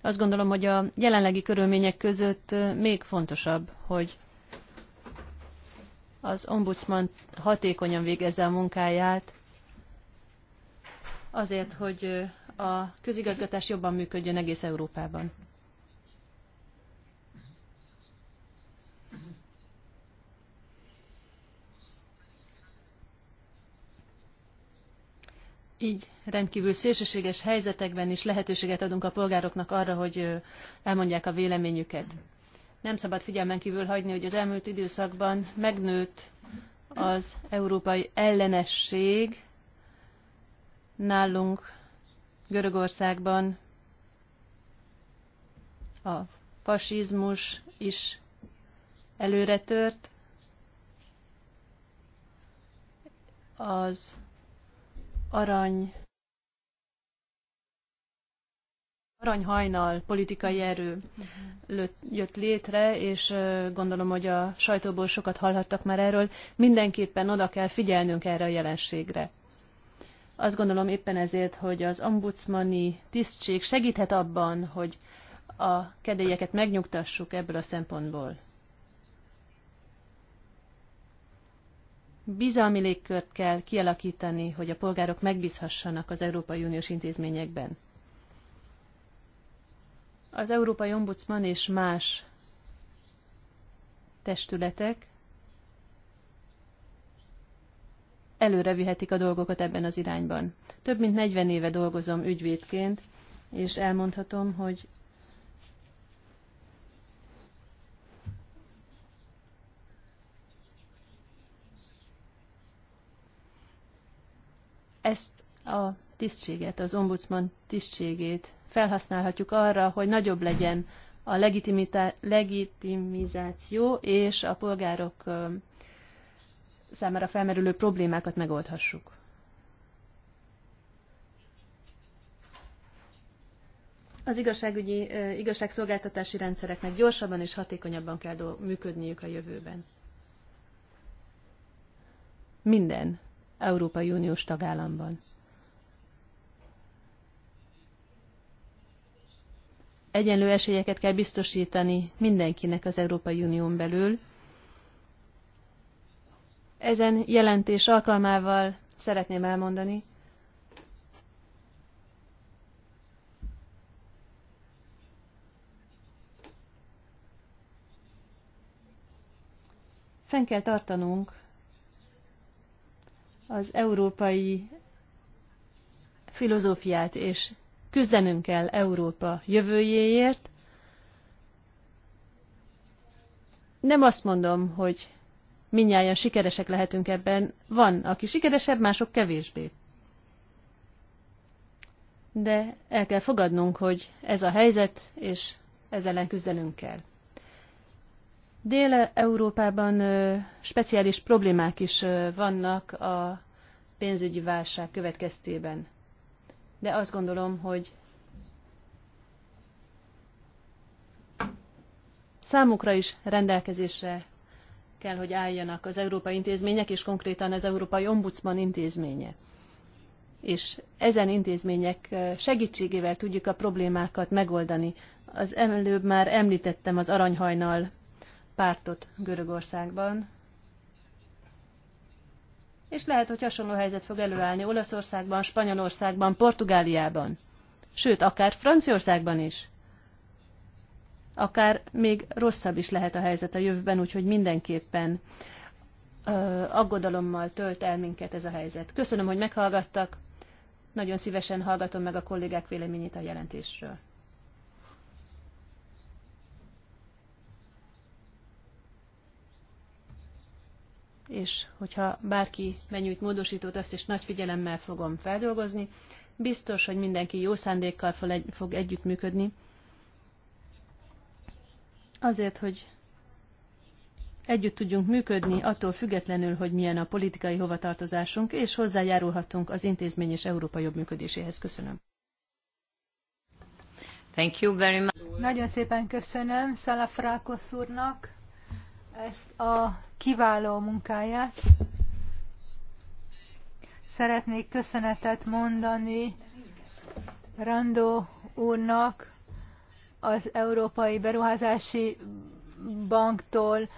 Azt gondolom, hogy a jelenlegi körülmények között még fontosabb, hogy az ombudsman hatékonyan végezze a munkáját, azért, hogy a közigazgatás jobban működjön egész Európában. Így rendkívül szélsőséges helyzetekben is lehetőséget adunk a polgároknak arra, hogy elmondják a véleményüket. Nem szabad figyelmen kívül hagyni, hogy az elmúlt időszakban megnőtt az európai ellenesség nálunk Görögországban a fasizmus is előretört, az arany aranyhajnal politikai erő jött létre, és gondolom, hogy a sajtóból sokat hallhattak már erről, mindenképpen oda kell figyelnünk erre a jelenségre. Azt gondolom éppen ezért, hogy az ombudsmani tisztség segíthet abban, hogy a kedélyeket megnyugtassuk ebből a szempontból. Bizalmi légkört kell kialakítani, hogy a polgárok megbízhassanak az Európai Uniós intézményekben az Európai Ombudsman és más testületek előre vihetik a dolgokat ebben az irányban. Több mint 40 éve dolgozom ügyvédként, és elmondhatom, hogy ezt a tisztséget, az ombudsman tisztségét felhasználhatjuk arra, hogy nagyobb legyen a legitimizáció, és a polgárok számára felmerülő problémákat megoldhassuk. Az igazságügyi, igazságszolgáltatási rendszereknek gyorsabban és hatékonyabban kell működniük a jövőben. Minden Európai Uniós tagállamban. egyenlő esélyeket kell biztosítani mindenkinek az Európai Unión belül. Ezen jelentés alkalmával szeretném elmondani, fenn kell tartanunk az európai filozófiát és Küzdenünk kell Európa jövőjéért. Nem azt mondom, hogy minnyáján sikeresek lehetünk ebben. Van, aki sikeresebb, mások kevésbé. De el kell fogadnunk, hogy ez a helyzet, és ez ellen küzdenünk kell. Dél-Európában speciális problémák is vannak a pénzügyi válság következtében de azt gondolom, hogy számukra is rendelkezésre kell, hogy álljanak az európai intézmények, és konkrétan az Európai Ombudsman intézménye. És ezen intézmények segítségével tudjuk a problémákat megoldani. Az előbb már említettem az aranyhajnal pártot Görögországban, és lehet, hogy hasonló helyzet fog előállni Olaszországban, Spanyolországban, Portugáliában, sőt, akár Franciaországban is. Akár még rosszabb is lehet a helyzet a jövőben, úgyhogy mindenképpen ö, aggodalommal tölt el minket ez a helyzet. Köszönöm, hogy meghallgattak. Nagyon szívesen hallgatom meg a kollégák véleményét a jelentésről. és hogyha bárki benyújt módosítót, azt is nagy figyelemmel fogom feldolgozni. Biztos, hogy mindenki jó szándékkal fog együttműködni, azért, hogy együtt tudjunk működni, attól függetlenül, hogy milyen a politikai hovatartozásunk, és hozzájárulhatunk az intézmény és Európa jobb működéséhez. Köszönöm. Thank you very much. Nagyon szépen köszönöm Szalafrákos úrnak ezt a kiváló munkáját. Szeretnék köszönetet mondani Randó úrnak az Európai Beruházási Banktól,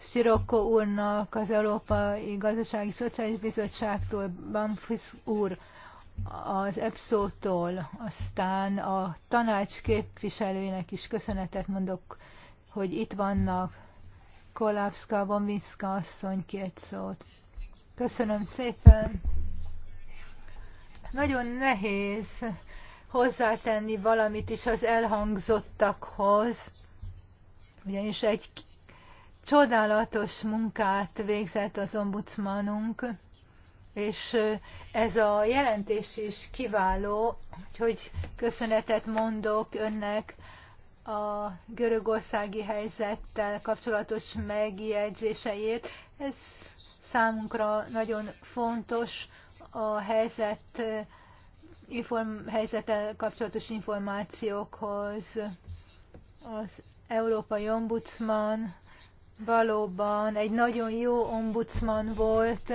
Sirokko úrnak, az Európai Gazdasági Szociális Bizottságtól, Bamfis úr az EPSZO-tól, aztán a tanács képviselőinek is köszönetet mondok, hogy itt vannak. Kolapszka Bomiszka asszony két szót. Köszönöm szépen. Nagyon nehéz hozzátenni valamit is az elhangzottakhoz, ugyanis egy csodálatos munkát végzett az ombudsmanunk, és ez a jelentés is kiváló, hogy köszönetet mondok önnek a görögországi helyzettel kapcsolatos megjegyzéseit. Ez számunkra nagyon fontos a helyzet, inform, helyzettel kapcsolatos információkhoz. Az Európai Ombudsman valóban egy nagyon jó ombudsman volt.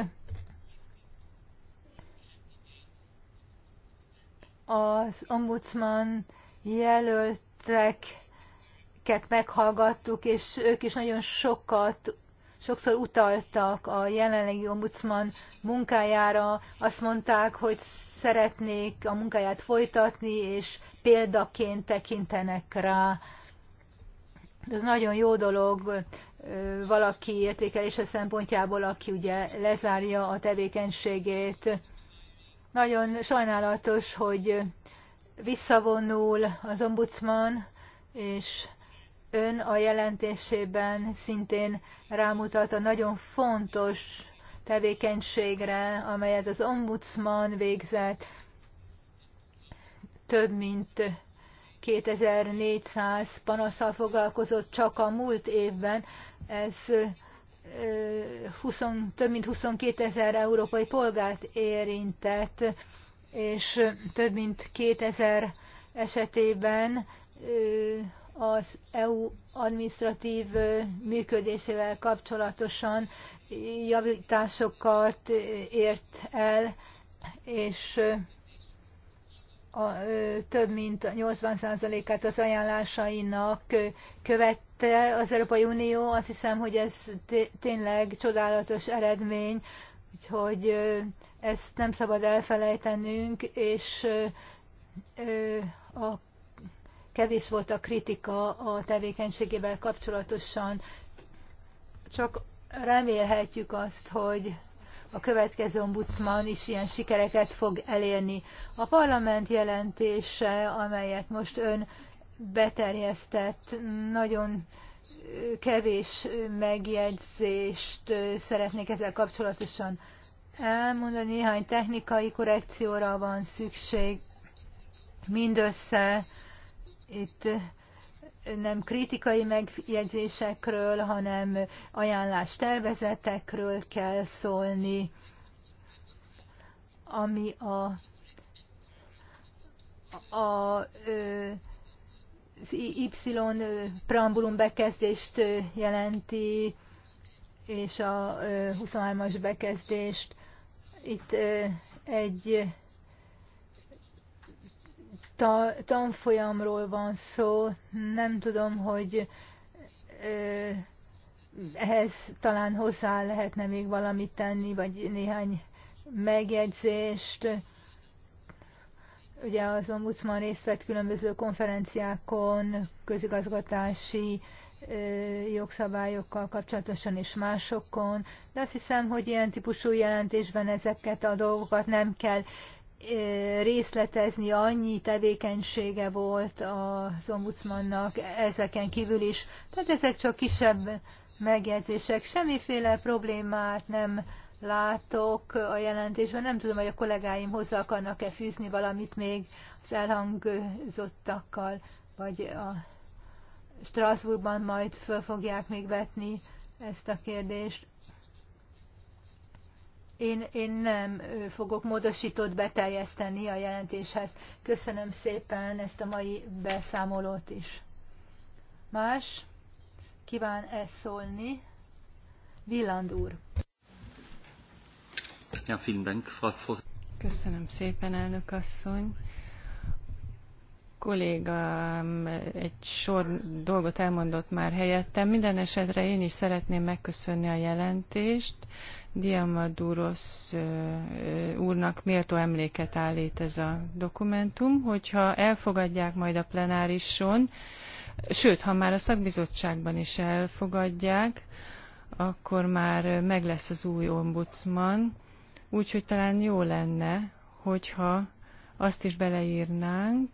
Az ombudsman jelölt minisztereket meghallgattuk, és ők is nagyon sokat, sokszor utaltak a jelenlegi ombudsman munkájára. Azt mondták, hogy szeretnék a munkáját folytatni, és példaként tekintenek rá. Ez nagyon jó dolog valaki értékelése szempontjából, aki ugye lezárja a tevékenységét. Nagyon sajnálatos, hogy visszavonul az ombudsman, és ön a jelentésében szintén rámutat a nagyon fontos tevékenységre, amelyet az ombudsman végzett, több mint 2400 panaszsal foglalkozott csak a múlt évben, ez 20, több mint 22 ezer európai polgárt érintett, és több mint 2000 esetében az EU administratív működésével kapcsolatosan javításokat ért el, és a, több mint 80%-át az ajánlásainak követte az Európai Unió. Azt hiszem, hogy ez tényleg csodálatos eredmény, úgyhogy ezt nem szabad elfelejtenünk, és a kevés volt a kritika a tevékenységével kapcsolatosan. Csak remélhetjük azt, hogy a következő ombudsman is ilyen sikereket fog elérni. A parlament jelentése, amelyet most ön beterjesztett, nagyon kevés megjegyzést szeretnék ezzel kapcsolatosan elmondani, néhány technikai korrekcióra van szükség. Mindössze itt nem kritikai megjegyzésekről, hanem ajánlás tervezetekről kell szólni, ami a, a az Y preambulum bekezdést jelenti, és a 23-as bekezdést itt egy tanfolyamról van szó, nem tudom, hogy ehhez talán hozzá lehetne még valamit tenni, vagy néhány megjegyzést. Ugye az ombudsman részt vett különböző konferenciákon, közigazgatási jogszabályokkal kapcsolatosan és másokon, de azt hiszem, hogy ilyen típusú jelentésben ezeket a dolgokat nem kell részletezni, annyi tevékenysége volt az ombudsmannak ezeken kívül is. Tehát ezek csak kisebb megjegyzések. Semmiféle problémát nem látok a jelentésben. Nem tudom, hogy a kollégáim hozzá akarnak-e fűzni valamit még az elhangzottakkal, vagy a Strasbourgban majd föl fogják még vetni ezt a kérdést. Én, én nem fogok módosítót beteljeszteni a jelentéshez. Köszönöm szépen ezt a mai beszámolót is. Más? Kíván ezt szólni? Villand úr. Köszönöm szépen, elnök asszony. Kolléga, egy sor dolgot elmondott már helyettem. Minden esetre én is szeretném megköszönni a jelentést. Diamaduros úrnak méltó emléket állít ez a dokumentum, hogyha elfogadják majd a plenárison, sőt, ha már a szakbizottságban is elfogadják, akkor már meg lesz az új ombudsman, úgyhogy talán jó lenne, hogyha azt is beleírnánk,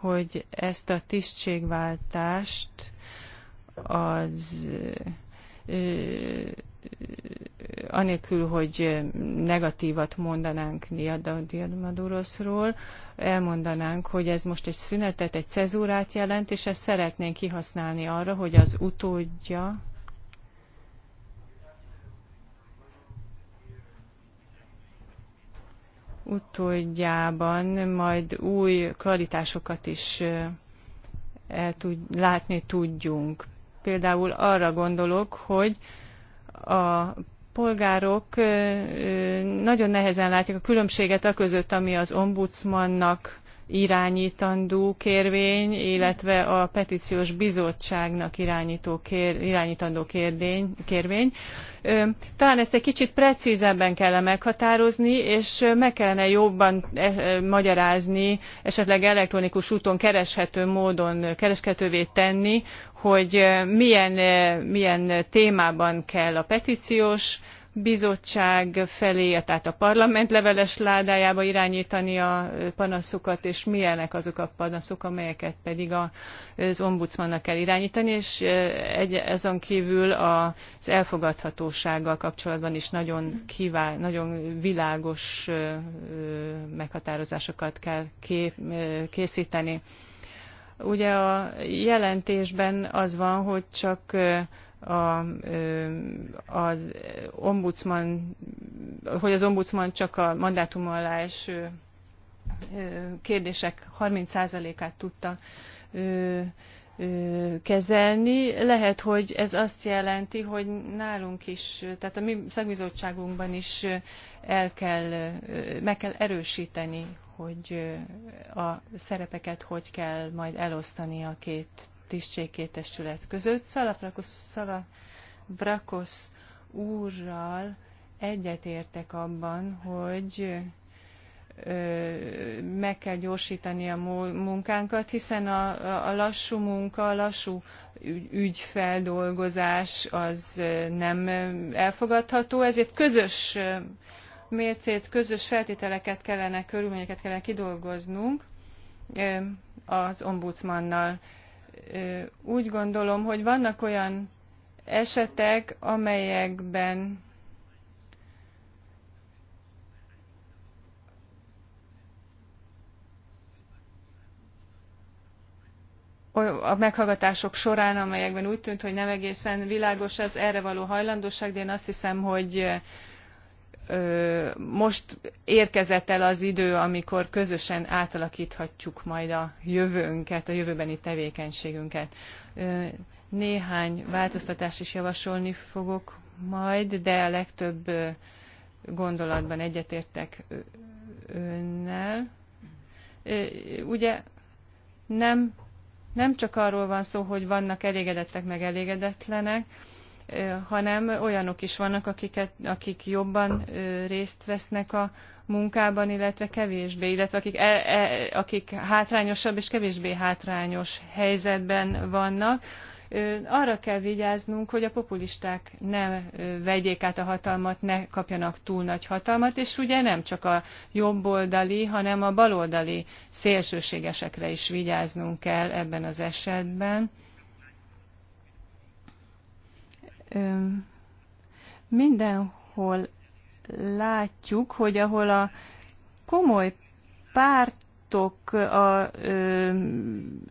hogy ezt a tisztségváltást az anélkül, hogy negatívat mondanánk Diadmaduroszról, elmondanánk, hogy ez most egy szünetet, egy cezúrát jelent, és ezt szeretnénk kihasználni arra, hogy az utódja, utódjában majd új kvalitásokat is el tud, látni tudjunk. Például arra gondolok, hogy a polgárok nagyon nehezen látják a különbséget a között, ami az ombudsmannak irányítandó kérvény, illetve a petíciós bizottságnak irányító kér, irányítandó kérdény, kérvény. Talán ezt egy kicsit precízebben kellene meghatározni, és meg kellene jobban e, e, magyarázni, esetleg elektronikus úton kereshető módon kereskedővé tenni, hogy milyen, milyen témában kell a petíciós bizottság felé, tehát a parlament leveles ládájába irányítani a panaszokat, és milyenek azok a panaszok, amelyeket pedig az ombudsmannak kell irányítani, és egy, ezen kívül az elfogadhatósággal kapcsolatban is nagyon, kivál, nagyon világos meghatározásokat kell készíteni. Ugye a jelentésben az van, hogy csak a, az ombudsman, hogy az ombudsman csak a mandátum alá eső kérdések 30%-át tudta kezelni. Lehet, hogy ez azt jelenti, hogy nálunk is, tehát a mi szakbizottságunkban is el kell, meg kell erősíteni, hogy a szerepeket hogy kell majd elosztani a két tisztségkétesület között. Szalabrakos úrral egyetértek abban, hogy meg kell gyorsítani a munkánkat, hiszen a, a lassú munka, a lassú ügyfeldolgozás az nem elfogadható, ezért közös mércét, közös feltételeket kellene, körülményeket kellene kidolgoznunk az ombudsmannal úgy gondolom, hogy vannak olyan esetek, amelyekben a meghallgatások során, amelyekben úgy tűnt, hogy nem egészen világos az erre való hajlandóság, de én azt hiszem, hogy most érkezett el az idő, amikor közösen átalakíthatjuk majd a jövőnket, a jövőbeni tevékenységünket. Néhány változtatást is javasolni fogok majd, de a legtöbb gondolatban egyetértek önnel. Ugye nem, nem csak arról van szó, hogy vannak elégedettek meg elégedetlenek, hanem olyanok is vannak, akiket, akik jobban részt vesznek a munkában, illetve kevésbé, illetve akik, e, e, akik hátrányosabb és kevésbé hátrányos helyzetben vannak. Arra kell vigyáznunk, hogy a populisták ne vegyék át a hatalmat, ne kapjanak túl nagy hatalmat, és ugye nem csak a jobboldali, hanem a baloldali szélsőségesekre is vigyáznunk kell ebben az esetben mindenhol látjuk, hogy ahol a komoly pártok a ö,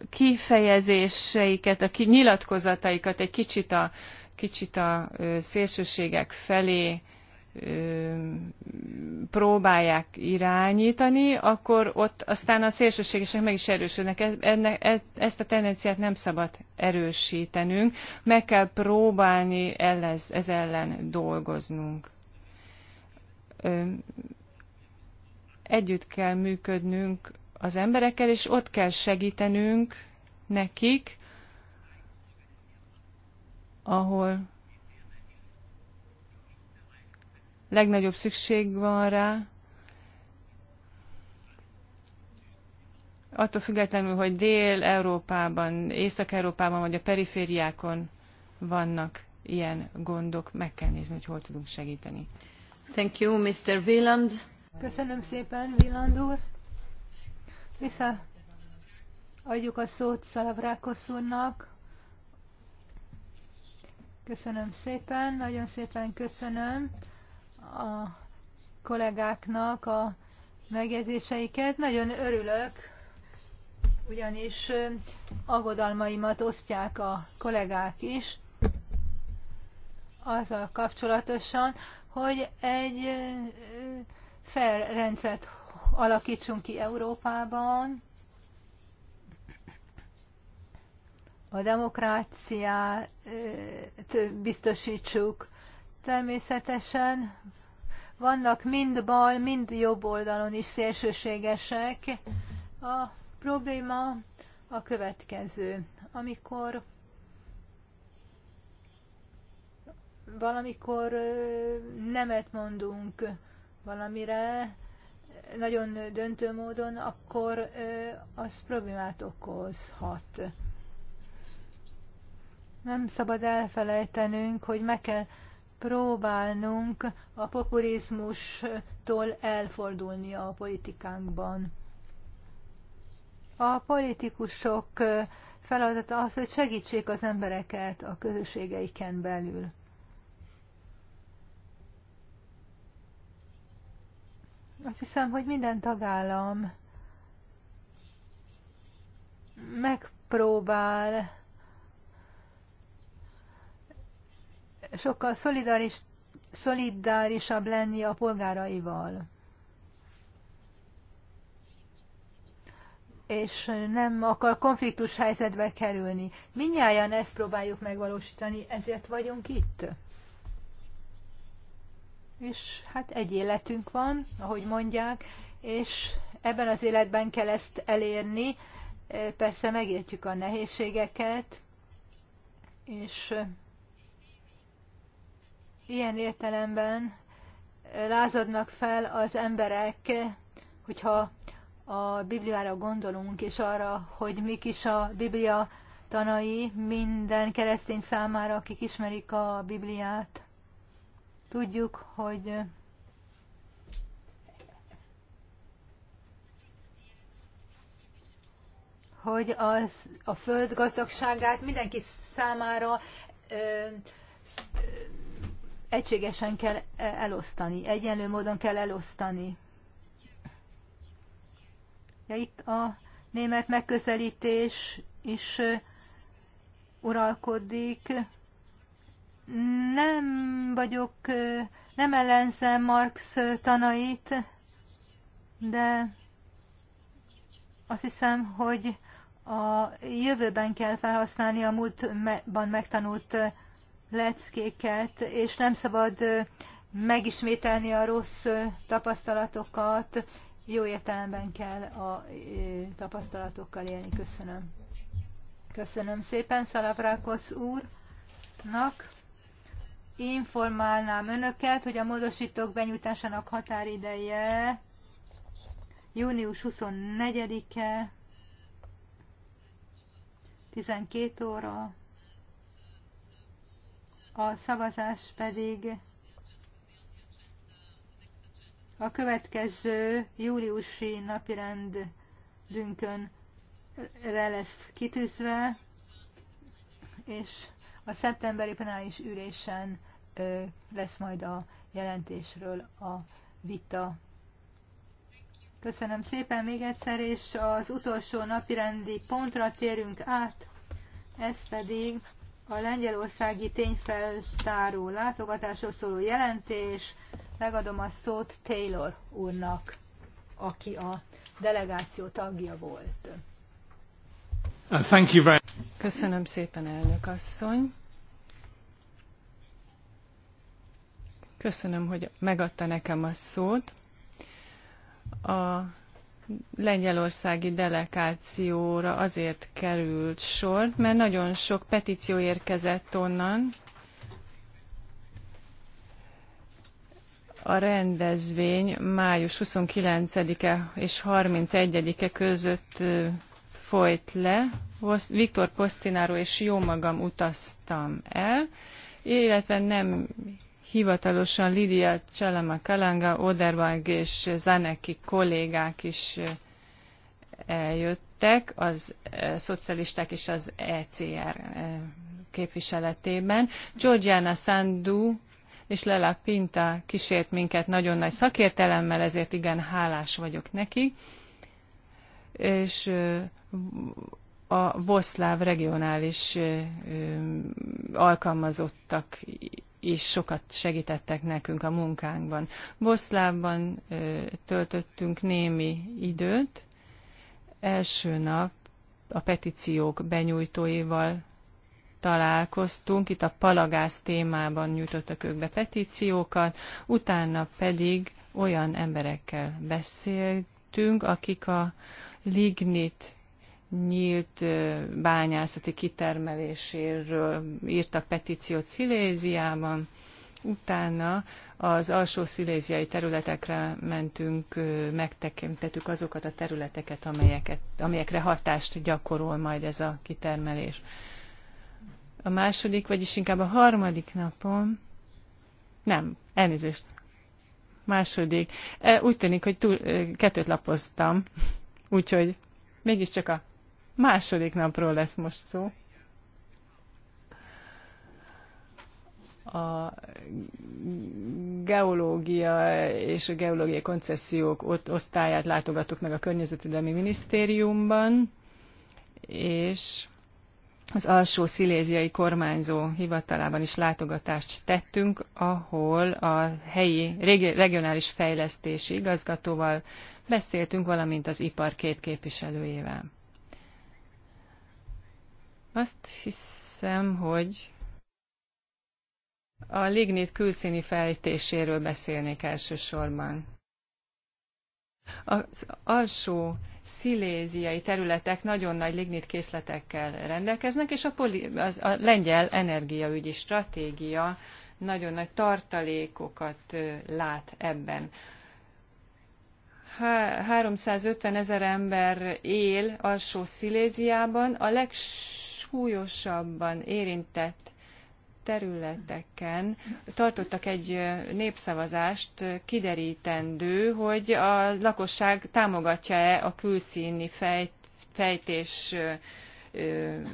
kifejezéseiket, a nyilatkozataikat egy kicsit a, kicsit a szélsőségek felé próbálják irányítani, akkor ott aztán a szélsőségesek meg is erősödnek. E, ezt a tendenciát nem szabad erősítenünk, meg kell próbálni ellez, ez ellen dolgoznunk. Együtt kell működnünk az emberekkel, és ott kell segítenünk nekik, ahol legnagyobb szükség van rá, attól függetlenül, hogy Dél-Európában, Észak-Európában vagy a perifériákon vannak ilyen gondok, meg kell nézni, hogy hol tudunk segíteni. Thank you, Mr. Wieland. Köszönöm szépen, Wieland úr. Vissza adjuk a szót Szalavrákos úrnak. Köszönöm szépen, nagyon szépen köszönöm a kollégáknak a megjegyzéseiket. Nagyon örülök, ugyanis aggodalmaimat osztják a kollégák is azzal kapcsolatosan, hogy egy fair rendszert alakítsunk ki Európában, a demokráciát biztosítsuk. Természetesen vannak mind bal, mind jobb oldalon is szélsőségesek. A probléma a következő. Amikor valamikor nemet mondunk valamire, nagyon döntő módon, akkor az problémát okozhat. Nem szabad elfelejtenünk, hogy meg kell próbálnunk a populizmustól elfordulni a politikánkban. A politikusok feladata az, hogy segítsék az embereket a közösségeiken belül. Azt hiszem, hogy minden tagállam megpróbál sokkal szolidaris, szolidárisabb lenni a polgáraival. és nem akar konfliktus helyzetbe kerülni. Minnyáján ezt próbáljuk megvalósítani, ezért vagyunk itt. És hát egy életünk van, ahogy mondják, és ebben az életben kell ezt elérni. Persze megértjük a nehézségeket, és Ilyen értelemben lázadnak fel az emberek, hogyha a Bibliára gondolunk, és arra, hogy mik is a Biblia tanai minden keresztény számára, akik ismerik a Bibliát. Tudjuk, hogy hogy az, a föld gazdagságát mindenki számára ö, ö, egységesen kell e, elosztani, egyenlő módon kell elosztani. Ja, itt a német megközelítés is uralkodik. Nem vagyok, nem ellenzem Marx tanait, de azt hiszem, hogy a jövőben kell felhasználni a múltban megtanult leckéket, és nem szabad megismételni a rossz tapasztalatokat, jó értelemben kell a tapasztalatokkal élni. Köszönöm. Köszönöm szépen szalavrákos úrnak. Informálnám önöket, hogy a módosítók benyújtásának határideje június 24-e, 12 óra a szavazás pedig a következő júliusi napirendünkön re lesz kitűzve, és a szeptemberi penális ülésen lesz majd a jelentésről a vita. Köszönöm szépen még egyszer, és az utolsó napirendi pontra térünk át, ez pedig a lengyelországi tényfeltáró látogatásról szóló jelentés. Megadom a szót Taylor úrnak, aki a delegáció tagja volt. Thank you very Köszönöm szépen, elnök asszony. Köszönöm, hogy megadta nekem a szót. A lengyelországi delegációra azért került sor, mert nagyon sok petíció érkezett onnan, a rendezvény május 29-e és 31-e között folyt le. Viktor Posztináról és jó magam utaztam el, illetve nem hivatalosan Lidia Csalama Kalanga, Oderberg és Zaneki kollégák is eljöttek, az szocialisták és az ECR képviseletében. Georgiana Sandu és Lela Pinta kísért minket nagyon nagy szakértelemmel, ezért igen hálás vagyok neki. És a Voszláv regionális alkalmazottak is sokat segítettek nekünk a munkánkban. ö, töltöttünk némi időt. Első nap a petíciók benyújtóival találkoztunk, itt a palagász témában nyújtottak ők be petíciókat, utána pedig olyan emberekkel beszéltünk, akik a lignit nyílt bányászati kitermeléséről írtak petíciót Sziléziában, utána az alsó sziléziai területekre mentünk, megtekintettük azokat a területeket, amelyeket, amelyekre hatást gyakorol majd ez a kitermelés. A második, vagyis inkább a harmadik napon, nem, elnézést, második, e, úgy tűnik, hogy túl, kettőt lapoztam, úgyhogy mégiscsak a Második napról lesz most szó. A geológia és a geológiai koncesziók osztályát látogattuk meg a Környezetvédelmi Minisztériumban, és az alsó sziléziai kormányzó hivatalában is látogatást tettünk, ahol a helyi regionális fejlesztési igazgatóval beszéltünk, valamint az ipar két képviselőjével. Azt hiszem, hogy a lignit külszíni fejtéséről beszélnék elsősorban. Az alsó sziléziai területek nagyon nagy lignit készletekkel rendelkeznek, és a, poli, az, a lengyel energiaügyi stratégia nagyon nagy tartalékokat lát ebben. 350 ezer ember él alsó sziléziában, a legs súlyosabban érintett területeken tartottak egy népszavazást kiderítendő, hogy a lakosság támogatja-e a külszíni fejtés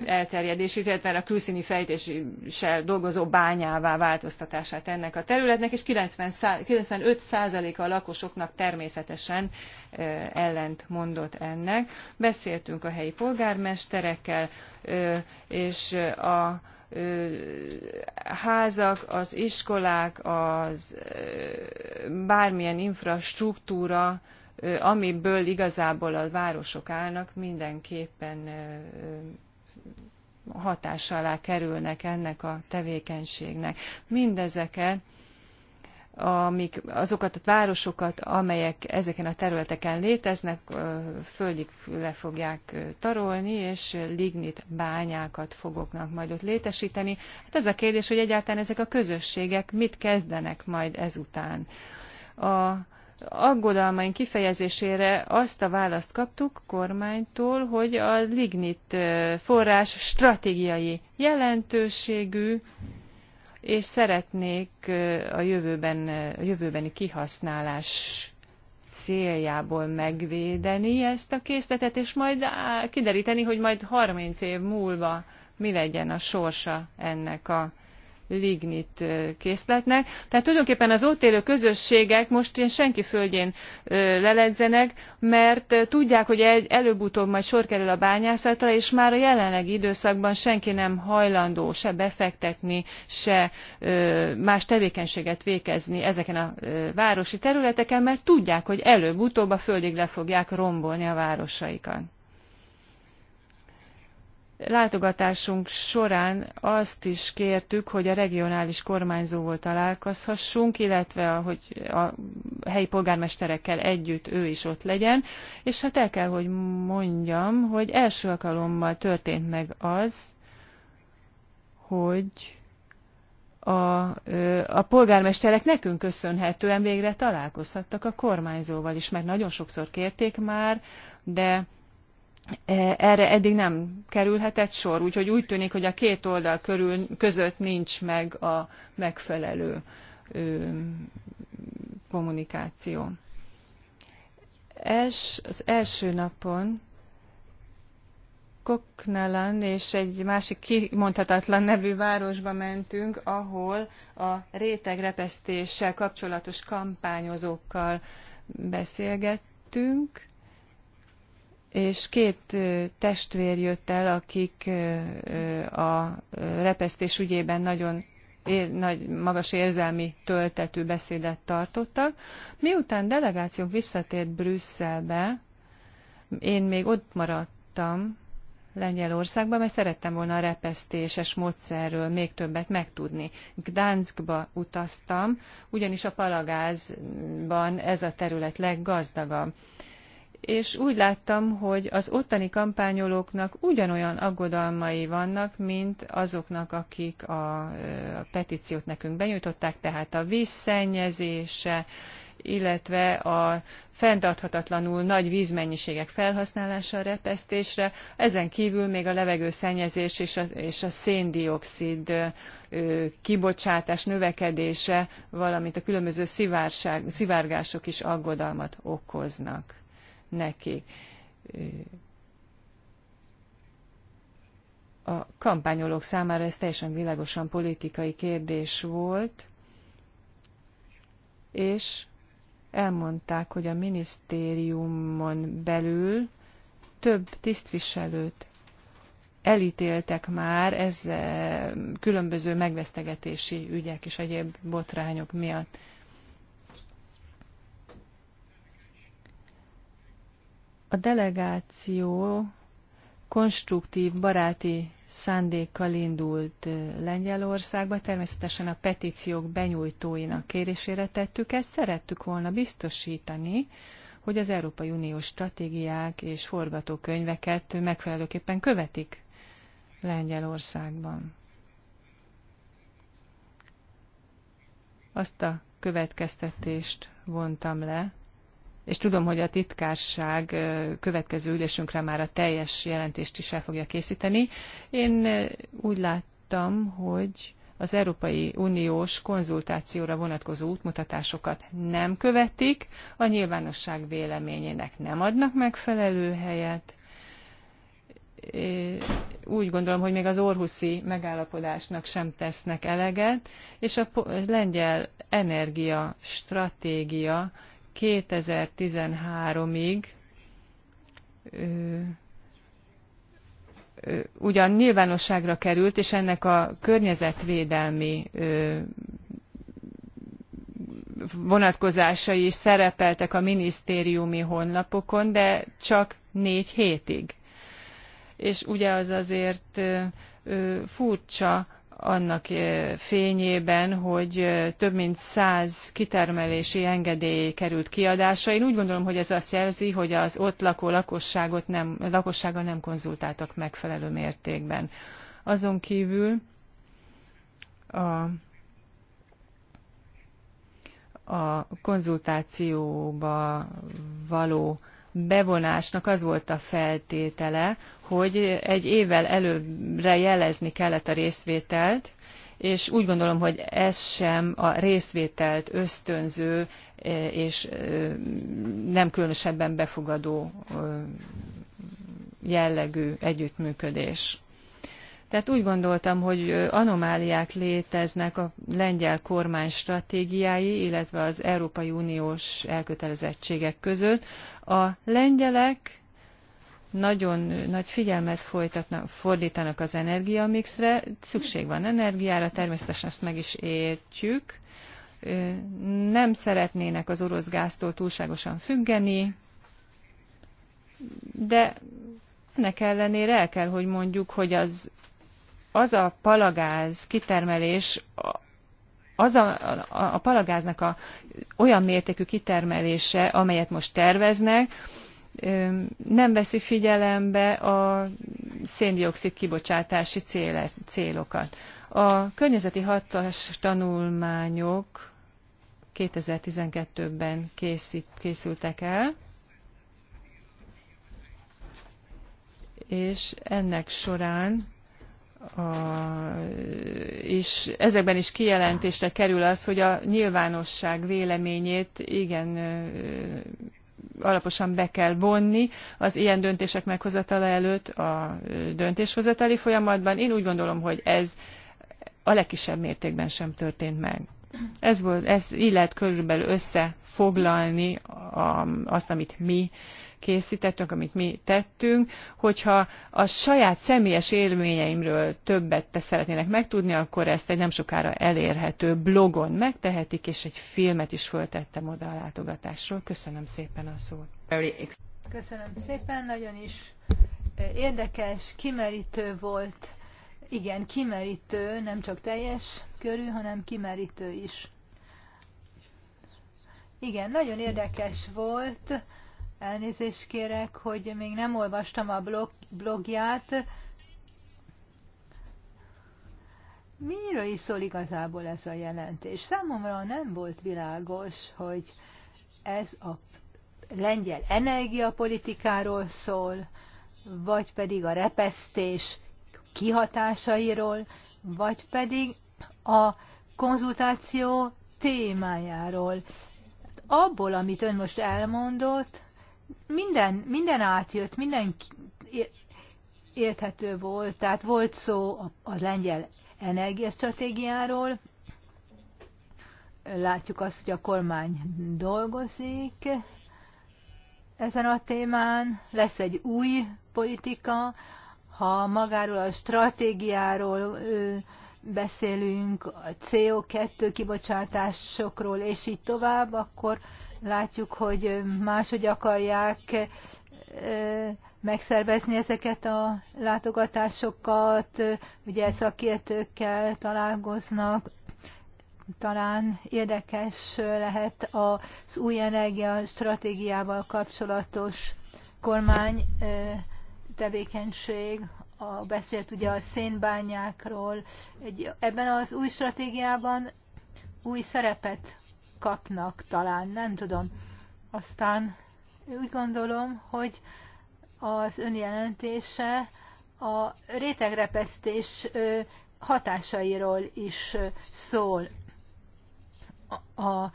elterjedését, illetve a külszíni fejtéssel dolgozó bányává változtatását ennek a területnek, és 90, 95%-a a lakosoknak természetesen ellent mondott ennek. Beszéltünk a helyi polgármesterekkel, és a házak, az iskolák, az bármilyen infrastruktúra, amiből igazából a városok állnak, mindenképpen hatás alá kerülnek ennek a tevékenységnek. Mindezeket amik, azokat a városokat, amelyek ezeken a területeken léteznek, földig le fogják tarolni, és lignit bányákat fogoknak majd ott létesíteni. Hát ez a kérdés, hogy egyáltalán ezek a közösségek mit kezdenek majd ezután. A aggodalmaink kifejezésére azt a választ kaptuk kormánytól, hogy a lignit forrás stratégiai jelentőségű, és szeretnék a, jövőben, a jövőbeni kihasználás céljából megvédeni ezt a készletet, és majd kideríteni, hogy majd 30 év múlva mi legyen a sorsa ennek a lignit készletnek. Tehát tulajdonképpen az ott élő közösségek most ilyen senki földjén leledzenek, mert tudják, hogy előbb-utóbb majd sor kerül a bányászatra, és már a jelenlegi időszakban senki nem hajlandó se befektetni, se más tevékenységet végezni ezeken a városi területeken, mert tudják, hogy előbb-utóbb a földig le fogják rombolni a városaikat látogatásunk során azt is kértük, hogy a regionális kormányzóval találkozhassunk, illetve hogy a helyi polgármesterekkel együtt ő is ott legyen, és hát el kell, hogy mondjam, hogy első alkalommal történt meg az, hogy a, a polgármesterek nekünk köszönhetően végre találkozhattak a kormányzóval is, mert nagyon sokszor kérték már, de E, erre eddig nem kerülhetett sor, úgyhogy úgy tűnik, hogy a két oldal körül, között nincs meg a megfelelő ö, kommunikáció. Es, az első napon Koknalan és egy másik kimondhatatlan nevű városba mentünk, ahol a rétegrepesztéssel kapcsolatos kampányozókkal beszélgettünk, és két testvér jött el, akik a repesztés ügyében nagyon ér, nagy, magas érzelmi töltetű beszédet tartottak. Miután delegációnk visszatért Brüsszelbe, én még ott maradtam Lengyelországban, mert szerettem volna a repesztéses módszerről még többet megtudni. Gdanskba utaztam, ugyanis a palagázban ez a terület leggazdagabb és úgy láttam, hogy az ottani kampányolóknak ugyanolyan aggodalmai vannak, mint azoknak, akik a, a petíciót nekünk benyújtották, tehát a vízszennyezése, illetve a fenntarthatatlanul nagy vízmennyiségek felhasználása a repesztésre, ezen kívül még a levegőszennyezés és a, és a széndiokszid kibocsátás növekedése, valamint a különböző szivárgások is aggodalmat okoznak neki. A kampányolók számára ez teljesen világosan politikai kérdés volt, és elmondták, hogy a minisztériumon belül több tisztviselőt elítéltek már ez különböző megvesztegetési ügyek és egyéb botrányok miatt. A delegáció konstruktív, baráti szándékkal indult Lengyelországba. Természetesen a petíciók benyújtóinak kérésére tettük ezt. Szerettük volna biztosítani, hogy az Európai Uniós stratégiák és forgatókönyveket megfelelőképpen követik Lengyelországban. Azt a következtetést vontam le, és tudom, hogy a titkárság következő ülésünkre már a teljes jelentést is el fogja készíteni. Én úgy láttam, hogy az Európai Uniós konzultációra vonatkozó útmutatásokat nem követik, a nyilvánosság véleményének nem adnak megfelelő helyet. Úgy gondolom, hogy még az Orhuszi megállapodásnak sem tesznek eleget, és a lengyel energiastratégia 2013-ig ugyan nyilvánosságra került, és ennek a környezetvédelmi vonatkozásai is szerepeltek a minisztériumi honlapokon, de csak négy hétig. És ugye az azért furcsa, annak eh, fényében, hogy eh, több mint száz kitermelési engedély került kiadásra. Én úgy gondolom, hogy ez azt jelzi, hogy az ott lakó lakosságot nem, lakossága nem konzultáltak megfelelő mértékben. Azon kívül a a konzultációba való bevonásnak az volt a feltétele, hogy egy évvel előbbre jelezni kellett a részvételt, és úgy gondolom, hogy ez sem a részvételt ösztönző e, és e, nem különösebben befogadó jellegű együttműködés. Tehát úgy gondoltam, hogy anomáliák léteznek a lengyel kormány stratégiái, illetve az Európai Uniós elkötelezettségek között. A lengyelek nagyon nagy figyelmet fordítanak az energiamixre, szükség van energiára, természetesen ezt meg is értjük. Nem szeretnének az orosz gáztól túlságosan függeni, de ennek ellenére el kell, hogy mondjuk, hogy az az a palagáz kitermelés, az a, a, a palagáznak a, olyan mértékű kitermelése, amelyet most terveznek, nem veszi figyelembe a széndiokszid kibocsátási céle, célokat. A környezeti hatás tanulmányok 2012-ben készít, készültek el, és ennek során a, és ezekben is kijelentésre kerül az, hogy a nyilvánosság véleményét igen alaposan be kell vonni az ilyen döntések meghozatala előtt a döntéshozatali folyamatban. Én úgy gondolom, hogy ez a legkisebb mértékben sem történt meg. Ez, volt, ez így lehet körülbelül összefoglalni a, azt, amit mi készítettünk, amit mi tettünk, hogyha a saját személyes élményeimről többet te szeretnének megtudni, akkor ezt egy nem sokára elérhető blogon megtehetik, és egy filmet is föltettem oda a látogatásról. Köszönöm szépen a szót. Köszönöm szépen, nagyon is eh, érdekes, kimerítő volt. Igen, kimerítő, nem csak teljes körű, hanem kimerítő is. Igen, nagyon érdekes volt Elnézést kérek, hogy még nem olvastam a blog, blogját. Miről is szól igazából ez a jelentés? Számomra nem volt világos, hogy ez a lengyel energiapolitikáról szól, vagy pedig a repesztés kihatásairól, vagy pedig a konzultáció témájáról. Abból, amit ön most elmondott, minden, minden átjött, minden érthető volt, tehát volt szó a, a lengyel energiastratégiáról, látjuk azt, hogy a kormány dolgozik ezen a témán, lesz egy új politika, ha magáról a stratégiáról beszélünk, a CO2 kibocsátásokról, és így tovább, akkor látjuk, hogy máshogy akarják megszervezni ezeket a látogatásokat, ugye szakértőkkel találkoznak, talán érdekes lehet az új energia stratégiával kapcsolatos kormány tevékenység, a, beszélt ugye a szénbányákról. Egy, ebben az új stratégiában új szerepet kapnak talán, nem tudom. Aztán úgy gondolom, hogy az önjelentése a rétegrepesztés hatásairól is szól. A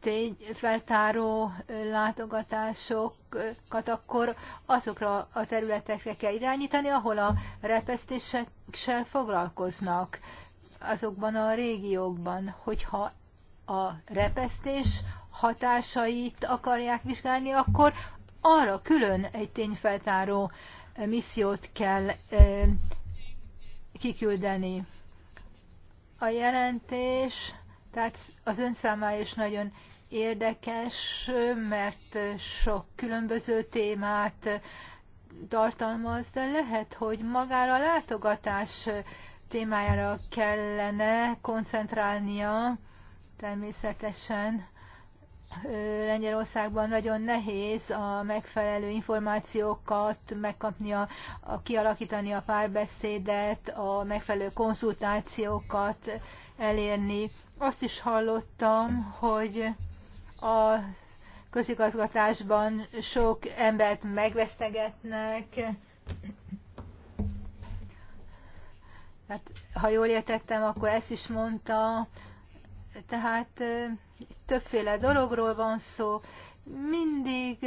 tényfeltáró látogatásokat akkor azokra a területekre kell irányítani, ahol a repesztéssel foglalkoznak azokban a régiókban, hogyha a repesztés hatásait akarják vizsgálni, akkor arra külön egy tényfeltáró missziót kell kiküldeni. A jelentés, tehát az ön számára is nagyon érdekes, mert sok különböző témát tartalmaz, de lehet, hogy magára a látogatás témájára kellene koncentrálnia, Természetesen Lengyelországban nagyon nehéz a megfelelő információkat megkapni, a, a kialakítani a párbeszédet, a megfelelő konzultációkat elérni. Azt is hallottam, hogy a közigazgatásban sok embert megvesztegetnek. Hát, ha jól értettem, akkor ezt is mondta, tehát többféle dologról van szó. Mindig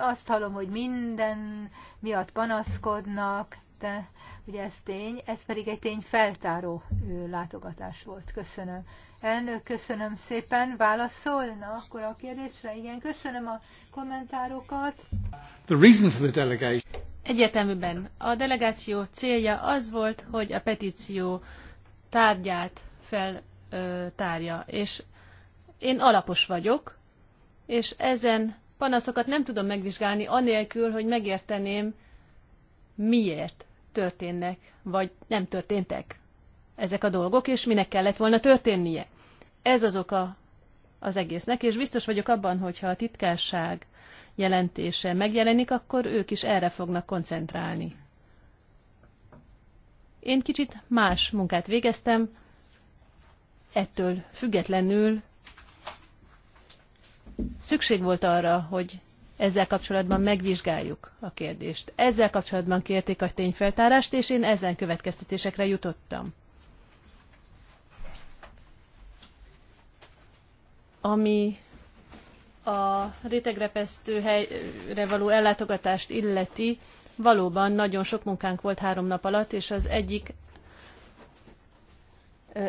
azt hallom, hogy minden miatt panaszkodnak, de ugye ez tény, ez pedig egy tény feltáró látogatás volt. Köszönöm. Elnök, köszönöm szépen. Válaszolna akkor a kérdésre? Igen, köszönöm a kommentárokat. The reason for the delegation. Egyeteműben a delegáció célja az volt, hogy a petíció tárgyát fel tárgya. És én alapos vagyok, és ezen panaszokat nem tudom megvizsgálni anélkül, hogy megérteném, miért történnek, vagy nem történtek ezek a dolgok, és minek kellett volna történnie. Ez az oka az egésznek, és biztos vagyok abban, hogyha a titkárság jelentése megjelenik, akkor ők is erre fognak koncentrálni. Én kicsit más munkát végeztem, ettől függetlenül szükség volt arra, hogy ezzel kapcsolatban megvizsgáljuk a kérdést. Ezzel kapcsolatban kérték a tényfeltárást, és én ezen következtetésekre jutottam. Ami a helyre való ellátogatást illeti, valóban nagyon sok munkánk volt három nap alatt, és az egyik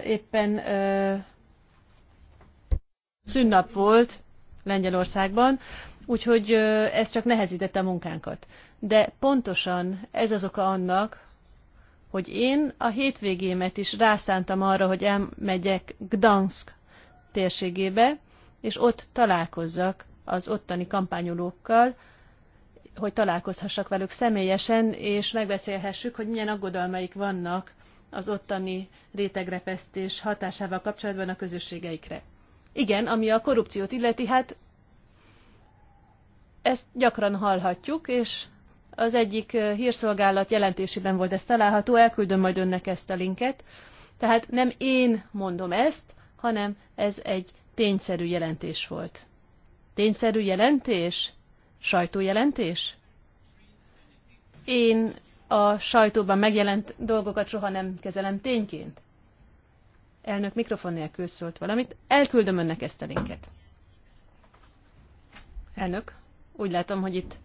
éppen szünnap volt Lengyelországban, úgyhogy ez csak nehezítette a munkánkat. De pontosan ez az oka annak, hogy én a hétvégémet is rászántam arra, hogy elmegyek Gdansk térségébe, és ott találkozzak az ottani kampányolókkal, hogy találkozhassak velük személyesen, és megbeszélhessük, hogy milyen aggodalmaik vannak az ottani rétegrepesztés hatásával kapcsolatban a közösségeikre. Igen, ami a korrupciót illeti, hát ezt gyakran hallhatjuk, és az egyik hírszolgálat jelentésében volt ez található, elküldöm majd önnek ezt a linket. Tehát nem én mondom ezt, hanem ez egy tényszerű jelentés volt. Tényszerű jelentés? Sajtójelentés? Én a sajtóban megjelent dolgokat soha nem kezelem tényként? Elnök mikrofon nélkül szólt valamit. Elküldöm önnek ezt a linket. Elnök, úgy látom, hogy itt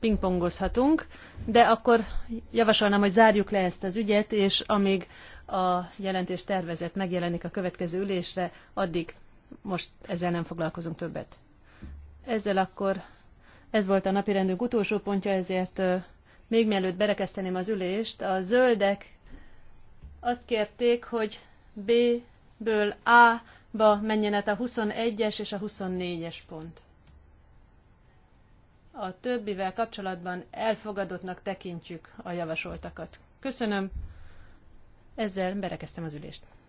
pingpongozhatunk, de akkor javasolnám, hogy zárjuk le ezt az ügyet, és amíg a jelentés tervezet megjelenik a következő ülésre, addig most ezzel nem foglalkozunk többet. Ezzel akkor ez volt a napirendünk utolsó pontja, ezért még mielőtt berekeszteném az ülést, a zöldek azt kérték, hogy B-ből A-ba menjen át a 21-es és a 24-es pont. A többivel kapcsolatban elfogadottnak tekintjük a javasoltakat. Köszönöm, ezzel berekeztem az ülést.